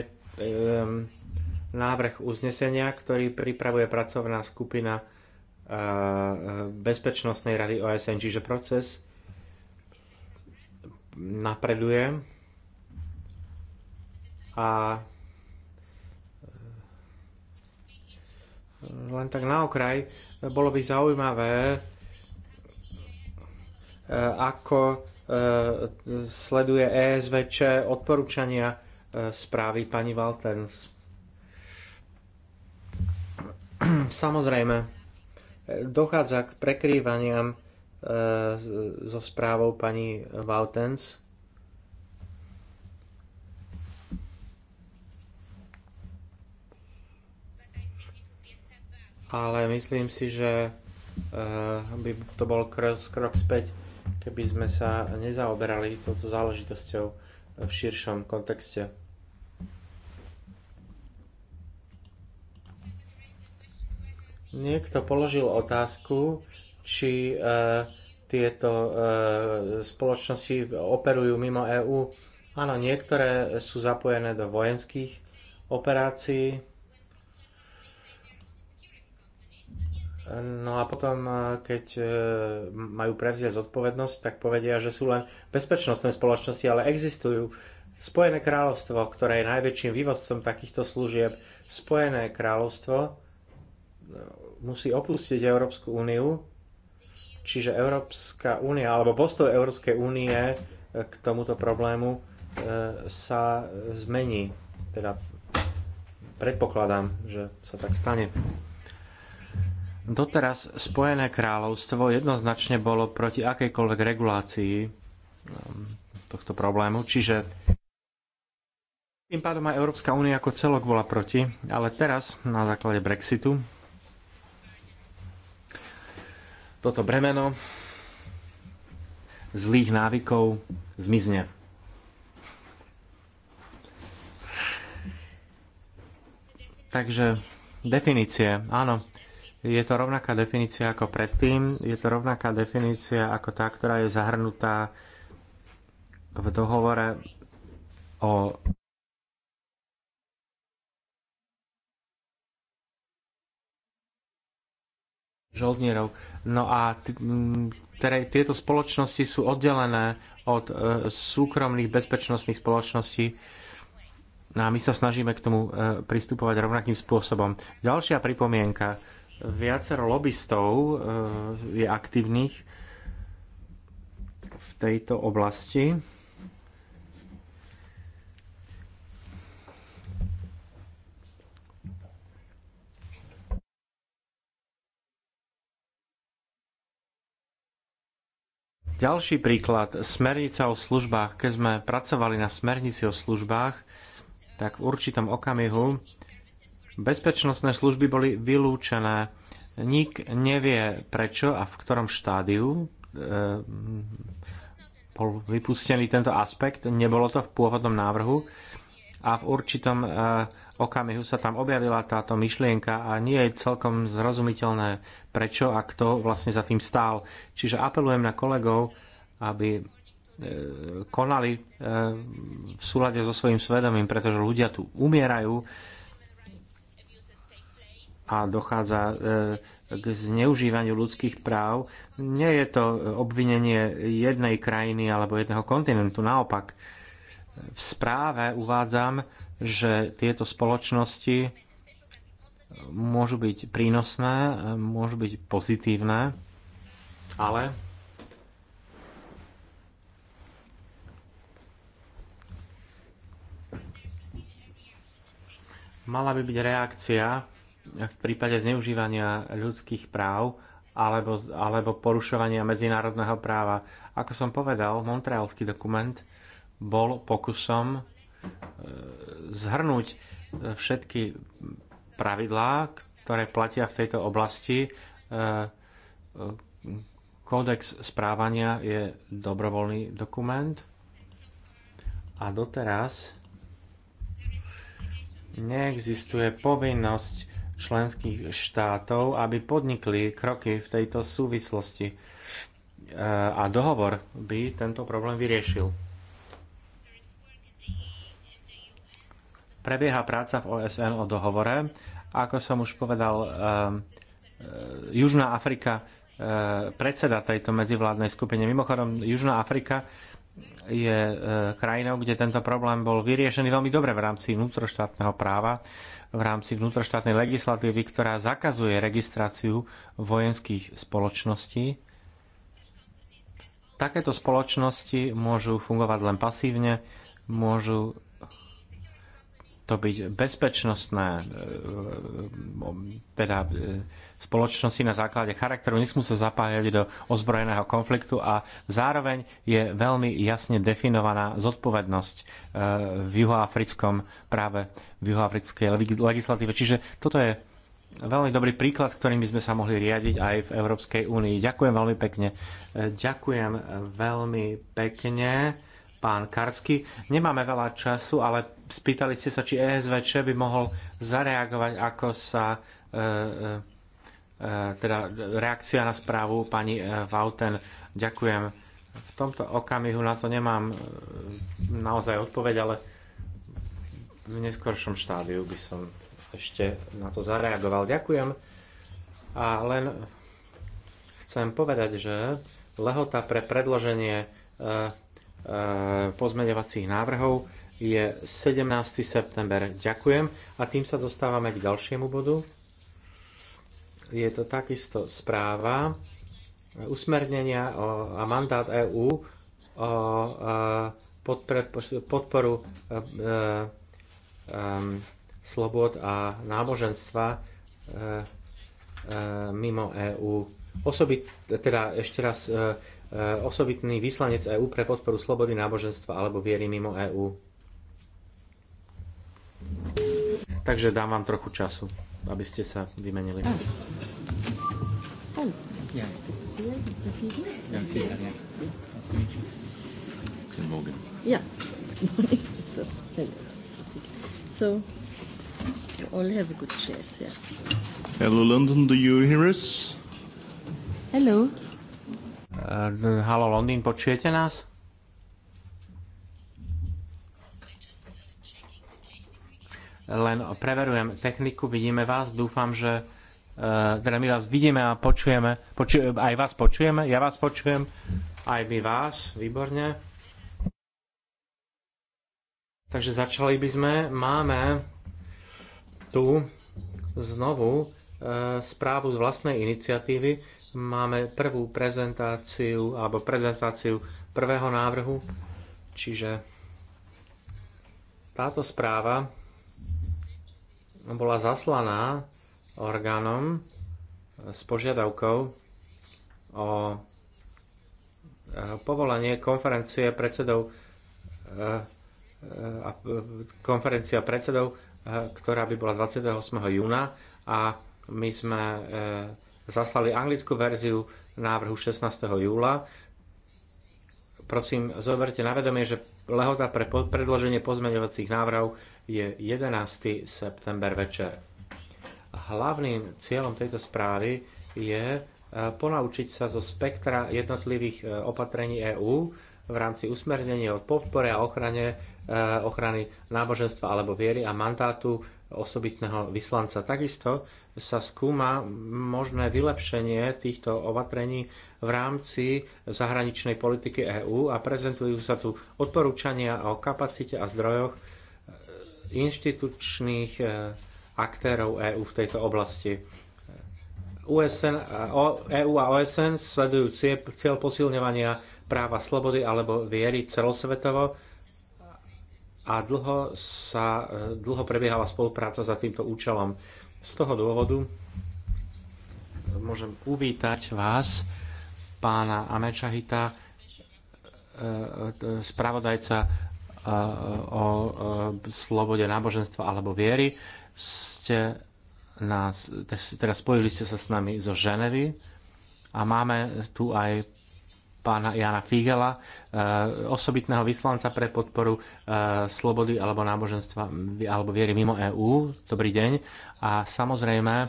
návrh uznesenia, ktorý pripravuje pracovná skupina Bezpečnostnej rady OSN, čiže proces napreduje a len tak na okraj, bolo by zaujímavé, e, ako e, sleduje ESVČ odporúčania e, správy pani Valtens. Samozrejme, dochádza k prekrývaniam so správou pani Valtens ale myslím si, že eh, by to bol krok späť, keby sme sa nezaoberali touto záležitosťou v širšom kontexte. Niekto položil otázku, či e, tieto e, spoločnosti operujú mimo EÚ. Áno, niektoré sú zapojené do vojenských operácií, No a potom, eh, keď eh, majú prevziať zodpovednosť, tak povedia, že sú len bezpečnostné spoločnosti, ale existujú. Spojené kráľovstvo, ktoré je najväčším vývozcom takýchto služieb, Spojené kráľovstvo eh, musí opustiť Európsku úniu, čiže Európska únia alebo postoj Európskej únie k tomuto problému sa zmení. Teda predpokladám, že sa tak stane. Doteraz Spojené kráľovstvo jednoznačne bolo proti akejkoľvek regulácii um, tohto problému, čiže tým pádom aj Európska únia ako celok bola proti, ale teraz na základe Brexitu toto bremeno zlých návykov zmizne. Takže definície, áno, je to rovnaká definícia ako predtým, je to rovnaká definícia ako tá, ktorá je zahrnutá v dohovore o žoldnierov. No a tieto spoločnosti sú oddelené od e, súkromných bezpečnostných spoločností no a my sa snažíme k tomu e, pristupovať rovnakým spôsobom. Ďalšia pripomienka. Viacero lobbystov e, je aktívnych v tejto oblasti. Ďalší príklad, smernica o službách. Keď sme pracovali na smernici o službách, tak v určitom okamihu Bezpečnostné služby boli vylúčené. Nik nevie prečo a v ktorom štádiu eh, bol vypustený tento aspekt. Nebolo to v pôvodnom návrhu a v určitom eh, okamihu sa tam objavila táto myšlienka a nie je celkom zrozumiteľné prečo a kto vlastne za tým stál. Čiže apelujem na kolegov, aby eh, konali v súlade so svojím svedomím, pretože ľudia tu umierajú a dochádza e, k zneužívaniu ľudských práv. Nie je to obvinenie jednej krajiny alebo jedného kontinentu. Naopak, v správe uvádzam, že tieto spoločnosti môžu byť prínosné, môžu byť pozitívne, ale mala by byť reakcia v prípade zneužívania ľudských práv alebo, alebo porušovania medzinárodného práva. Ako som povedal, montrealský dokument bol pokusom e, zhrnúť e, všetky pravidlá, ktoré platia v tejto oblasti. E, kódex správania je dobrovoľný dokument a doteraz neexistuje povinnosť členských štátov, aby podnikli kroky v tejto súvislosti. Eh, a dohovor by tento problém vyriešil. Prebieha práca v OSN o dohovore. Ako som už povedal, eh, eh, Južná Afrika predseda tejto medzivládnej skupine. Mimochodom, Južná Afrika je e, krajinou, kde tento problém bol vyriešený veľmi dobre v rámci vnútroštátneho práva, v rámci vnútroštátnej legislatívy, ktorá zakazuje registráciu vojenských spoločností. Takéto spoločnosti môžu fungovať len pasívne, môžu to byť bezpečnostné, e, e, teda e, spoločnosti na základe charakteru nesmú sa zapájať do ozbrojeného konfliktu a zároveň je veľmi jasne definovaná zodpovednosť v juhoafrickom práve v juhoafrickej legislatíve. Čiže toto je veľmi dobrý príklad, ktorým by sme sa mohli riadiť aj v Európskej únii. Ďakujem veľmi pekne. Ďakujem veľmi pekne pán Karsky. Nemáme veľa času, ale spýtali ste sa, či ESVČ by mohol zareagovať, ako sa e, e, e teda reakcia na správu pani e, Vauten. Ďakujem. V tomto okamihu na to nemám e, naozaj odpoveď, ale v neskoršom štádiu by som ešte na to zareagoval. Ďakujem. A len chcem povedať, že lehota pre predloženie Eh, pozmeňovacích návrhov je 17. september. Ďakujem a tým sa dostávame k ďalšiemu bodu. Je to takisto správa eh, usmernenia a mandát EÚ o eh, podporu slobod a náboženstva mimo EÚ. Osoby, teda ešte raz E, osobitný vyslanec EÚ pre podporu slobody náboženstva alebo viery mimo EÚ. Takže dám vám trochu času, aby ste sa vymenili. Hm. Hello London, do you hear us? Hello. Eh, Halo Londýn, počujete nás? Len preverujem techniku, vidíme vás, dúfam, že eh, teda my vás vidíme a počujeme, poču, aj vás počujeme, ja vás počujem, aj my vás, výborne. Takže začali by sme, máme tu znovu eh, správu z vlastnej iniciatívy máme prvú prezentáciu alebo prezentáciu prvého návrhu, čiže táto správa bola zaslaná orgánom s požiadavkou o e, povolanie konferencie predsedov e, e, konferencia predsedov, ktorá by bola 28. júna a my sme zaslali anglickú verziu návrhu 16. júla. Prosím, zoberte na vedomie, že lehota pre predloženie pozmeňovacích návrhov je 11. september večer. Hlavným cieľom tejto správy je e, ponaučiť sa zo spektra jednotlivých e, opatrení EÚ v rámci usmernenia o podpore a ochrane e, ochrany náboženstva alebo viery a mandátu osobitného vyslanca. Takisto sa skúma možné vylepšenie týchto opatrení v rámci zahraničnej politiky EÚ a prezentujú sa tu odporúčania o kapacite a zdrojoch e, inštitučných e, aktérov EÚ v tejto oblasti. USN, EU a OSN sledujú cieľ posilňovania práva slobody alebo viery celosvetovo a dlho, sa, e, dlho prebiehala spolupráca za týmto účelom. Z toho dôvodu môžem uvítať vás, pána Amečahita, e, e, spravodajca e, o slobode náboženstva alebo viery. Ste nás, teraz spojili ste sa s nami zo Ženevy a máme tu aj pána Jana Figela, osobitného vyslanca pre podporu slobody alebo náboženstva alebo viery mimo EÚ. Dobrý deň. A samozrejme,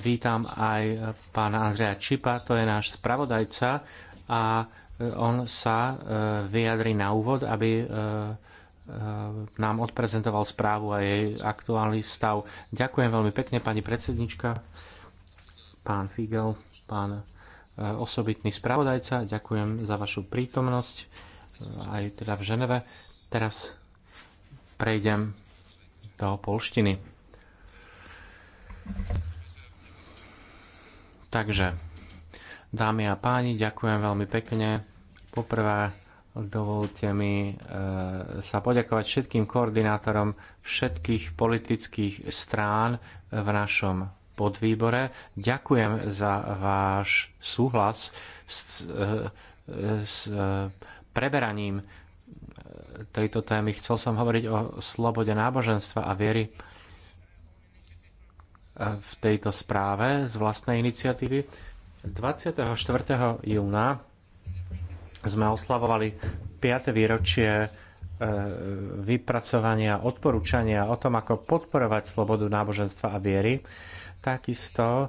vítam aj pána Andreja Čipa, to je náš spravodajca a on sa e, vyjadri na úvod, aby e, e, nám odprezentoval správu a jej aktuálny stav. Ďakujem veľmi pekne, pani predsednička, pán Figel, pán osobitný spravodajca. Ďakujem za vašu prítomnosť aj teda v Ženeve. Teraz prejdem do polštiny. Takže, dámy a páni, ďakujem veľmi pekne. Poprvé, dovolte mi e, sa poďakovať všetkým koordinátorom všetkých politických strán v našom podvýbore. Ďakujem za váš súhlas s, e, s, e, s e, preberaním tejto témy. Chcel som hovoriť o slobode náboženstva a viery e, v tejto správe z vlastnej iniciatívy. 24. júna sme oslavovali 5. výročie e, vypracovania odporúčania o tom, ako podporovať slobodu náboženstva a viery. Takisto e,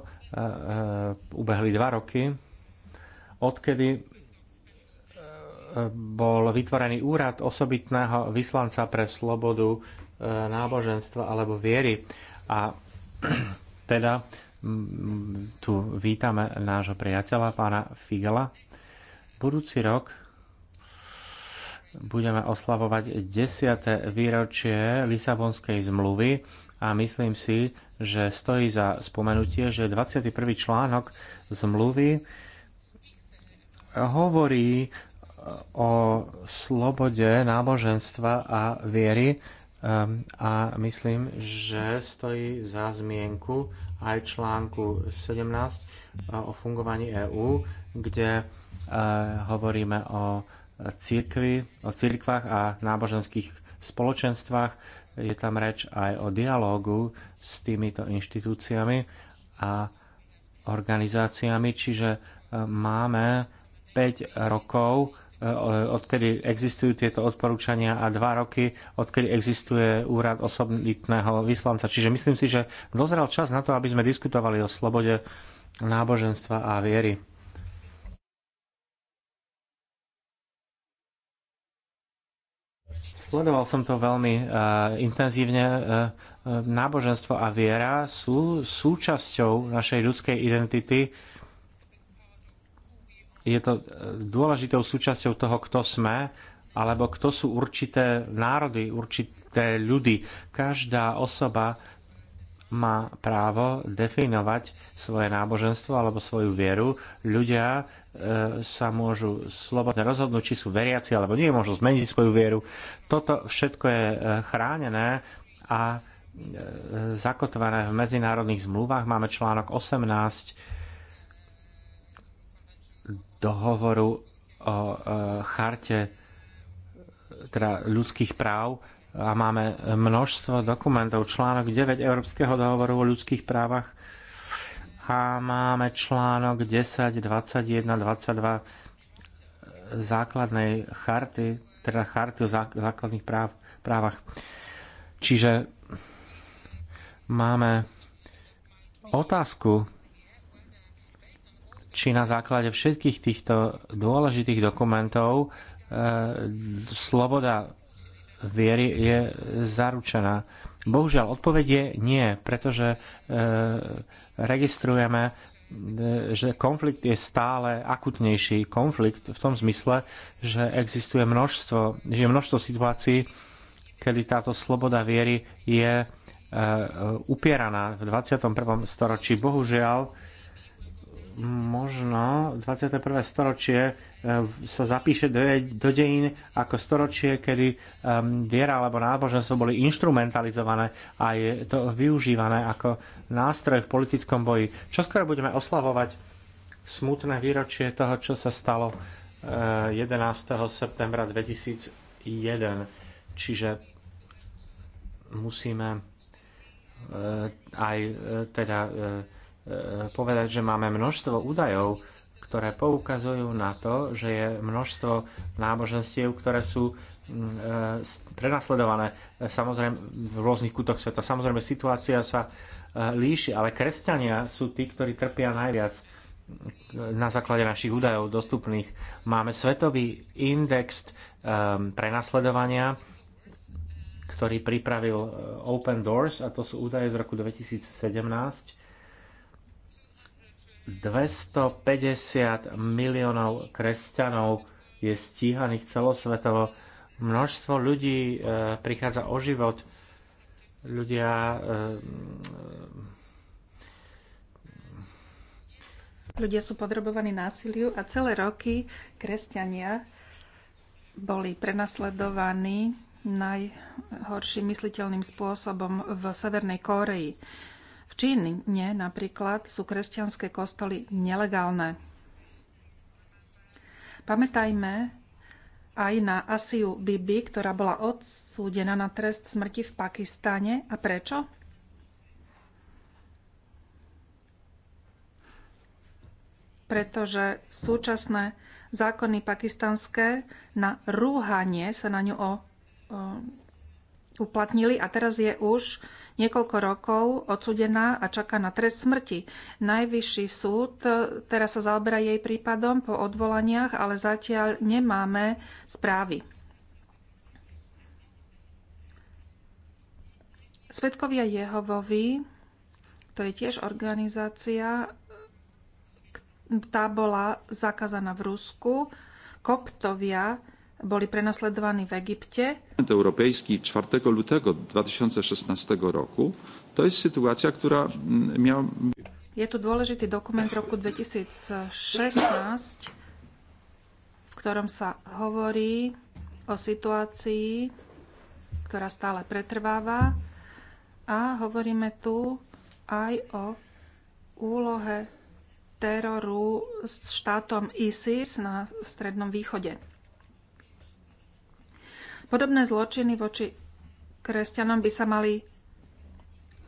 ubehli dva roky, odkedy bol vytvorený úrad osobitného vyslanca pre slobodu e, náboženstva alebo viery. A teda tu vítame nášho priateľa, pána Figela. Budúci rok budeme oslavovať 10. výročie Lisabonskej zmluvy a myslím si, že stojí za spomenutie, že 21. článok zmluvy hovorí o slobode náboženstva a viery um, a myslím, že stojí za zmienku aj článku 17 uh, o fungovaní EÚ, kde uh, hovoríme o církvi, o církvách a náboženských spoločenstvách. Je tam reč aj o dialógu s týmito inštitúciami a organizáciami, čiže uh, máme 5 rokov Eh, odkedy existujú tieto odporúčania a dva roky, odkedy existuje úrad osobitného vyslanca. Čiže myslím si, že dozrel čas na to, aby sme diskutovali o slobode náboženstva a viery. Sledoval som to veľmi uh, intenzívne. Uh, náboženstvo a viera sú súčasťou našej ľudskej identity. Uh, je to e, dôležitou súčasťou toho, kto sme, alebo kto sú určité národy, určité ľudy. Každá osoba má právo definovať svoje náboženstvo alebo svoju vieru. Ľudia e, sa môžu slobodne rozhodnúť, či sú veriaci alebo nie, môžu zmeniť svoju vieru. Toto všetko je e, chránené a e, zakotvené v medzinárodných zmluvách. Máme článok 18 dohovoru o e, charte teda ľudských práv a máme množstvo dokumentov. Článok 9 Európskeho dohovoru o ľudských právach a máme článok 10, 21, 22 základnej charty, teda charty o základných práv, právach. Čiže máme otázku, či na základe všetkých týchto dôležitých dokumentov e, sloboda viery je zaručená. Bohužiaľ, odpoveď je nie, pretože e, registrujeme, e, že konflikt je stále akutnejší. Konflikt v tom zmysle, že existuje množstvo, že je množstvo situácií, kedy táto sloboda viery je e, upieraná v 21. storočí. Bohužiaľ, možno 21. storočie e, sa zapíše do, do dejín ako storočie, kedy um, e, viera alebo náboženstvo boli instrumentalizované a je to využívané ako nástroj v politickom boji. Čo skoro budeme oslavovať smutné výročie toho, čo sa stalo 11. E, septembra 2001. Čiže musíme aj teda E, povedať, že máme množstvo údajov, ktoré poukazujú na to, že je množstvo náboženstiev, ktoré sú e, prenasledované e, samozrejme v rôznych kútoch sveta. Samozrejme situácia sa líši, ale kresťania sú tí, ktorí trpia najviac na základe našich údajov dostupných. Máme svetový index prenasledovania, ktorý pripravil Open Doors a to sú údaje z roku 2017 250 miliónov kresťanov je stíhaných celosvetovo. Množstvo ľudí e, prichádza o život. Ľudia e, Ľudia sú podrobovaní násiliu a celé roky kresťania boli prenasledovaní najhorším mysliteľným spôsobom v Severnej Kóreji. V Číne napríklad sú kresťanské kostoly nelegálne. Pamätajme aj na Asiu Bibi, ktorá bola odsúdená na trest smrti v Pakistane. A prečo? Pretože súčasné zákony pakistanské na rúhanie sa na ňu o, o, uplatnili a teraz je už niekoľko rokov odsudená a čaká na trest smrti. Najvyšší súd e, teraz sa zaoberá jej prípadom po odvolaniach, ale zatiaľ nemáme správy. Svetkovia Jehovovi, to je tiež organizácia, e, tá bola zakázaná v Rusku. Koptovia boli prenasledovaní v Egypte. Európejský 4 lutego 2016 roku to je situácia, ktorá mm, miala... Je tu dôležitý dokument z roku 2016, v ktorom sa hovorí o situácii, ktorá stále pretrváva a hovoríme tu aj o úlohe teroru s štátom ISIS na Strednom východe. Podobné zločiny voči kresťanom by sa mali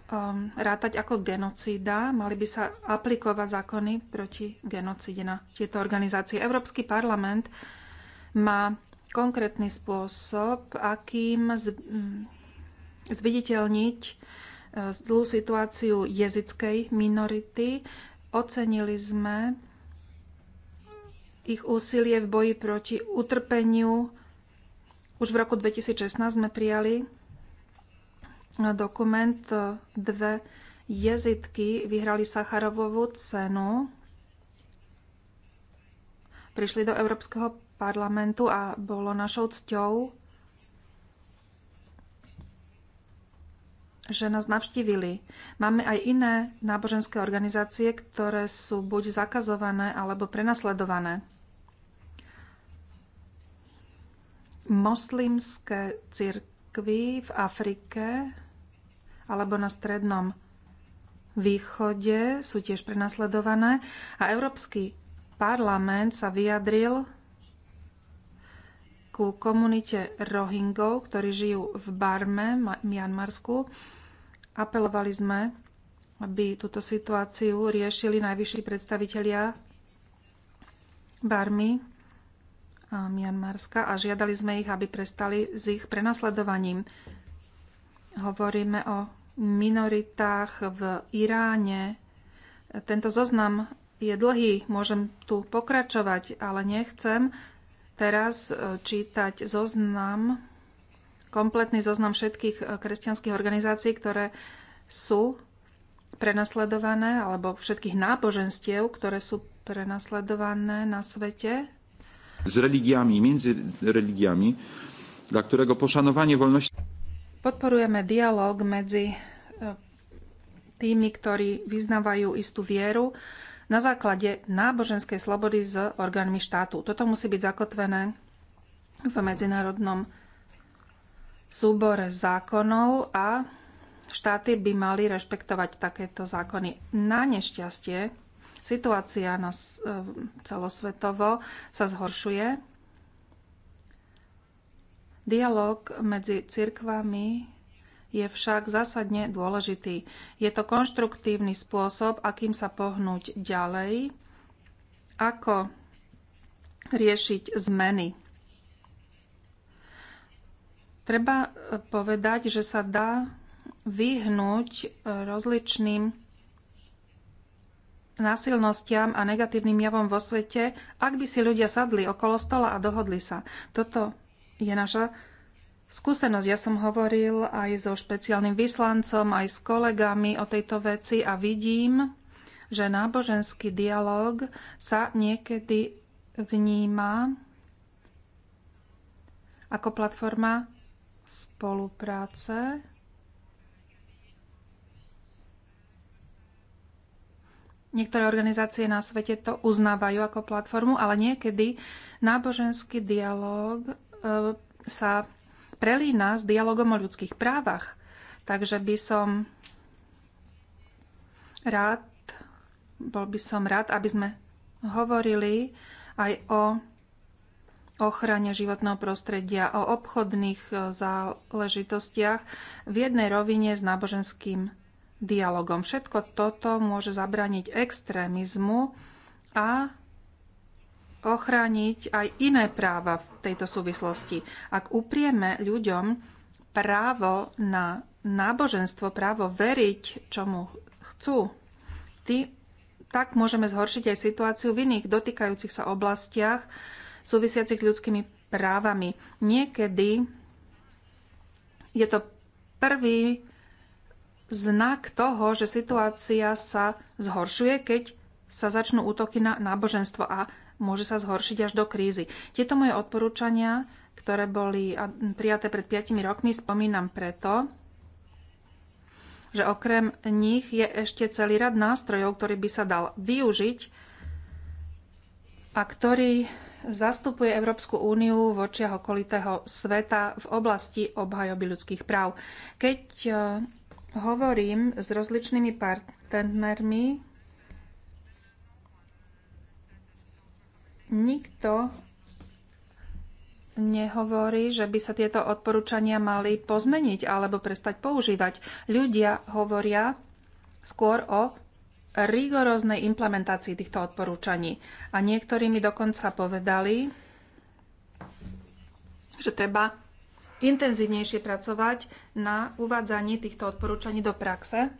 um, rátať ako genocída, mali by sa aplikovať zákony proti genocíde na tieto organizácie. Európsky parlament má konkrétny spôsob, akým z, mm, zviditeľniť e, zlú situáciu jezickej minority. Ocenili sme ich úsilie v boji proti utrpeniu už v roku 2016 sme prijali e, dokument e, Dve jezitky vyhrali Sacharovovú cenu. Prišli do Európskeho parlamentu a bolo našou cťou, že nás navštívili. Máme aj iné náboženské organizácie, ktoré sú buď zakazované alebo prenasledované. moslimské cirkvy v Afrike alebo na strednom východe sú tiež prenasledované a Európsky parlament sa vyjadril ku komunite Rohingov, ktorí žijú v Barme, Mianmarsku. Apelovali sme, aby túto situáciu riešili najvyšší predstavitelia Barmy Mianmarska a žiadali sme ich, aby prestali s ich prenasledovaním. Hovoríme o minoritách v Iráne. Tento zoznam je dlhý, môžem tu pokračovať, ale nechcem teraz e, čítať zoznam, kompletný zoznam všetkých e, kresťanských organizácií, ktoré sú prenasledované, alebo všetkých náboženstiev, ktoré sú prenasledované na svete, z religiami, między religiami, dla którego poszanowanie wolności. Podporujeme dialog medzi e, tými, ktorí vyznávajú istú vieru na základe náboženskej slobody s orgánmi štátu. Toto musí byť zakotvené v medzinárodnom súbore zákonov a štáty by mali rešpektovať takéto zákony. Na nešťastie Situácia na e, celosvetovo sa zhoršuje. Dialóg medzi cirkvami je však zásadne dôležitý. Je to konštruktívny spôsob, akým sa pohnúť ďalej, ako riešiť zmeny. Treba e, povedať, že sa dá vyhnúť e, rozličným násilnostiam a negatívnym javom vo svete, ak by si ľudia sadli okolo stola a dohodli sa. Toto je naša skúsenosť. Ja som hovoril aj so špeciálnym vyslancom, aj s kolegami o tejto veci a vidím, že náboženský dialog sa niekedy vníma ako platforma spolupráce Niektoré organizácie na svete to uznávajú ako platformu, ale niekedy náboženský dialog e, sa prelína s dialogom o ľudských právach. Takže by som rád, bol by som rád, aby sme hovorili aj o ochrane životného prostredia, o obchodných e, záležitostiach v jednej rovine s náboženským dialogom. Všetko toto môže zabrániť extrémizmu a ochrániť aj iné práva v tejto súvislosti. Ak uprieme ľuďom právo na náboženstvo, právo veriť, čomu chcú, ty, tak môžeme zhoršiť aj situáciu v iných dotýkajúcich sa oblastiach súvisiacich s ľudskými právami. Niekedy je to prvý znak toho, že situácia sa zhoršuje, keď sa začnú útoky na náboženstvo a môže sa zhoršiť až do krízy. Tieto moje odporúčania, ktoré boli prijaté pred 5 rokmi, spomínam preto, že okrem nich je ešte celý rad nástrojov, ktorý by sa dal využiť a ktorý zastupuje Európsku úniu v očiach okolitého sveta v oblasti obhajoby ľudských práv. Keď e, hovorím s rozličnými partnermi. Nikto nehovorí, že by sa tieto odporúčania mali pozmeniť alebo prestať používať. Ľudia hovoria skôr o rigoróznej implementácii týchto odporúčaní. A niektorí mi dokonca povedali, že treba intenzívnejšie pracovať na uvádzaní týchto odporúčaní do praxe.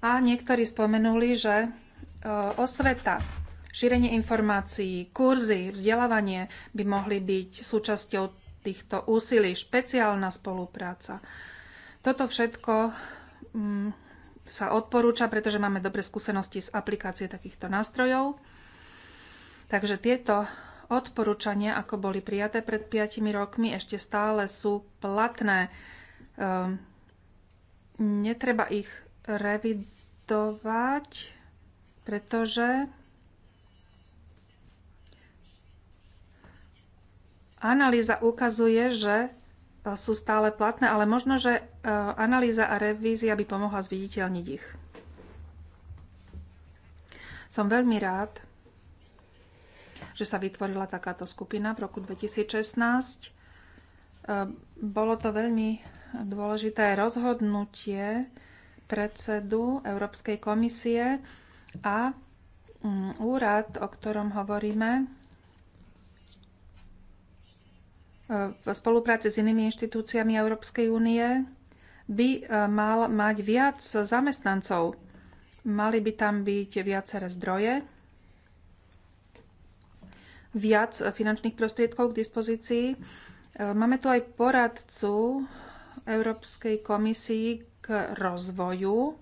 A niektorí spomenuli, že e, osveta, šírenie informácií, kurzy, vzdelávanie by mohli byť súčasťou týchto úsilí, špeciálna spolupráca. Toto všetko mm, sa odporúča, pretože máme dobre skúsenosti z aplikácie takýchto nástrojov. Takže tieto odporúčania, ako boli prijaté pred 5 rokmi, ešte stále sú platné. Ehm, netreba ich revidovať, pretože analýza ukazuje, že e, sú stále platné, ale možno, že e, analýza a revízia by pomohla zviditeľniť ich. Som veľmi rád, že sa vytvorila takáto skupina v roku 2016. Ehm, bolo to veľmi dôležité rozhodnutie predsedu Európskej komisie a mm, úrad, o ktorom hovoríme, e, v spolupráci s inými inštitúciami Európskej únie by e, mal mať viac zamestnancov. Mali by tam byť viaceré zdroje viac finančných prostriedkov k dispozícii. E, máme tu aj poradcu Európskej komisii k rozvoju.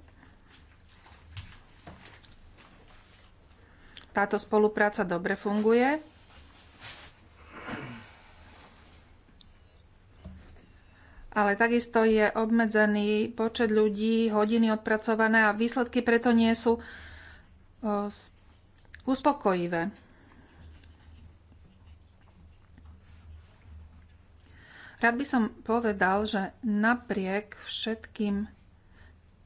Táto spolupráca dobre funguje. ale takisto je obmedzený počet ľudí, hodiny odpracované a výsledky preto nie sú e, uspokojivé. Rád by som povedal, že napriek všetkým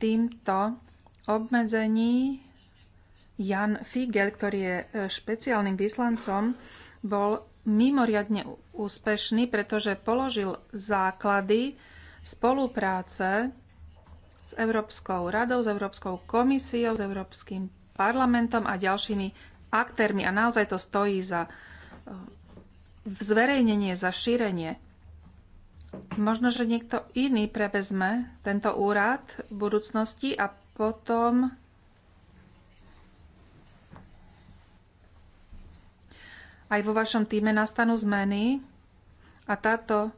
týmto obmedzení Jan Figel, ktorý je e, špeciálnym vyslancom, bol mimoriadne úspešný, pretože položil základy spolupráce s Európskou radou, s Európskou komisiou, s Európskym parlamentom a ďalšími aktérmi. A naozaj to stojí za e, zverejnenie, za šírenie Možno, že niekto iný prevezme tento úrad v budúcnosti a potom aj vo vašom týme nastanú zmeny a táto e,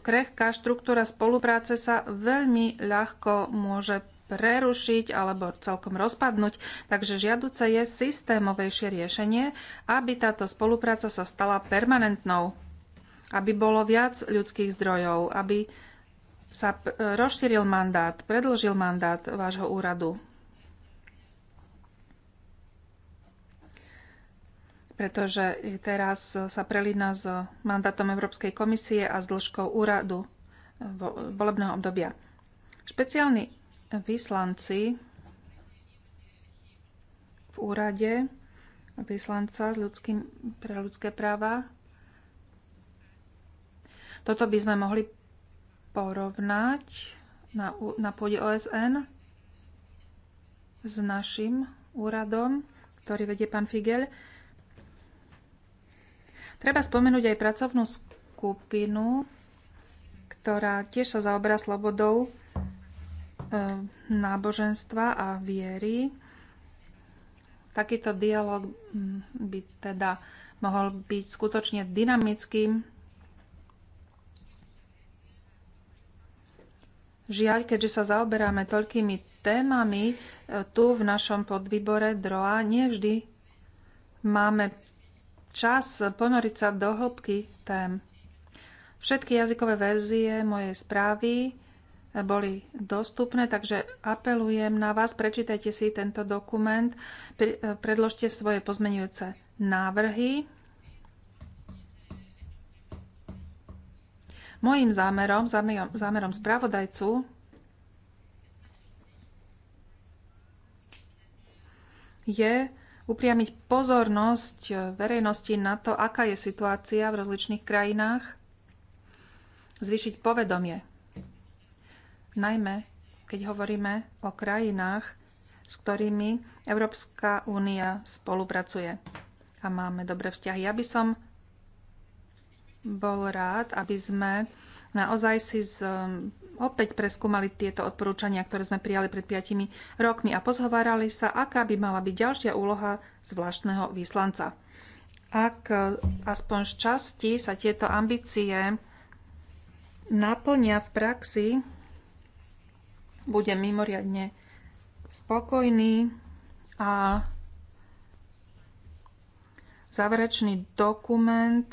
krehká štruktúra spolupráce sa veľmi ľahko môže prerušiť alebo celkom rozpadnúť. Takže žiaduce je systémovejšie riešenie, aby táto spolupráca sa stala permanentnou aby bolo viac ľudských zdrojov, aby sa rozšíril mandát, predlžil mandát vášho úradu. Pretože teraz sa prelína s mandátom Európskej komisie a s dĺžkou úradu volebného obdobia. Špeciálni vyslanci v úrade vyslanca s ľudským, pre ľudské práva toto by sme mohli porovnať na, na pôde OSN s našim úradom, ktorý vedie pán Figel. Treba spomenúť aj pracovnú skupinu, ktorá tiež sa zaoberá slobodou e, náboženstva a viery. Takýto dialog mm, by teda mohol byť skutočne dynamickým Žiaľ, keďže sa zaoberáme toľkými témami, e, tu v našom podvýbore DROA nie vždy máme čas ponoriť sa do hĺbky tém. Všetky jazykové verzie mojej správy e, boli dostupné, takže apelujem na vás, prečítajte si tento dokument, e, predložte svoje pozmenujúce návrhy. Mojím zámerom, zámerom, zámerom spravodajcu je upriamiť pozornosť verejnosti na to, aká je situácia v rozličných krajinách, zvýšiť povedomie. Najmä, keď hovoríme o krajinách, s ktorými Európska únia spolupracuje a máme dobré vzťahy. Ja by som bol rád, aby sme naozaj si z, um, opäť preskúmali tieto odporúčania, ktoré sme prijali pred 5 rokmi a pozhovárali sa, aká by mala byť ďalšia úloha zvláštneho vyslanca. Ak uh, aspoň z časti sa tieto ambície naplnia v praxi, budem mimoriadne spokojný a záverečný dokument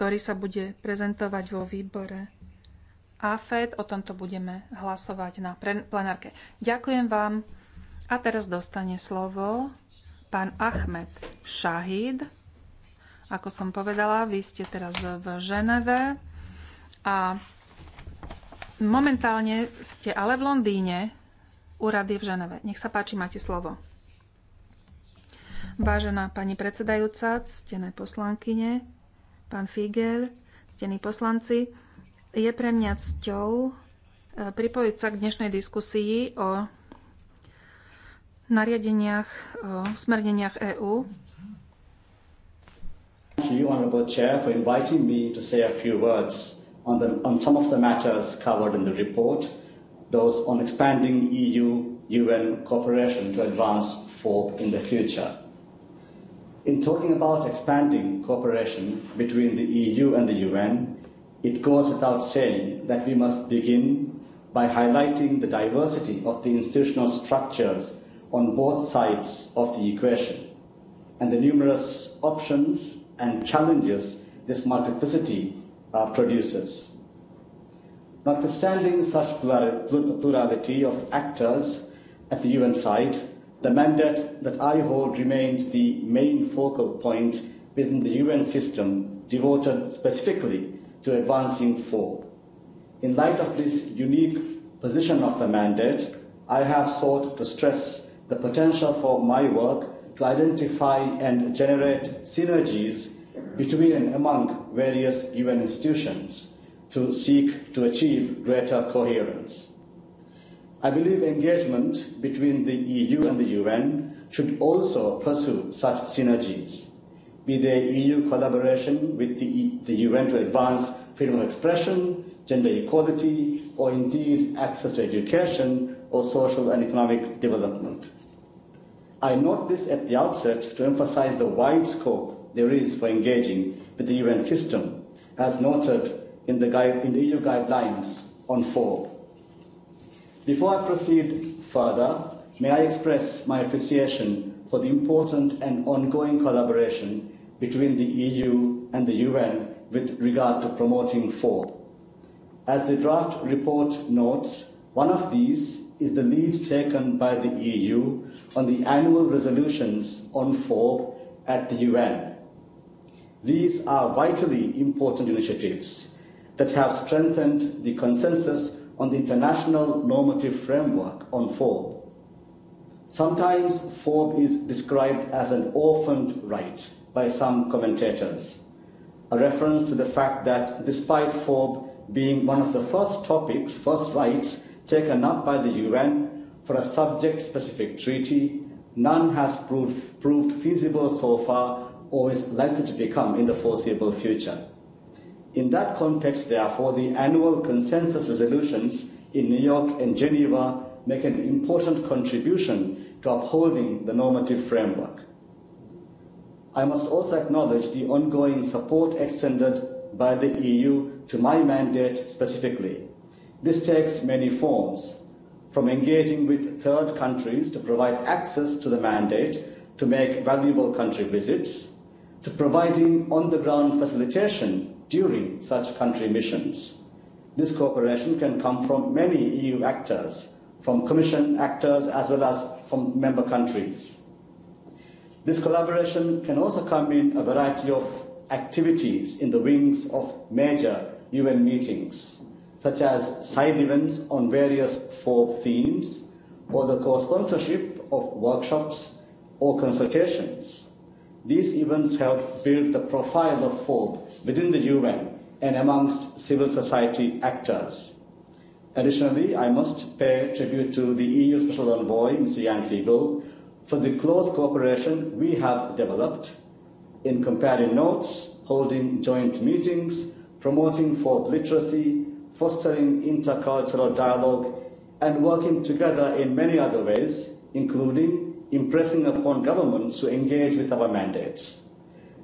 ktorý sa bude prezentovať vo výbore AFED. O tomto budeme hlasovať na plenárke. Ďakujem vám. A teraz dostane slovo pán Ahmed Šahid. Ako som povedala, vy ste teraz v Ženeve a momentálne ste ale v Londýne. Úrad je v Ženeve. Nech sa páči, máte slovo. Vážená pani predsedajúca, ctené poslankyne, pán Figel, stení poslanci. Je pre mňa cťou e, pripojiť sa k dnešnej diskusii o nariadeniach, o smerneniach EÚ. Thank you, Chair, for inviting me to say a few words on, some of the matters covered in the report, those on expanding EU-UN cooperation to advance FOB in the future. In talking about expanding cooperation between the EU and the UN, it goes without saying that we must begin by highlighting the diversity of the institutional structures on both sides of the equation and the numerous options and challenges this multiplicity uh, produces. Notwithstanding such plurality of actors at the UN side, The mandate that I hold remains the main focal point within the UN system devoted specifically to advancing four. In light of this unique position of the mandate, I have sought to stress the potential for my work to identify and generate synergies between and among various UN institutions to seek to achieve greater coherence. I believe engagement between the EU and the UN should also pursue such synergies, be they EU collaboration with the, e, the UN to advance freedom of expression, gender equality, or indeed access to education or social and economic development. I note this at the outset to emphasize the wide scope there is for engaging with the UN system, as noted in the, guide, in the EU guidelines on four Before I proceed further, may I express my appreciation for the important and ongoing collaboration between the EU and the UN with regard to promoting four. As the draft report notes, one of these is the lead taken by the EU on the annual resolutions on FOB at the UN. These are vitally important initiatives that have strengthened the consensus on the international normative framework on FOB. Sometimes FOB is described as an orphaned right by some commentators, a reference to the fact that despite FOB being one of the first topics, first rights taken up by the UN for a subject-specific treaty, none has proved, proved feasible so far or is likely to become in the foreseeable future. In that context, therefore, the annual consensus resolutions in New York and Geneva make an important contribution to upholding the normative framework. I must also acknowledge the ongoing support extended by the EU to my mandate specifically. This takes many forms, from engaging with third countries to provide access to the mandate to make valuable country visits, to providing on-the-ground facilitation during such country missions. This cooperation can come from many EU actors, from Commission actors as well as from member countries. This collaboration can also come in a variety of activities in the wings of major UN meetings, such as side events on various four themes, or the co-sponsorship of workshops or consultations. These events help build the profile of FOB within the UN and amongst civil society actors. Additionally, I must pay tribute to the EU Special Envoy, Mr. Jan Fiegel, for the close cooperation we have developed in comparing notes, holding joint meetings, promoting folk literacy, fostering intercultural dialogue, and working together in many other ways, including impressing upon governments to engage with our mandates.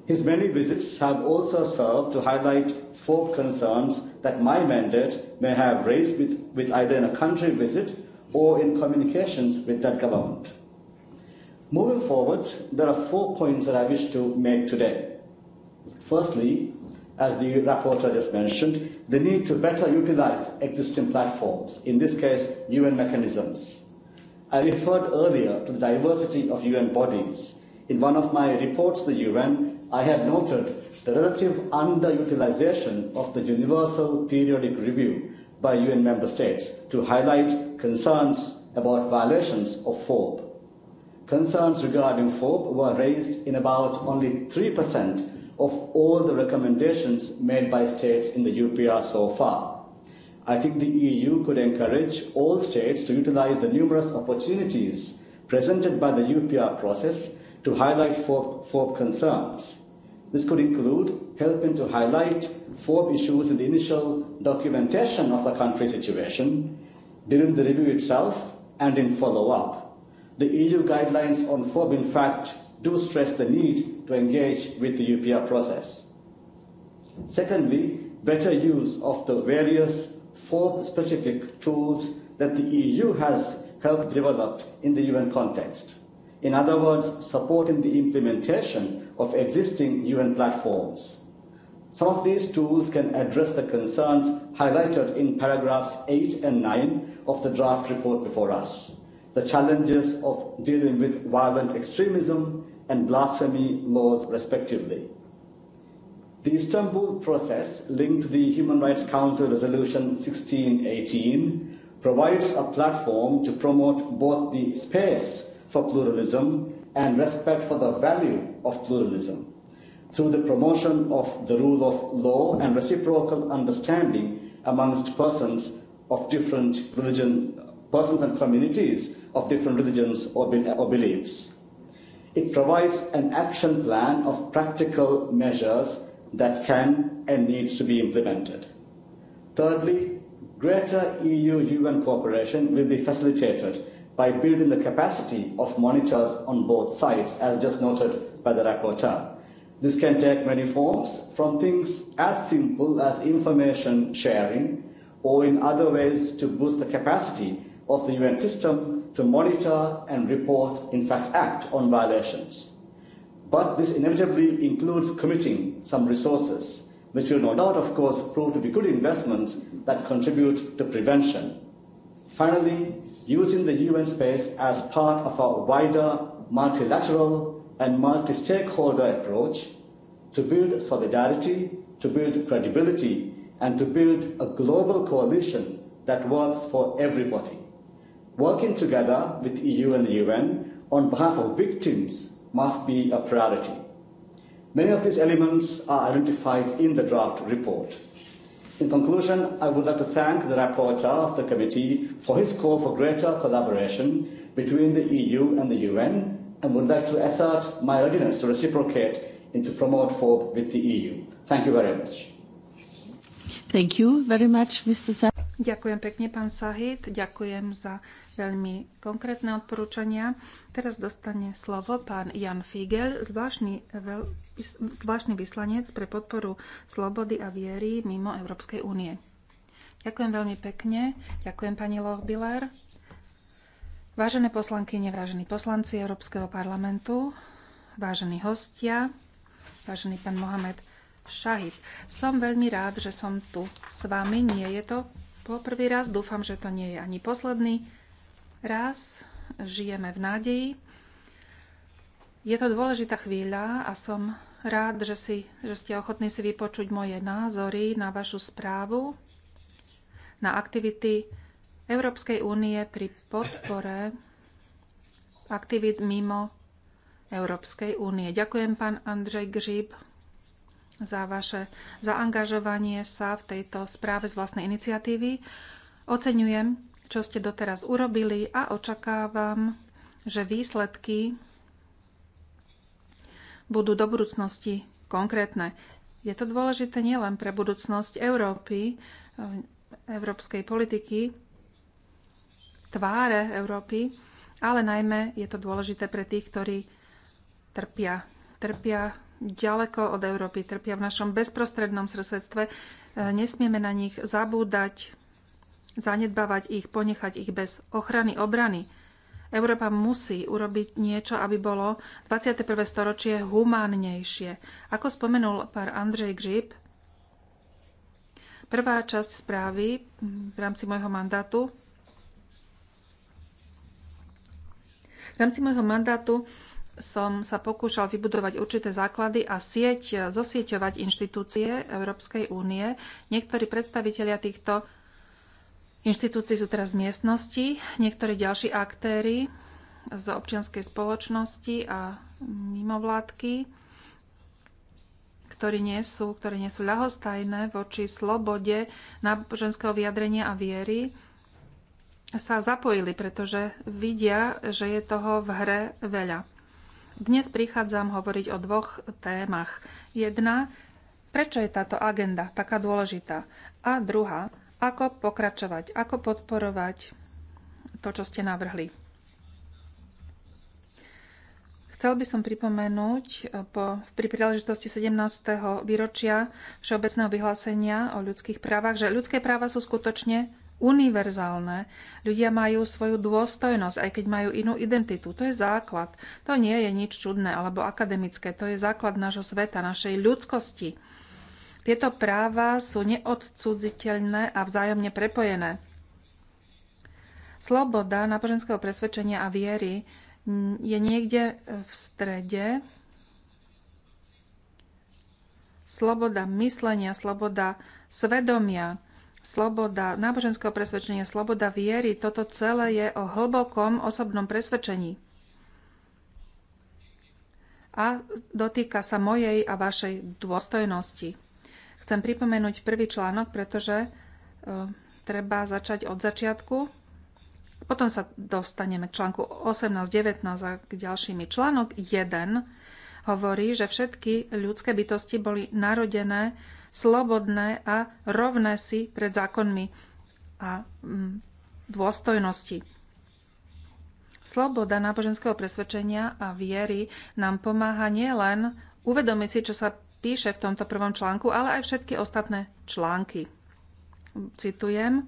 His many visits have also served to highlight four concerns that my mandate may have raised with, with either in a country visit or in communications with that government. Moving forward, there are four points that I wish to make today. Firstly, as the rapporteur just mentioned, the need to better utilize existing platforms, in this case, UN mechanisms. I referred earlier to the diversity of UN bodies. In one of my reports to the UN, i have noted the relative underutilization of the Universal Periodic Review by UN member states to highlight concerns about violations of FOB. Concerns regarding FOB were raised in about only 3% of all the recommendations made by states in the UPR so far. I think the EU could encourage all states to utilize the numerous opportunities presented by the UPR process to highlight four, four concerns. This could include helping to highlight four issues in the initial documentation of the country situation, during the review itself, and in follow-up. The EU guidelines on FOB, in fact, do stress the need to engage with the UPR process. Secondly, better use of the various FOB-specific tools that the EU has helped develop in the UN context. In other words, supporting the implementation of existing UN platforms. Some of these tools can address the concerns highlighted in paragraphs 8 and 9 of the draft report before us. The challenges of dealing with violent extremism and blasphemy laws respectively. The Istanbul process linked to the Human Rights Council Resolution 1618 provides a platform to promote both the space for pluralism and respect for the value of pluralism through the promotion of the rule of law and reciprocal understanding amongst persons of different religion, persons and communities of different religions or, be, or beliefs. It provides an action plan of practical measures that can and needs to be implemented. Thirdly, greater EU-UN cooperation will be facilitated by building the capacity of monitors on both sides, as just noted by the rapporteur. This can take many forms, from things as simple as information sharing, or in other ways to boost the capacity of the UN system to monitor and report, in fact, act on violations. But this inevitably includes committing some resources, which will no doubt, of course, prove to be good investments that contribute to prevention. Finally, using the UN space as part of our wider multilateral and multi-stakeholder approach to build solidarity, to build credibility, and to build a global coalition that works for everybody. Working together with the EU and the UN on behalf of victims must be a priority. Many of these elements are identified in the draft report. In conclusion, I would like to thank the rapporteur of the committee for his call for greater collaboration between the EU and the UN and would like to assert my readiness to reciprocate and to promote forward with the EU. Thank you very much. Thank you very much, Mr. Sa Ďakujem pekne, pán Sahit. Ďakujem za veľmi konkrétne odporúčania. Teraz dostane slovo pán Jan Figel, zvláštny, veľ, zvláštny vyslanec pre podporu slobody a viery mimo Európskej únie. Ďakujem veľmi pekne. Ďakujem pani Lohbiller. Vážené poslanky, vážení poslanci Európskeho parlamentu, vážení hostia, vážený pán Mohamed Šahid. Som veľmi rád, že som tu s vami. Nie je to po prvý raz, dúfam, že to nie je ani posledný raz, žijeme v nádeji. Je to dôležitá chvíľa a som rád, že, si, že ste ochotní si vypočuť moje názory na vašu správu, na aktivity Európskej únie pri podpore aktivít mimo Európskej únie. Ďakujem, pán Andrej Gřib za vaše zaangažovanie sa v tejto správe z vlastnej iniciatívy. Oceňujem, čo ste doteraz urobili a očakávam, že výsledky budú do budúcnosti konkrétne. Je to dôležité nielen pre budúcnosť Európy, eh, európskej politiky, tváre Európy, ale najmä je to dôležité pre tých, ktorí trpia. Trpia ďaleko od Európy, trpia v našom bezprostrednom srsedstve. E, nesmieme na nich zabúdať, zanedbávať ich, ponechať ich bez ochrany, obrany. Európa musí urobiť niečo, aby bolo 21. storočie humánnejšie. Ako spomenul pár Andrej Gžip, prvá časť správy v rámci môjho mandátu v rámci môjho mandátu som sa pokúšal vybudovať určité základy a sieť, zosieťovať inštitúcie Európskej únie. Niektorí predstavitelia týchto inštitúcií sú teraz v miestnosti, niektorí ďalší aktéry z občianskej spoločnosti a mimovládky, ktorí nie sú, ktorí nie sú ľahostajné voči slobode náboženského vyjadrenia a viery, sa zapojili, pretože vidia, že je toho v hre veľa. Dnes prichádzam hovoriť o dvoch témach. Jedna, prečo je táto agenda taká dôležitá? A druhá, ako pokračovať, ako podporovať to, čo ste navrhli. Chcel by som pripomenúť eh, po, pri príležitosti 17. výročia Všeobecného vyhlásenia o ľudských právach, že ľudské práva sú skutočne univerzálne. Ľudia majú svoju dôstojnosť, aj keď majú inú identitu. To je základ. To nie je nič čudné alebo akademické. To je základ nášho sveta, našej ľudskosti. Tieto práva sú neodcudziteľné a vzájomne prepojené. Sloboda náboženského presvedčenia a viery je niekde v strede. Sloboda myslenia, sloboda svedomia, sloboda náboženského presvedčenia, sloboda viery, toto celé je o hlbokom osobnom presvedčení. A dotýka sa mojej a vašej dôstojnosti. Chcem pripomenúť prvý článok, pretože e, treba začať od začiatku. Potom sa dostaneme k článku 18, 19 a k ďalšími. Článok 1 hovorí, že všetky ľudské bytosti boli narodené slobodné a rovné si pred zákonmi a mm, dôstojnosti. Sloboda náboženského presvedčenia a viery nám pomáha nielen uvedomiť si, čo sa píše v tomto prvom článku, ale aj všetky ostatné články. Citujem,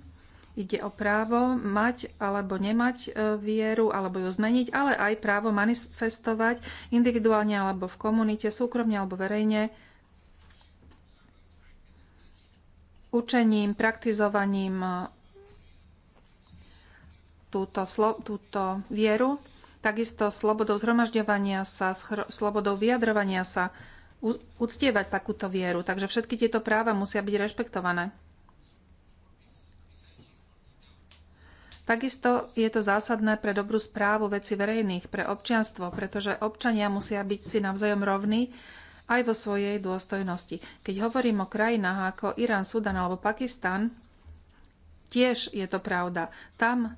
ide o právo mať alebo nemať e, vieru, alebo ju zmeniť, ale aj právo manifestovať individuálne alebo v komunite, súkromne alebo verejne učením, praktizovaním e, túto, slo, túto vieru, takisto slobodou zhromažďovania sa, slobodou vyjadrovania sa, uctievať takúto vieru. Takže všetky tieto práva musia byť rešpektované. Takisto je to zásadné pre dobrú správu veci verejných, pre občianstvo, pretože občania musia byť si navzájom rovní aj vo svojej dôstojnosti. Keď hovorím o krajinách ako Irán, Sudan alebo Pakistan, tiež je to pravda. Tam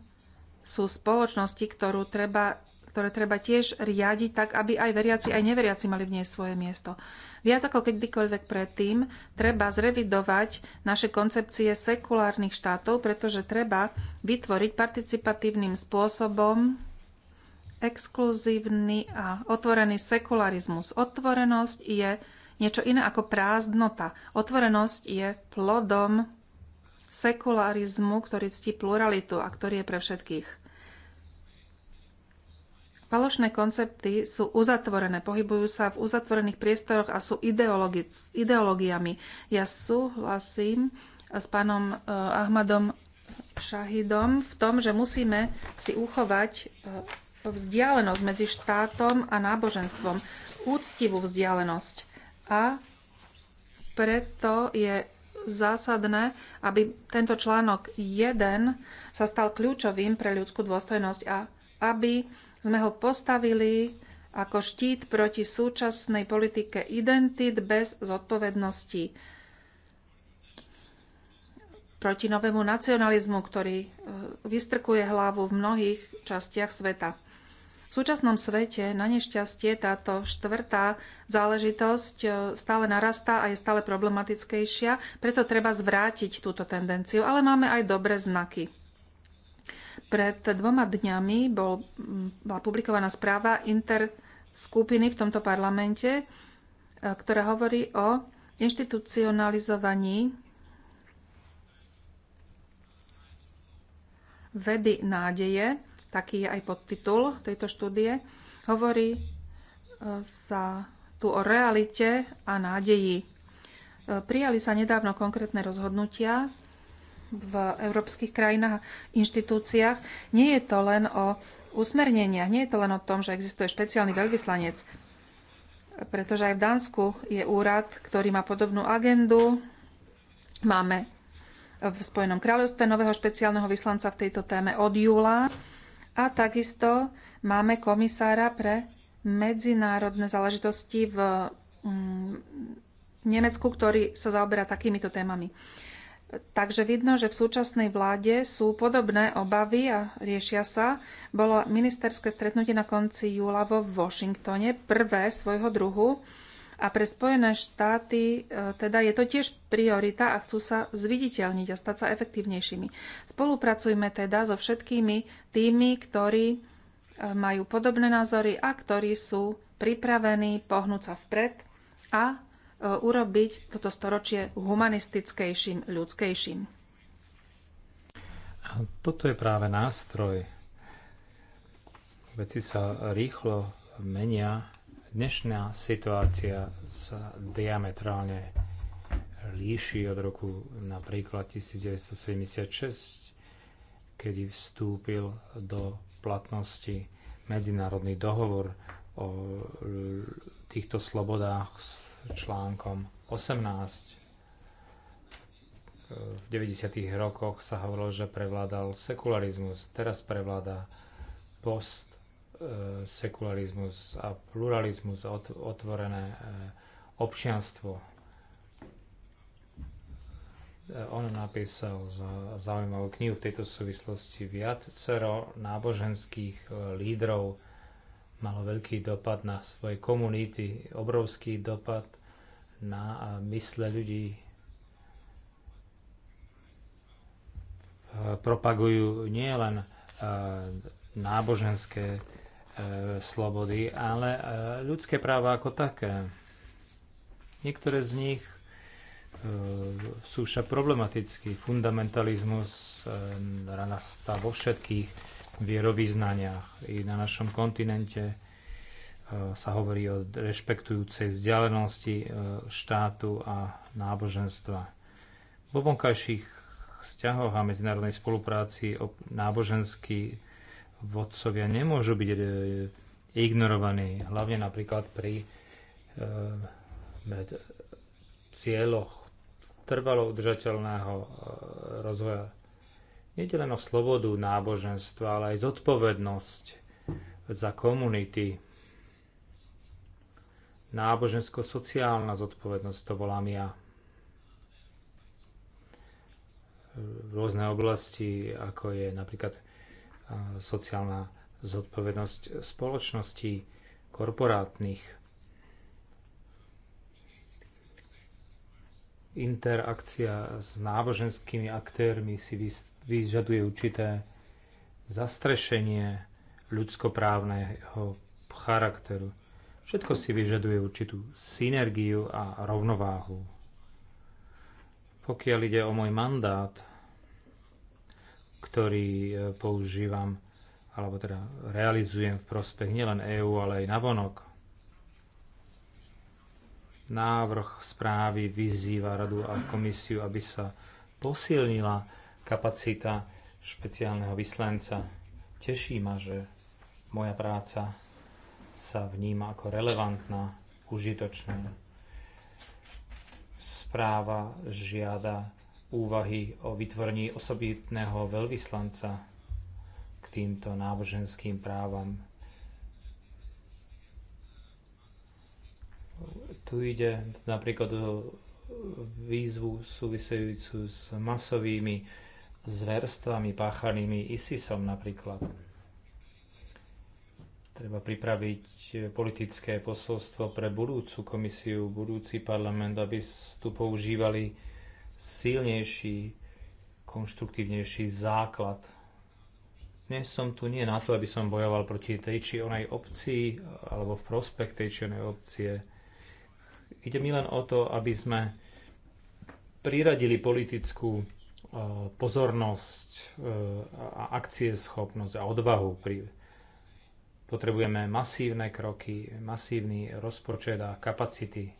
sú spoločnosti, ktorú treba, ktoré treba tiež riadiť tak, aby aj veriaci, aj neveriaci mali v nej svoje miesto. Viac ako kedykoľvek predtým treba zrevidovať naše koncepcie sekulárnych štátov, pretože treba vytvoriť participatívnym spôsobom exkluzívny a otvorený sekularizmus. Otvorenosť je niečo iné ako prázdnota. Otvorenosť je plodom sekularizmu, ktorý ctí pluralitu a ktorý je pre všetkých. Falošné koncepty sú uzatvorené, pohybujú sa v uzatvorených priestoroch a sú ideológiami. Ja súhlasím s pánom eh, Ahmadom Šahidom v tom, že musíme si uchovať eh, vzdialenosť medzi štátom a náboženstvom, úctivú vzdialenosť. A preto je zásadné, aby tento článok 1 sa stal kľúčovým pre ľudskú dôstojnosť a aby sme ho postavili ako štít proti súčasnej politike identit bez zodpovednosti, proti novému nacionalizmu, ktorý e, vystrkuje hlavu v mnohých častiach sveta. V súčasnom svete na nešťastie táto štvrtá záležitosť e, stále narastá a je stále problematickejšia, preto treba zvrátiť túto tendenciu, ale máme aj dobré znaky. Pred dvoma dňami bol, bola publikovaná správa interskupiny v tomto parlamente, e, ktorá hovorí o inštitucionalizovaní vedy nádeje taký je aj podtitul tejto štúdie, hovorí e, sa tu o realite a nádeji. E, prijali sa nedávno konkrétne rozhodnutia v európskych krajinách a inštitúciách. Nie je to len o usmerneniach, nie je to len o tom, že existuje špeciálny veľvyslanec, pretože aj v Dánsku je úrad, ktorý má podobnú agendu. Máme v Spojenom kráľovstve nového špeciálneho vyslanca v tejto téme od júla a takisto máme komisára pre medzinárodné záležitosti v mm, Nemecku, ktorý sa zaoberá takýmito témami. Takže vidno, že v súčasnej vláde sú podobné obavy a riešia sa. Bolo ministerské stretnutie na konci júla vo Washingtone, prvé svojho druhu a pre Spojené štáty e, teda je to tiež priorita a chcú sa zviditeľniť a stať sa efektívnejšími. Spolupracujme teda so všetkými tými, ktorí e, majú podobné názory a ktorí sú pripravení pohnúť sa vpred a e, urobiť toto storočie humanistickejším, ľudskejším. A toto je práve nástroj. Veci sa rýchlo menia Dnešná situácia sa diametrálne líši od roku napríklad 1976, kedy vstúpil do platnosti medzinárodný dohovor o týchto slobodách s článkom 18. V 90. rokoch sa hovorilo, že prevládal sekularizmus, teraz prevláda post E, sekularizmus a pluralizmus, otvorené e, občianstvo. E, on napísal za zaujímavú knihu v tejto súvislosti. Viacero náboženských lídrov malo veľký dopad na svoje komunity, obrovský dopad na mysle ľudí. Propagujú nielen náboženské E, slobody, ale e, ľudské práva ako také. Niektoré z nich e, sú však problematický. Fundamentalizmus narastá vo všetkých vierovýznaniach. I na našom kontinente sa hovorí o rešpektujúcej vzdialenosti štátu a náboženstva. Vo vonkajších vzťahoch a medzinárodnej spolupráci o náboženský vodcovia nemôžu byť e, ignorovaní, hlavne napríklad pri e, cieľoch trvalo udržateľného e, rozvoja. Nie len o slobodu náboženstva, ale aj zodpovednosť za komunity. Nábožensko-sociálna zodpovednosť to volám ja. V rôzne oblasti, ako je napríklad sociálna zodpovednosť spoločnosti korporátnych. Interakcia s náboženskými aktérmi si vyžaduje určité zastrešenie ľudskoprávneho charakteru. Všetko si vyžaduje určitú synergiu a rovnováhu. Pokiaľ ide o môj mandát, ktorý e, používam alebo teda realizujem v prospech nielen EÚ, ale aj navonok. Návrh správy vyzýva radu a komisiu, aby sa posilnila kapacita špeciálneho vyslanca. Teší ma, že moja práca sa vníma ako relevantná, užitočná. Správa žiada úvahy o vytvorení osobitného veľvyslanca k týmto náboženským právam. Tu ide napríklad o výzvu súvisejúcu s masovými zverstvami páchanými ISISom napríklad. Treba pripraviť politické posolstvo pre budúcu komisiu, budúci parlament, aby tu používali silnejší, konštruktívnejší základ. Dnes som tu nie na to, aby som bojoval proti tej či onej obci alebo v prospech tej či onej obcie. Ide mi len o to, aby sme priradili politickú e, pozornosť e, a akcieschopnosť a odvahu. Potrebujeme masívne kroky, masívny rozpočet a kapacity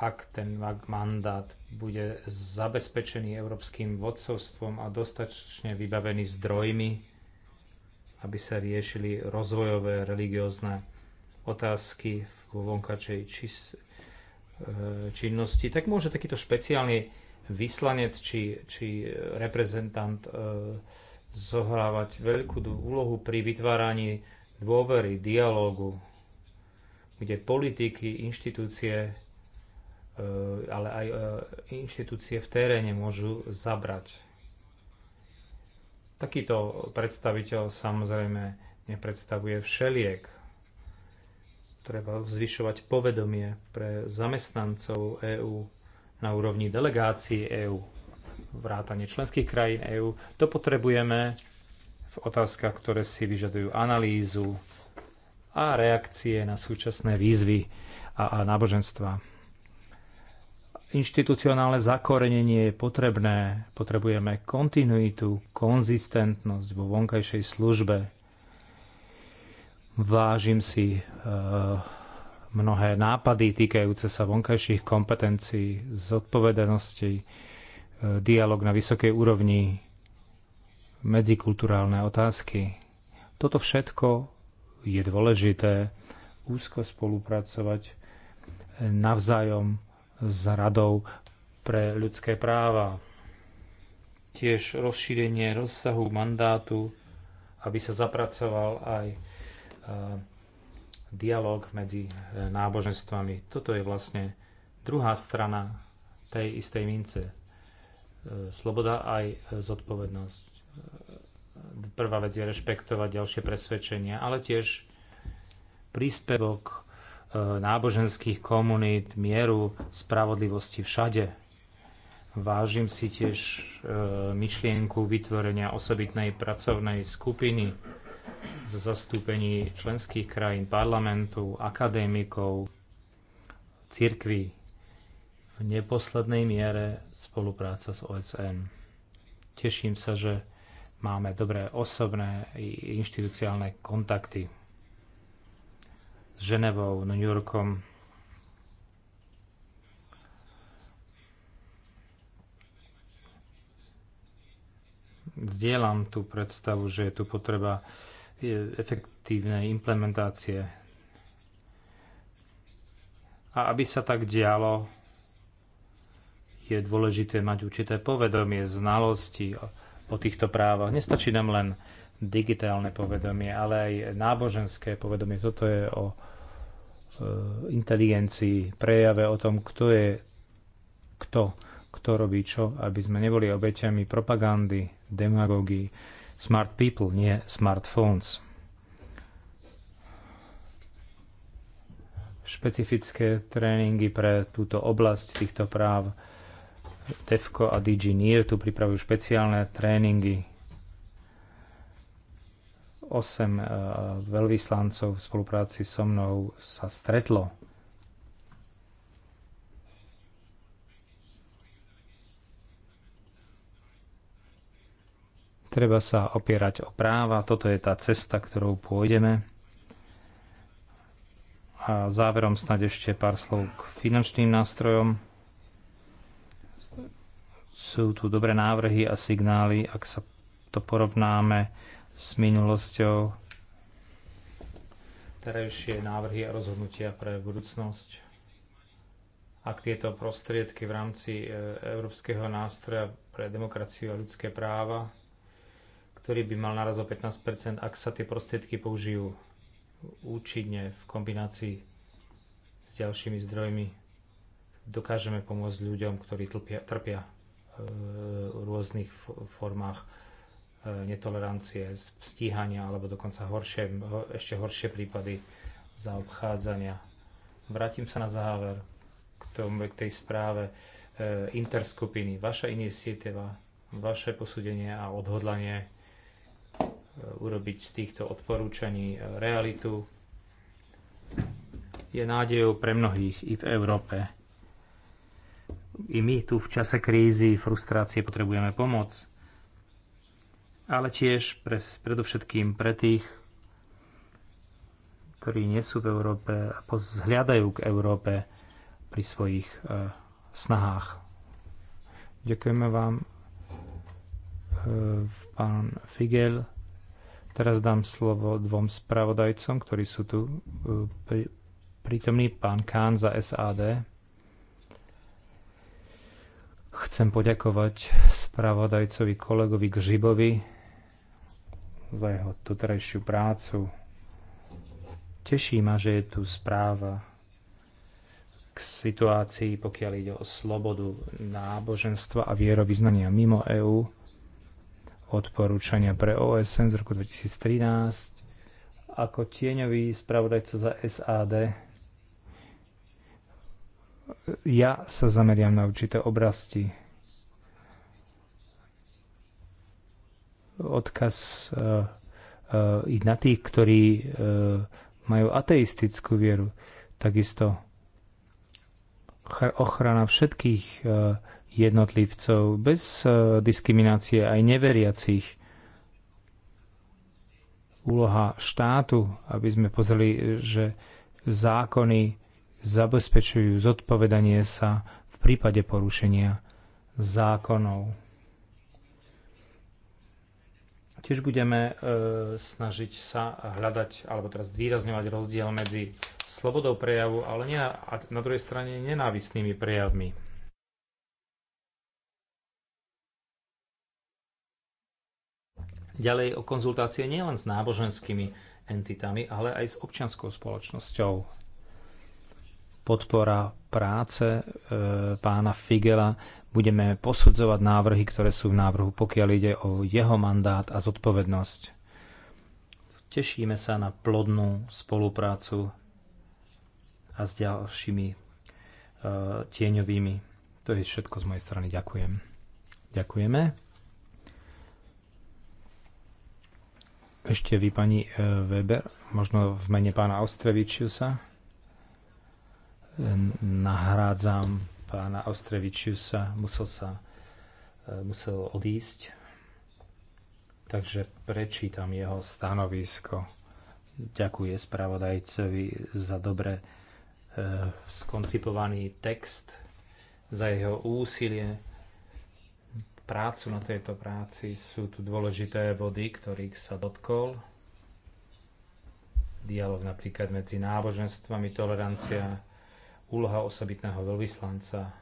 ak ten mandát bude zabezpečený európskym vodcovstvom a dostatečne vybavený zdrojmi, aby sa riešili rozvojové religiózne otázky vo vonkačej čis, e, činnosti, tak môže takýto špeciálny vyslanec či, či reprezentant e, zohrávať veľkú úlohu pri vytváraní dôvery, dialógu, kde politiky, inštitúcie E, ale aj e, inštitúcie v teréne môžu zabrať. Takýto predstaviteľ samozrejme nepredstavuje všeliek. Treba zvyšovať povedomie pre zamestnancov EÚ na úrovni delegácií EÚ, vrátanie členských krajín EÚ. To potrebujeme v otázkach, ktoré si vyžadujú analýzu a reakcie na súčasné výzvy a, a náboženstva inštitucionálne zakorenenie je potrebné. Potrebujeme kontinuitu, konzistentnosť vo vonkajšej službe. Vážim si e, mnohé nápady týkajúce sa vonkajších kompetencií, zodpovedanosti, e, eh, dialog na vysokej úrovni, medzikulturálne otázky. Toto všetko je dôležité úzko spolupracovať navzájom s Radou pre ľudské práva. Tiež rozšírenie rozsahu mandátu, aby sa zapracoval aj e, dialog medzi e, náboženstvami. Toto je vlastne druhá strana tej istej mince. E, sloboda aj zodpovednosť. Prvá vec je rešpektovať ďalšie presvedčenia, ale tiež príspevok náboženských komunít, mieru, spravodlivosti všade. Vážim si tiež e, myšlienku vytvorenia osobitnej pracovnej skupiny z zastúpení členských krajín, parlamentu, akadémikov, cirkví, v neposlednej miere spolupráca s OSN. Teším sa, že máme dobré osobné i inštitucionálne kontakty s Ženevou, New Yorkom. Zdieľam tú predstavu, že je tu potreba efektívnej implementácie. A aby sa tak dialo, je dôležité mať určité povedomie, znalosti o týchto právach. Nestačí nám len digitálne povedomie, ale aj náboženské povedomie. Toto je o Eh, inteligencii, prejave o tom, kto je kto, kto robí čo, aby sme neboli obeťami propagandy, demagógii. Smart people, nie smartphones. Špecifické tréningy pre túto oblasť týchto práv. TEFCO a DG NIR tu pripravujú špeciálne tréningy 8 eh, veľvyslancov v spolupráci so mnou sa stretlo. Treba sa opierať o práva, toto je tá cesta, ktorou pôjdeme. A záverom snad ešte pár slov k finančným nástrojom. Sú tu dobré návrhy a signály, ak sa to porovnáme s minulosťou, Terejšie návrhy a rozhodnutia pre budúcnosť. Ak tieto prostriedky v rámci e, Európskeho nástroja pre demokraciu a ľudské práva, ktorý by mal naraz o 15 ak sa tie prostriedky použijú účinne v kombinácii s ďalšími zdrojmi, dokážeme pomôcť ľuďom, ktorí trpia e, v rôznych formách E, netolerancie, stíhania alebo dokonca horšie, ešte horšie prípady zaobchádzania. Vrátim sa na záver k, tomu, k tej správe e, interskupiny. Vaša iniciatíva, vaše posúdenie a odhodlanie e, urobiť z týchto odporúčaní e, realitu je nádejou pre mnohých i v Európe. I my tu v čase krízy, frustrácie potrebujeme pomoc ale tiež pre, predovšetkým pre tých, ktorí nie sú v Európe a zhľadajú k Európe pri svojich e, snahách. Ďakujeme vám, e, pán Figel. Teraz dám slovo dvom spravodajcom, ktorí sú tu e, pri, prítomní, pán Kán za SAD. Chcem poďakovať spravodajcovi kolegovi Gžibovi za jeho doterajšiu prácu. Teší ma, že je tu správa k situácii, pokiaľ ide o slobodu náboženstva a vierovýznania mimo EÚ, odporúčania pre OSN z roku 2013, ako tieňový spravodajca za SAD ja sa zameriam na určité oblasti odkaz e, e, i na tých, ktorí e, majú ateistickú vieru. Takisto ochrana všetkých jednotlivcov bez diskriminácie aj neveriacich. Úloha štátu, aby sme pozreli, že zákony zabezpečujú zodpovedanie sa v prípade porušenia zákonov. Tiež budeme e, snažiť sa hľadať, alebo teraz výrazňovať rozdiel medzi slobodou prejavu, ale nie, a na druhej strane nenávisnými prejavmi. Ďalej o konzultácie nielen s náboženskými entitami, ale aj s občianskou spoločnosťou. Podpora práce e, pána Figela budeme posudzovať návrhy, ktoré sú v návrhu, pokiaľ ide o jeho mandát a zodpovednosť. Tešíme sa na plodnú spoluprácu a s ďalšími e, tieňovými. To je všetko z mojej strany. Ďakujem. Ďakujeme. Ešte vy, pani e, Weber, možno v mene pána Austrevičiusa nahrádzam pána Austrevičiusa musel sa e, musel odísť. Takže prečítam jeho stanovisko. Ďakujem spravodajcovi za dobre e, skoncipovaný text, za jeho úsilie, prácu na tejto práci. Sú tu dôležité body, ktorých sa dotkol dialog napríklad medzi náboženstvami, tolerancia, úloha osobitného veľvyslanca.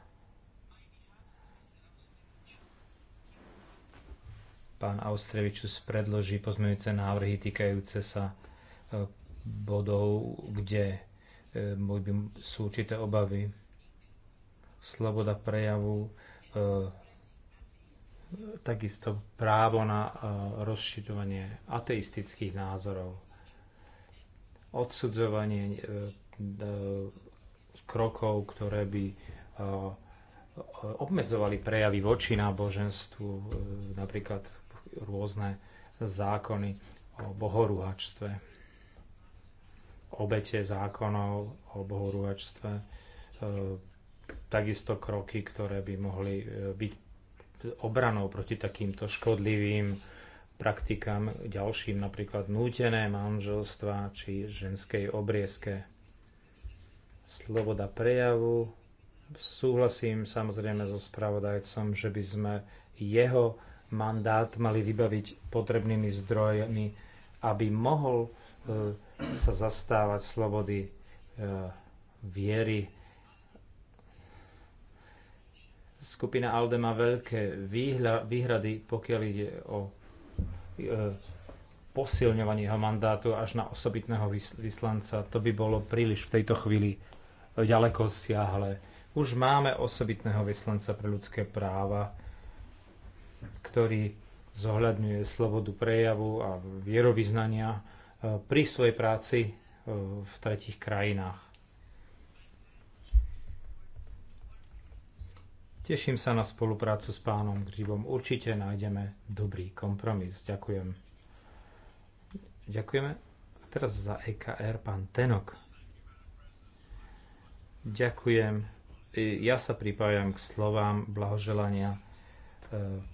Pán Austrevičus predloží pozmeňujúce návrhy týkajúce sa e, bodov, kde e, sú určité obavy. Sloboda prejavu, e, takisto právo na rozširovanie ateistických názorov, odsudzovanie krokov, ktoré by eh, eh, obmedzovali prejavy voči náboženstvu, eh, napríklad rôzne zákony o bohorúhačstve, obete zákonov o bohorúhačstve, takisto kroky, ktoré by mohli byť obranou proti takýmto škodlivým praktikám, ďalším napríklad nútené manželstva či ženskej obriezke sloboda prejavu. Súhlasím samozrejme so spravodajcom, že by sme jeho mandát mali vybaviť potrebnými zdrojmi, aby mohol e, sa zastávať slobody e, viery. Skupina Alde má veľké výhrady, pokiaľ ide o e, posilňovanie jeho mandátu až na osobitného vyslanca. To by bolo príliš v tejto chvíli ďaleko siahle. Už máme osobitného vyslanca pre ľudské práva, ktorý zohľadňuje slobodu prejavu a vierovýznania e, pri svojej práci e, v tretich krajinách. Teším sa na spoluprácu s pánom Gríbom. Určite nájdeme dobrý kompromis. Ďakujem. Ďakujeme. A teraz za EKR pán Tenok. Ďakujem. Ja sa pripájam k slovám blahoželania e,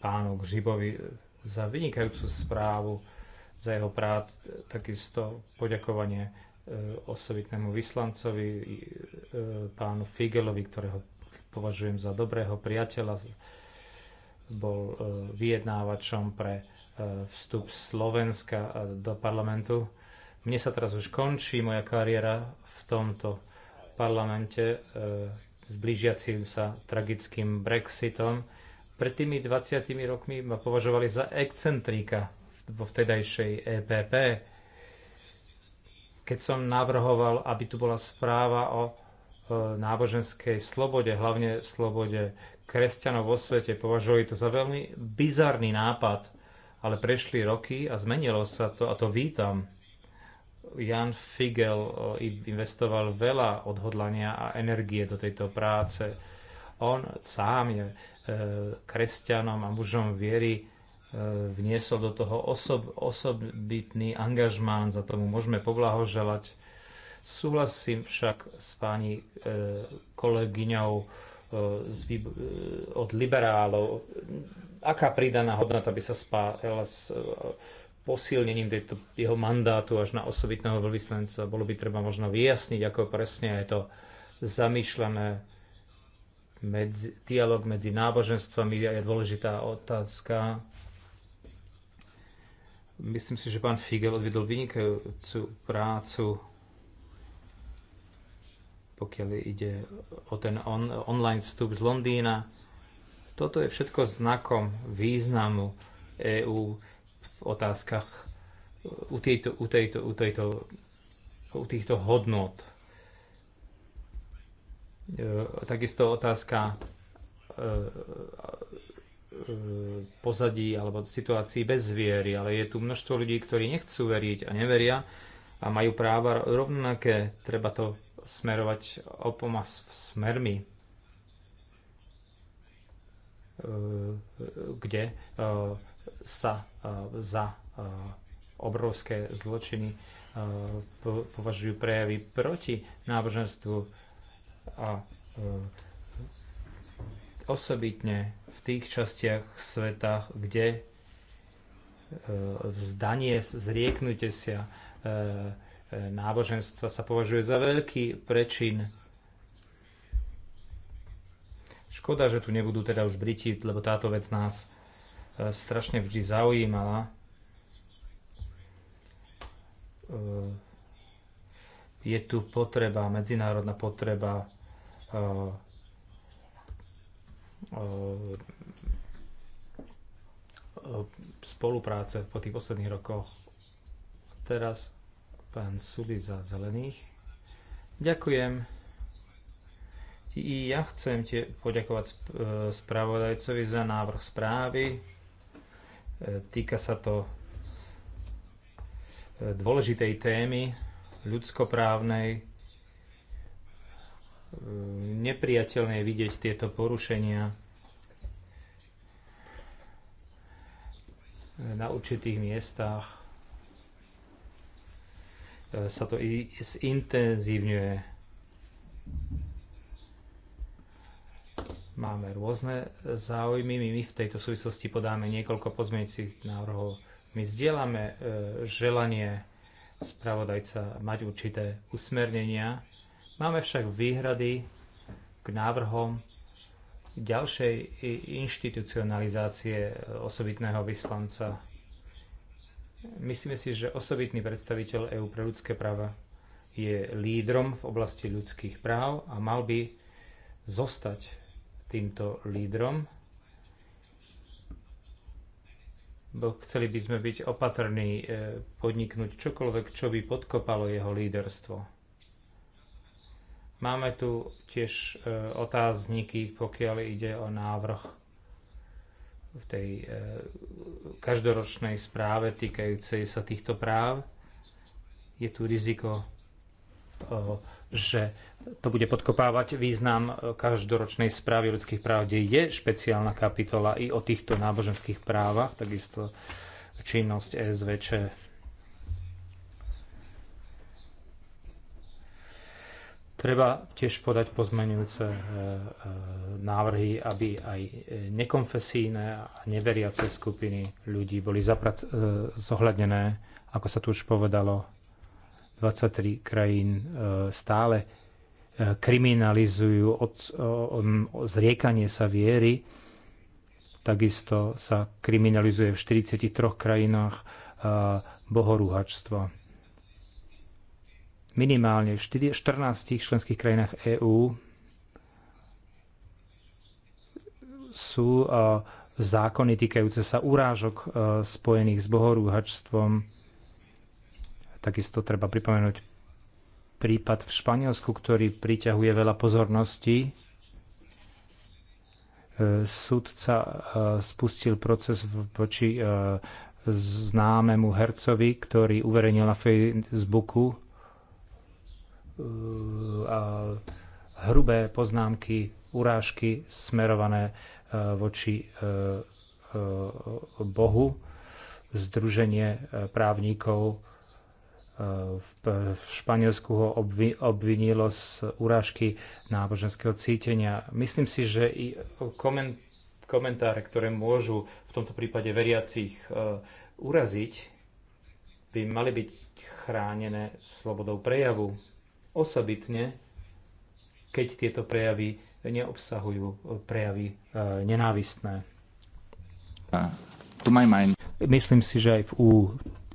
pánu Gžibovi e, za vynikajúcu správu, za jeho prác, e, takisto poďakovanie osobitnému vyslancovi, pánu Figelovi, ktorého považujem za dobrého priateľa, bol vyjednávačom pre vstup Slovenska do parlamentu. Mne sa teraz už končí moja kariéra v tomto parlamente e, s blížiacim sa tragickým Brexitom. Pred tými 20 rokmi ma považovali za excentrika vo vtedajšej EPP. Keď som navrhoval, aby tu bola správa o e, náboženskej slobode, hlavne slobode kresťanov vo svete, považovali to za veľmi bizarný nápad, ale prešli roky a zmenilo sa to a to vítam. Jan Figel eh, investoval veľa odhodlania a energie do tejto práce. On sám je eh, kresťanom a mužom viery, eh, vniesol do toho osob, osobitný angažmán, za tomu môžeme poblahoželať. Súhlasím však s pani kolegyňou z, od liberálov, aká pridaná hodnota by sa spájala s posilnením tejto, jeho mandátu až na osobitného veľvyslanca. Bolo by treba možno vyjasniť, ako presne je to zamýšľané. Medzi, dialog medzi náboženstvami je dôležitá otázka. Myslím si, že pán Figel odvedol vynikajúcu prácu, pokiaľ ide o ten on, online vstup z Londýna. Toto je všetko znakom významu EÚ v otázkach eh, u, tejto, u, tejto, u, tejto, u týchto hodnot. Eh, takisto otázka eh, pozadí alebo situácií bez viery, ale je tu množstvo ľudí, ktorí nechcú veriť a neveria a majú práva rovnaké. Treba to smerovať opoma smermi, kde sa e, za e, obrovské zločiny e, považujú prejavy proti náboženstvu a osobitne v tých častiach sveta, kde vzdanie, zrieknutie sa náboženstva sa považuje za veľký prečin. Škoda, že tu nebudú teda už Briti, lebo táto vec nás E, strašne vždy zaujímala. E, je tu potreba, medzinárodná potreba e, spolupráce po tých posledných rokoch. Teraz pán Sudy za zelených. Ďakujem. I ja chcem tie poďakovať spravodajcovi za návrh správy Týka sa to e, dôležitej témy ľudskoprávnej. E, nepriateľné je vidieť tieto porušenia na určitých miestach. E, sa to i zintenzívňuje. Máme rôzne záujmy, my my v tejto súvislosti podáme niekoľko pozmeňujúcich návrhov. My zdieľame e, želanie spravodajca mať určité usmernenia. Máme však výhrady k návrhom ďalšej inštitucionalizácie osobitného vyslanca. Myslíme si, že osobitný predstaviteľ EÚ pre ľudské práva je lídrom v oblasti ľudských práv a mal by zostať týmto lídrom. Bo chceli by sme byť opatrní e, podniknúť čokoľvek, čo by podkopalo jeho líderstvo. Máme tu tiež e, otázniky, pokiaľ ide o návrh v tej e, každoročnej správe týkajúcej sa týchto práv. Je tu riziko Eh, že to bude podkopávať význam eh, každoročnej správy ľudských práv, kde je špeciálna kapitola i o týchto náboženských právach, takisto činnosť ESVČ. Treba tiež podať pozmenujúce eh, návrhy, aby aj nekonfesíne a neveriace skupiny ľudí boli zohľadnené, ako sa tu už povedalo, 23 krajín e, stále e, kriminalizujú od, zriekanie sa viery. Takisto sa kriminalizuje v 43 krajinách e, bohorúhačstvo. Minimálne v 14 členských krajinách EÚ sú zákony týkajúce sa urážok spojených s bohorúhačstvom Takisto treba pripomenúť prípad v Španielsku, ktorý priťahuje veľa pozorností. E, súdca e, spustil proces voči e, známemu hercovi, ktorý uverejnil na Facebooku hrubé poznámky, urážky smerované voči Bohu. Združenie právnikov v Španielsku ho obvinilo z urážky náboženského cítenia. Myslím si, že i komentáre, ktoré môžu v tomto prípade veriacich e, uraziť, by mali byť chránené slobodou prejavu. Osobitne, keď tieto prejavy neobsahujú e, prejavy e, nenávistné. Myslím si, že aj v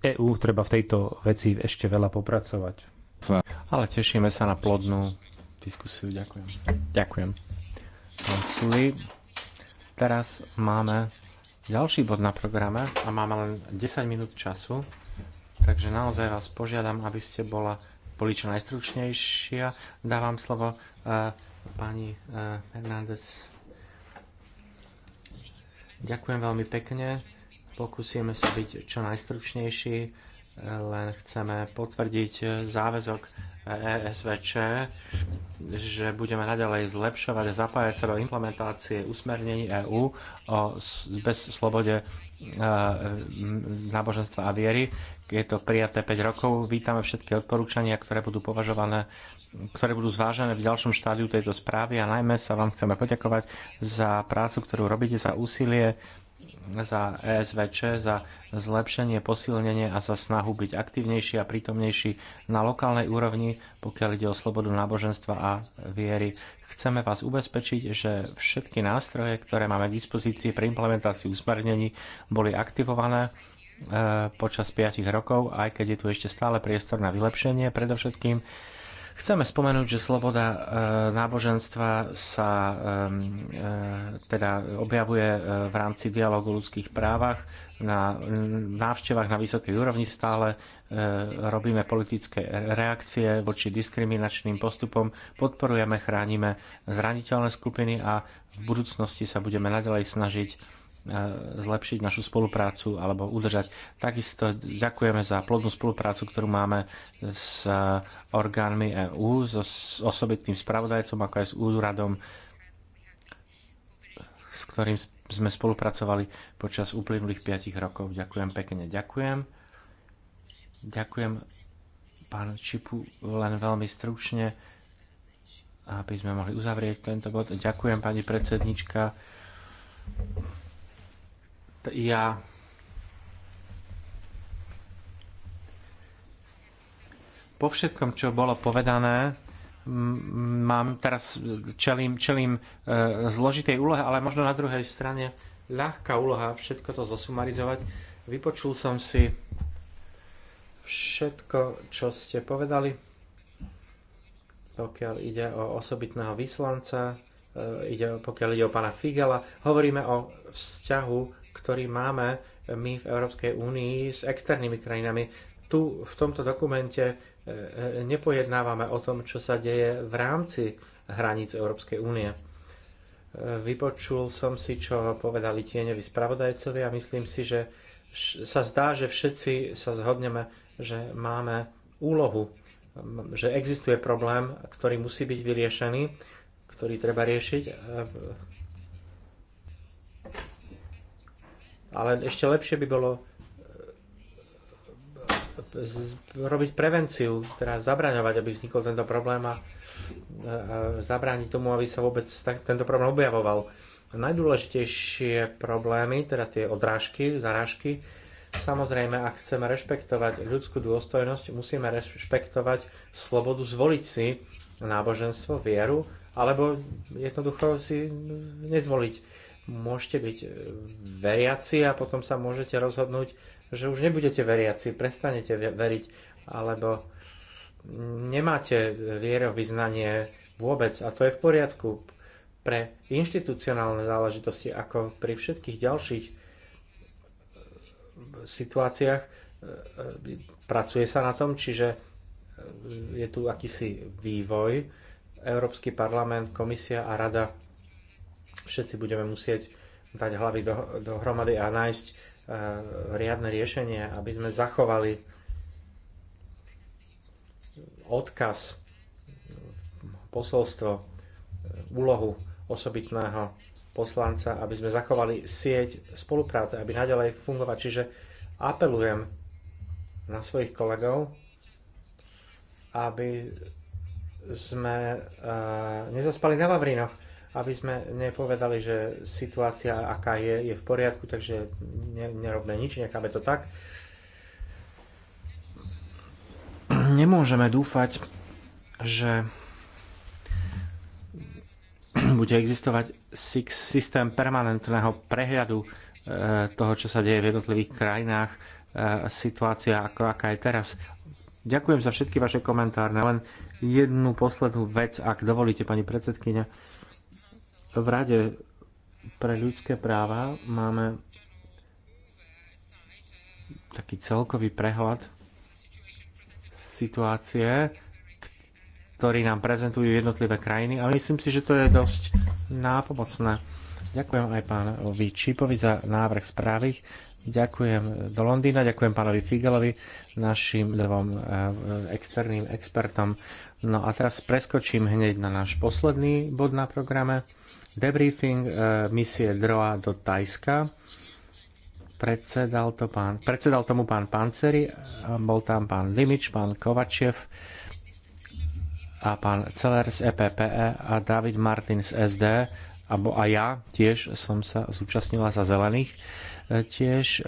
EÚ treba v tejto veci ešte veľa popracovať. Ale tešíme sa na plodnú diskusiu. Ďakujem. Ďakujem. Pán Suli, teraz máme ďalší bod na programe a máme len 10 minút času, takže naozaj vás požiadam, aby ste bola, boli čo najstručnejšia. Dávam slovo uh, pani uh, Hernández. Ďakujem veľmi pekne. Pokúsime sa byť čo najstručnejší, eh, len chceme potvrdiť eh, záväzok ESVČ, eh, e že budeme naďalej zlepšovať a zapájať sa do implementácie usmernení EÚ o bez slobode náboženstva a viery. Je to prijaté 5 rokov. Vítame všetky odporúčania, ktoré budú považované, ktoré budú zvážené v ďalšom štádiu tejto správy a najmä sa vám chceme poďakovať za prácu, ktorú robíte, za úsilie za ESVČ, za zlepšenie, posilnenie a za snahu byť aktívnejší a prítomnejší na lokálnej úrovni, pokiaľ ide o slobodu náboženstva a viery. Chceme vás ubezpečiť, že všetky nástroje, ktoré máme k dispozícii pre implementáciu usmernení, boli aktivované e, počas 5 rokov, aj keď je tu ešte stále priestor na vylepšenie, predovšetkým Chceme spomenúť, že sloboda e, náboženstva sa e, teda objavuje e, v rámci dialogu o ľudských právach na návštevách na vysokej úrovni stále robíme politické reakcie voči diskriminačným postupom, podporujeme, chránime zraniteľné skupiny a v budúcnosti sa budeme naďalej snažiť zlepšiť našu spoluprácu alebo udržať. Takisto ďakujeme za plodnú spoluprácu, ktorú máme s orgánmi EÚ, s osobitným spravodajcom, ako aj s úradom, s ktorým sme spolupracovali počas uplynulých 5 rokov. Ďakujem pekne, ďakujem. Ďakujem pán Čipu len veľmi stručne, aby sme mohli uzavrieť tento bod. Ďakujem pani predsednička ja po všetkom, čo bolo povedané, mám teraz čelím, čelím e, zložitej úlohe, ale možno na druhej strane ľahká úloha všetko to zosumarizovať. Vypočul som si všetko, čo ste povedali, pokiaľ ide o osobitného vyslanca, e, ide, pokiaľ ide o pána Figela. Hovoríme o vzťahu ktorý máme my v Európskej únii s externými krajinami. Tu v tomto dokumente e, e, nepojednávame o tom, čo sa deje v rámci hraníc Európskej únie. E, vypočul som si, čo povedali tieňoví spravodajcovi a myslím si, že sa zdá, že všetci sa zhodneme, že máme úlohu, že existuje problém, ktorý musí byť vyriešený, ktorý treba riešiť ale ešte lepšie by bolo e, robiť prevenciu, teda zabraňovať, aby vznikol tento problém a e, e, zabrániť tomu, aby sa vôbec tento problém objavoval. Najdôležitejšie problémy, teda tie odrážky, zarážky, samozrejme, ak chceme rešpektovať ľudskú dôstojnosť, musíme rešpektovať slobodu zvoliť si náboženstvo, vieru, alebo jednoducho si nezvoliť môžete byť e, veriaci a potom sa môžete rozhodnúť, že už nebudete veriaci, prestanete veriť, alebo nemáte vierovýznanie vôbec a to je v poriadku pre inštitucionálne záležitosti ako pri všetkých ďalších e, situáciách e, pracuje sa na tom, čiže je tu akýsi vývoj. Európsky parlament, komisia a rada Všetci budeme musieť dať hlavy do, dohromady a nájsť uh, riadne riešenie, aby sme zachovali odkaz, posolstvo, eh, úlohu osobitného poslanca, aby sme zachovali sieť spolupráce, aby naďalej fungovať. Čiže apelujem na svojich kolegov, aby sme uh, nezaspali na Vavrinoch aby sme nepovedali, že situácia, aká je, je v poriadku, takže nerobme nič, necháme to tak. Nemôžeme dúfať, že bude existovať systém permanentného prehľadu e, toho, čo sa deje v jednotlivých krajinách, e, situácia, ako aká je teraz. Ďakujem za všetky vaše komentárne. Len jednu poslednú vec, ak dovolíte, pani predsedkynia v Rade pre ľudské práva máme taký celkový prehľad situácie, ktorý nám prezentujú jednotlivé krajiny a myslím si, že to je dosť nápomocné. Ďakujem aj pánovi Čípovi za návrh správy. Ďakujem do Londýna, ďakujem pánovi Figelovi, našim dvom e, externým expertom. No a teraz preskočím hneď na náš posledný bod na programe debriefing eh, misie DROA do Tajska. Predsedal, to pán, predsedal tomu pán Panceri, eh, bol tam pán Limič, pán Kovačev a pán Celer z EPPE e a David Martin z SD a, a ja tiež som sa zúčastnila za zelených. Eh, tiež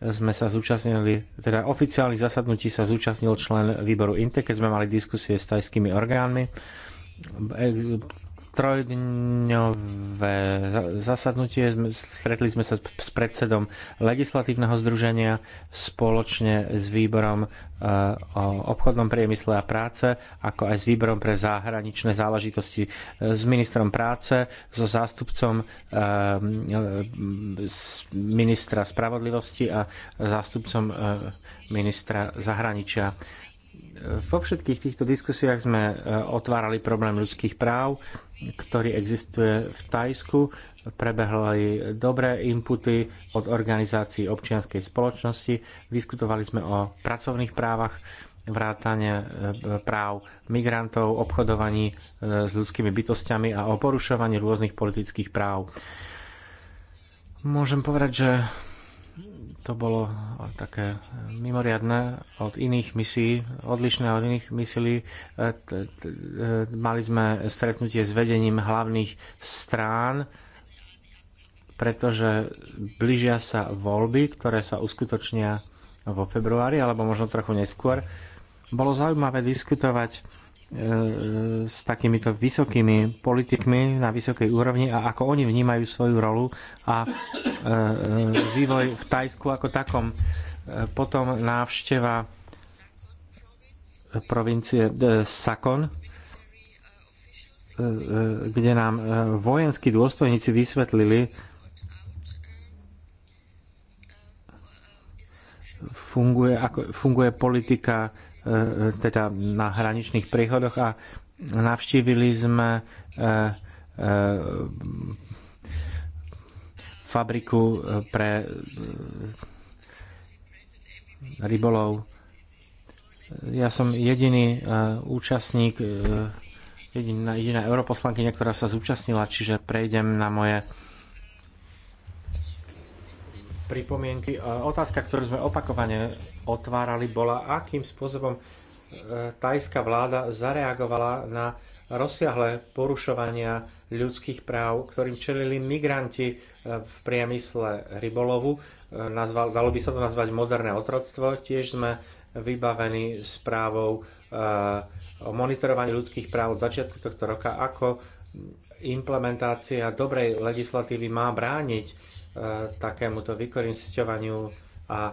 sme sa zúčastnili, teda oficiálne zasadnutí sa zúčastnil člen výboru INTE, keď sme mali diskusie s tajskými orgánmi trojdňové zasadnutie. Stretli sme sa s predsedom legislatívneho združenia spoločne s výborom eh, o obchodnom priemysle a práce, ako aj s výborom pre zahraničné záležitosti eh, s ministrom práce, so zástupcom eh, ministra spravodlivosti a zástupcom ministra zahraničia. Vo všetkých týchto diskusiách sme otvárali problém ľudských práv, ktorý existuje v Tajsku. Prebehli dobré inputy od organizácií občianskej spoločnosti. Diskutovali sme o pracovných právach, vrátane e, práv migrantov, obchodovaní e, s ľudskými bytostiami a o porušovaní rôznych politických práv. Môžem povedať, že to bolo eh, také eh, mimoriadne od iných misií, odlišné od iných misií. Eh, mali sme stretnutie s vedením hlavných strán, pretože blížia sa voľby, ktoré sa uskutočnia vo februári alebo možno trochu neskôr. Bolo zaujímavé diskutovať s takýmito vysokými politikmi na vysokej úrovni a ako oni vnímajú svoju rolu a e, vývoj v Tajsku ako takom. E, potom návšteva provincie e, Sakon, kde nám vojenskí dôstojníci vysvetlili funguje, ako, funguje politika E, teda na hraničných príchodoch a navštívili sme e, e, fabriku pre rybolov. Ja som jediný účastník, jediná, jediná europoslankyňa, ktorá sa zúčastnila, čiže prejdem na moje pripomienky. Otázka, ktorú sme opakovane otvárali, bola, akým spôsobom e, tajská vláda zareagovala na rozsiahle porušovania ľudských práv, ktorým čelili migranti e, v priemysle rybolovu. E, nazval, dalo by sa to nazvať moderné otroctvo. Tiež sme vybavení správou o monitorovaní ľudských práv od začiatku tohto roka, ako implementácia dobrej legislatívy má brániť takémuto vykoristovaniu a e,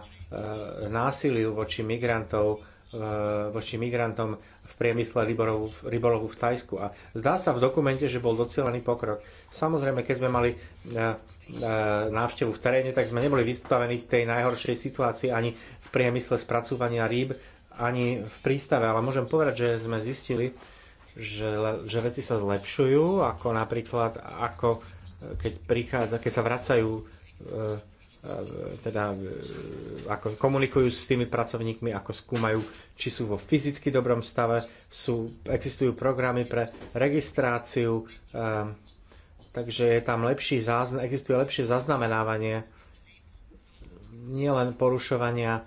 násiliu voči migrantov, e, voči migrantom v priemysle rybolovu, v Tajsku. A zdá sa v dokumente, že bol docelený pokrok. Samozrejme, keď sme mali e, návštevu v teréne, tak sme neboli vystavení tej najhoršej situácii ani v priemysle spracúvania rýb, ani v prístave, ale môžem povedať, že sme zistili, že, že veci sa zlepšujú, ako napríklad, ako keď prichádza, keď sa vracajú E, e, teda e, ako komunikujú s tými pracovníkmi, ako skúmajú, či sú vo fyzicky dobrom stave, sú, existujú programy pre registráciu, takže je tam lepší záznam, existuje lepšie zaznamenávanie nielen porušovania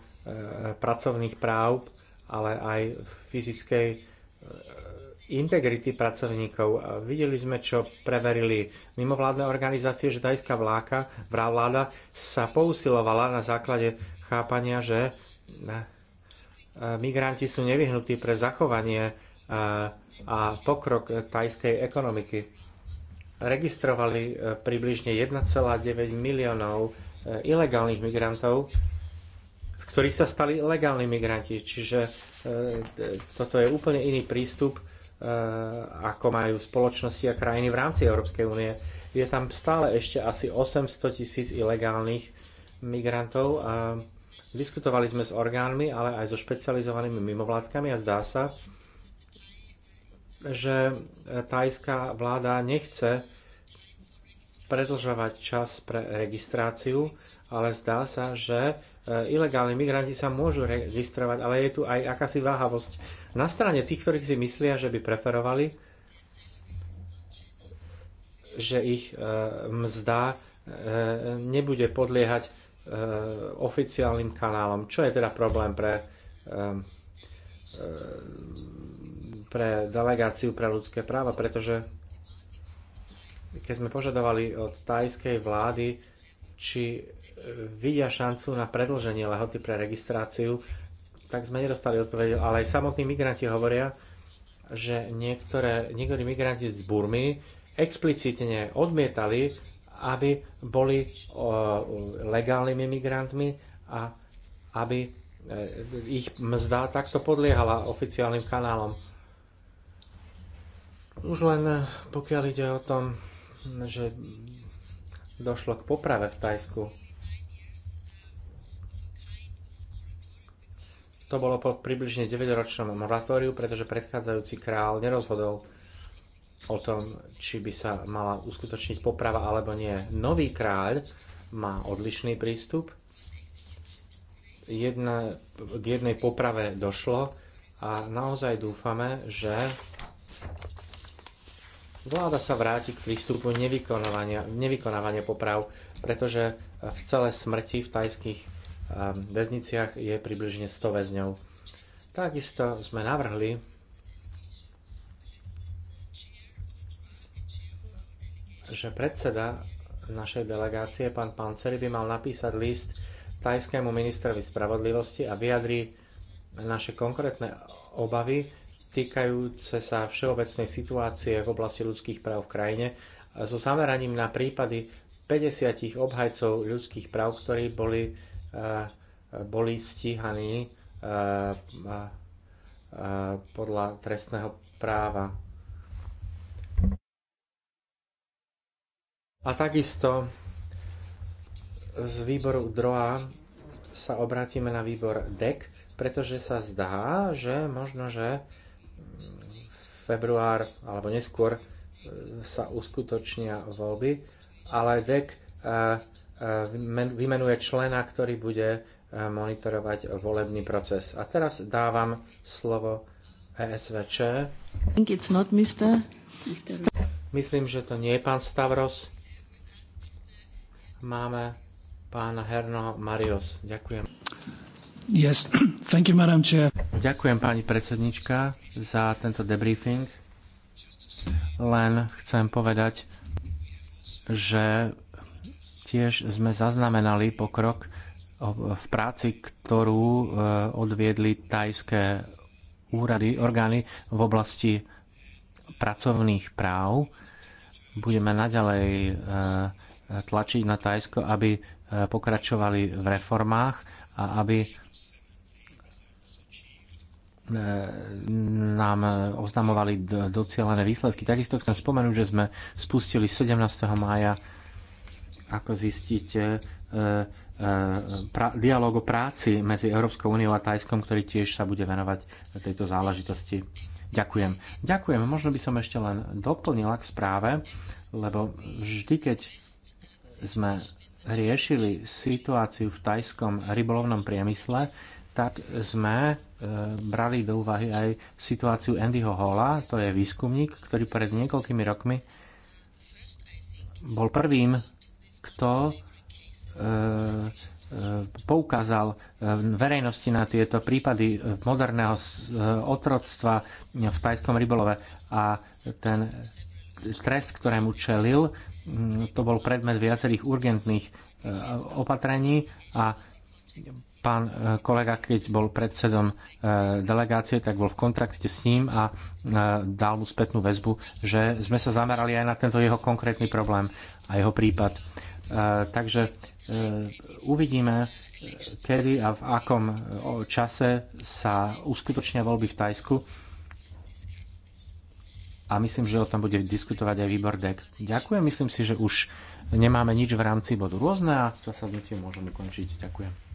pracovných práv, ale aj fyzickej integrity pracovníkov. Videli sme, čo preverili mimovládne organizácie, že tajská vláka, vláda sa pousilovala na základe chápania, že eh, eh, migranti sú nevyhnutí pre zachovanie eh, a pokrok tajskej ekonomiky. Registrovali približne 1,9 miliónov ilegálnych migrantov, z ktorých sa stali legálni migranti. Čiže toto je úplne iný prístup Eh, ako majú spoločnosti a krajiny v rámci Európskej únie. Je tam stále ešte asi 800 tisíc ilegálnych migrantov a diskutovali sme s orgánmi, ale aj so špecializovanými mimovládkami a zdá sa, že eh, tajská vláda nechce predlžovať čas pre registráciu, ale zdá sa, že E, ilegálni migranti sa môžu registrovať, ale je tu aj akási váhavosť na strane tých, ktorých si myslia, že by preferovali, že ich e, mzda e, nebude podliehať oficiálnym kanálom, čo je teda problém pre, pre delegáciu pre ľudské práva, pretože keď sme požadovali od tajskej vlády, či vidia šancu na predlženie lehoty pre registráciu, tak sme nedostali odpovede, ale aj samotní migranti hovoria, že niektoré, niektorí migranti z Burmy explicitne odmietali, aby boli legálnymi migrantmi a aby e, ich mzda takto podliehala oficiálnym kanálom. Už len e, pokiaľ ide o tom, že došlo k poprave v Tajsku, To bolo po približne 9-ročnom moratóriu, pretože predchádzajúci král nerozhodol o tom, či by sa mala uskutočniť poprava alebo nie. Nový kráľ má odlišný prístup. Jedna, k jednej poprave došlo a naozaj dúfame, že vláda sa vráti k prístupu nevykonávania, nevykonávania poprav, pretože v celé smrti v tajských väzniciach je približne 100 väzňov. Takisto sme navrhli, že predseda našej delegácie, pán Panceri, by mal napísať list tajskému ministrovi spravodlivosti a vyjadri naše konkrétne obavy týkajúce sa všeobecnej situácie v oblasti ľudských práv v krajine so zameraním na prípady 50 obhajcov ľudských práv, ktorí boli Eh, boli stíhaní eh, eh, podľa trestného práva. A takisto z výboru DROA sa obrátime na výbor DEC, pretože sa zdá, že možno, že február alebo neskôr sa uskutočnia voľby, ale DEC Eh, vymenuje člena, ktorý bude eh, monitorovať volebný proces. A teraz dávam slovo ESVČ. Myslím, že to nie je pán Stavros. Máme pána Herno Marios. Ďakujem. Yes. Thank you, Madam Chair. Ďakujem pani predsednička za tento debriefing. Len chcem povedať, že Tiež sme zaznamenali pokrok v práci, ktorú e, odviedli tajské úrady, orgány v oblasti pracovných práv. Budeme naďalej e, tlačiť na Tajsko, aby e, pokračovali v reformách a aby nám oznamovali docielené výsledky. Takisto chcem spomenúť, že sme spustili 17. mája ako zistíte, e, e, pra, dialog o práci medzi Európskou úniou a Tajskom, ktorý tiež sa bude venovať tejto záležitosti. Ďakujem. Ďakujem. Možno by som ešte len doplnila k správe, lebo vždy, keď sme riešili situáciu v tajskom rybolovnom priemysle, tak sme e, brali do úvahy aj situáciu Andyho Hola, to je výskumník, ktorý pred niekoľkými rokmi bol prvým kto e, e, poukázal e, verejnosti na tieto prípady moderného otroctva v tajskom rybolove a ten trest, ktorému čelil, to bol predmet viacerých urgentných opatrení a pán kolega, keď bol predsedom delegácie, tak bol v kontakte s ním a dal mu spätnú väzbu, že sme sa zamerali aj na tento jeho konkrétny problém a jeho prípad Takže e, uvidíme, kedy a v akom e, čase sa uskutočnia voľby v Tajsku. A myslím, že o tom bude diskutovať aj výbor DEC. Ďakujem, myslím si, že už nemáme nič v rámci bodu rôzne a zasadnutie môžeme končiť. Ďakujem.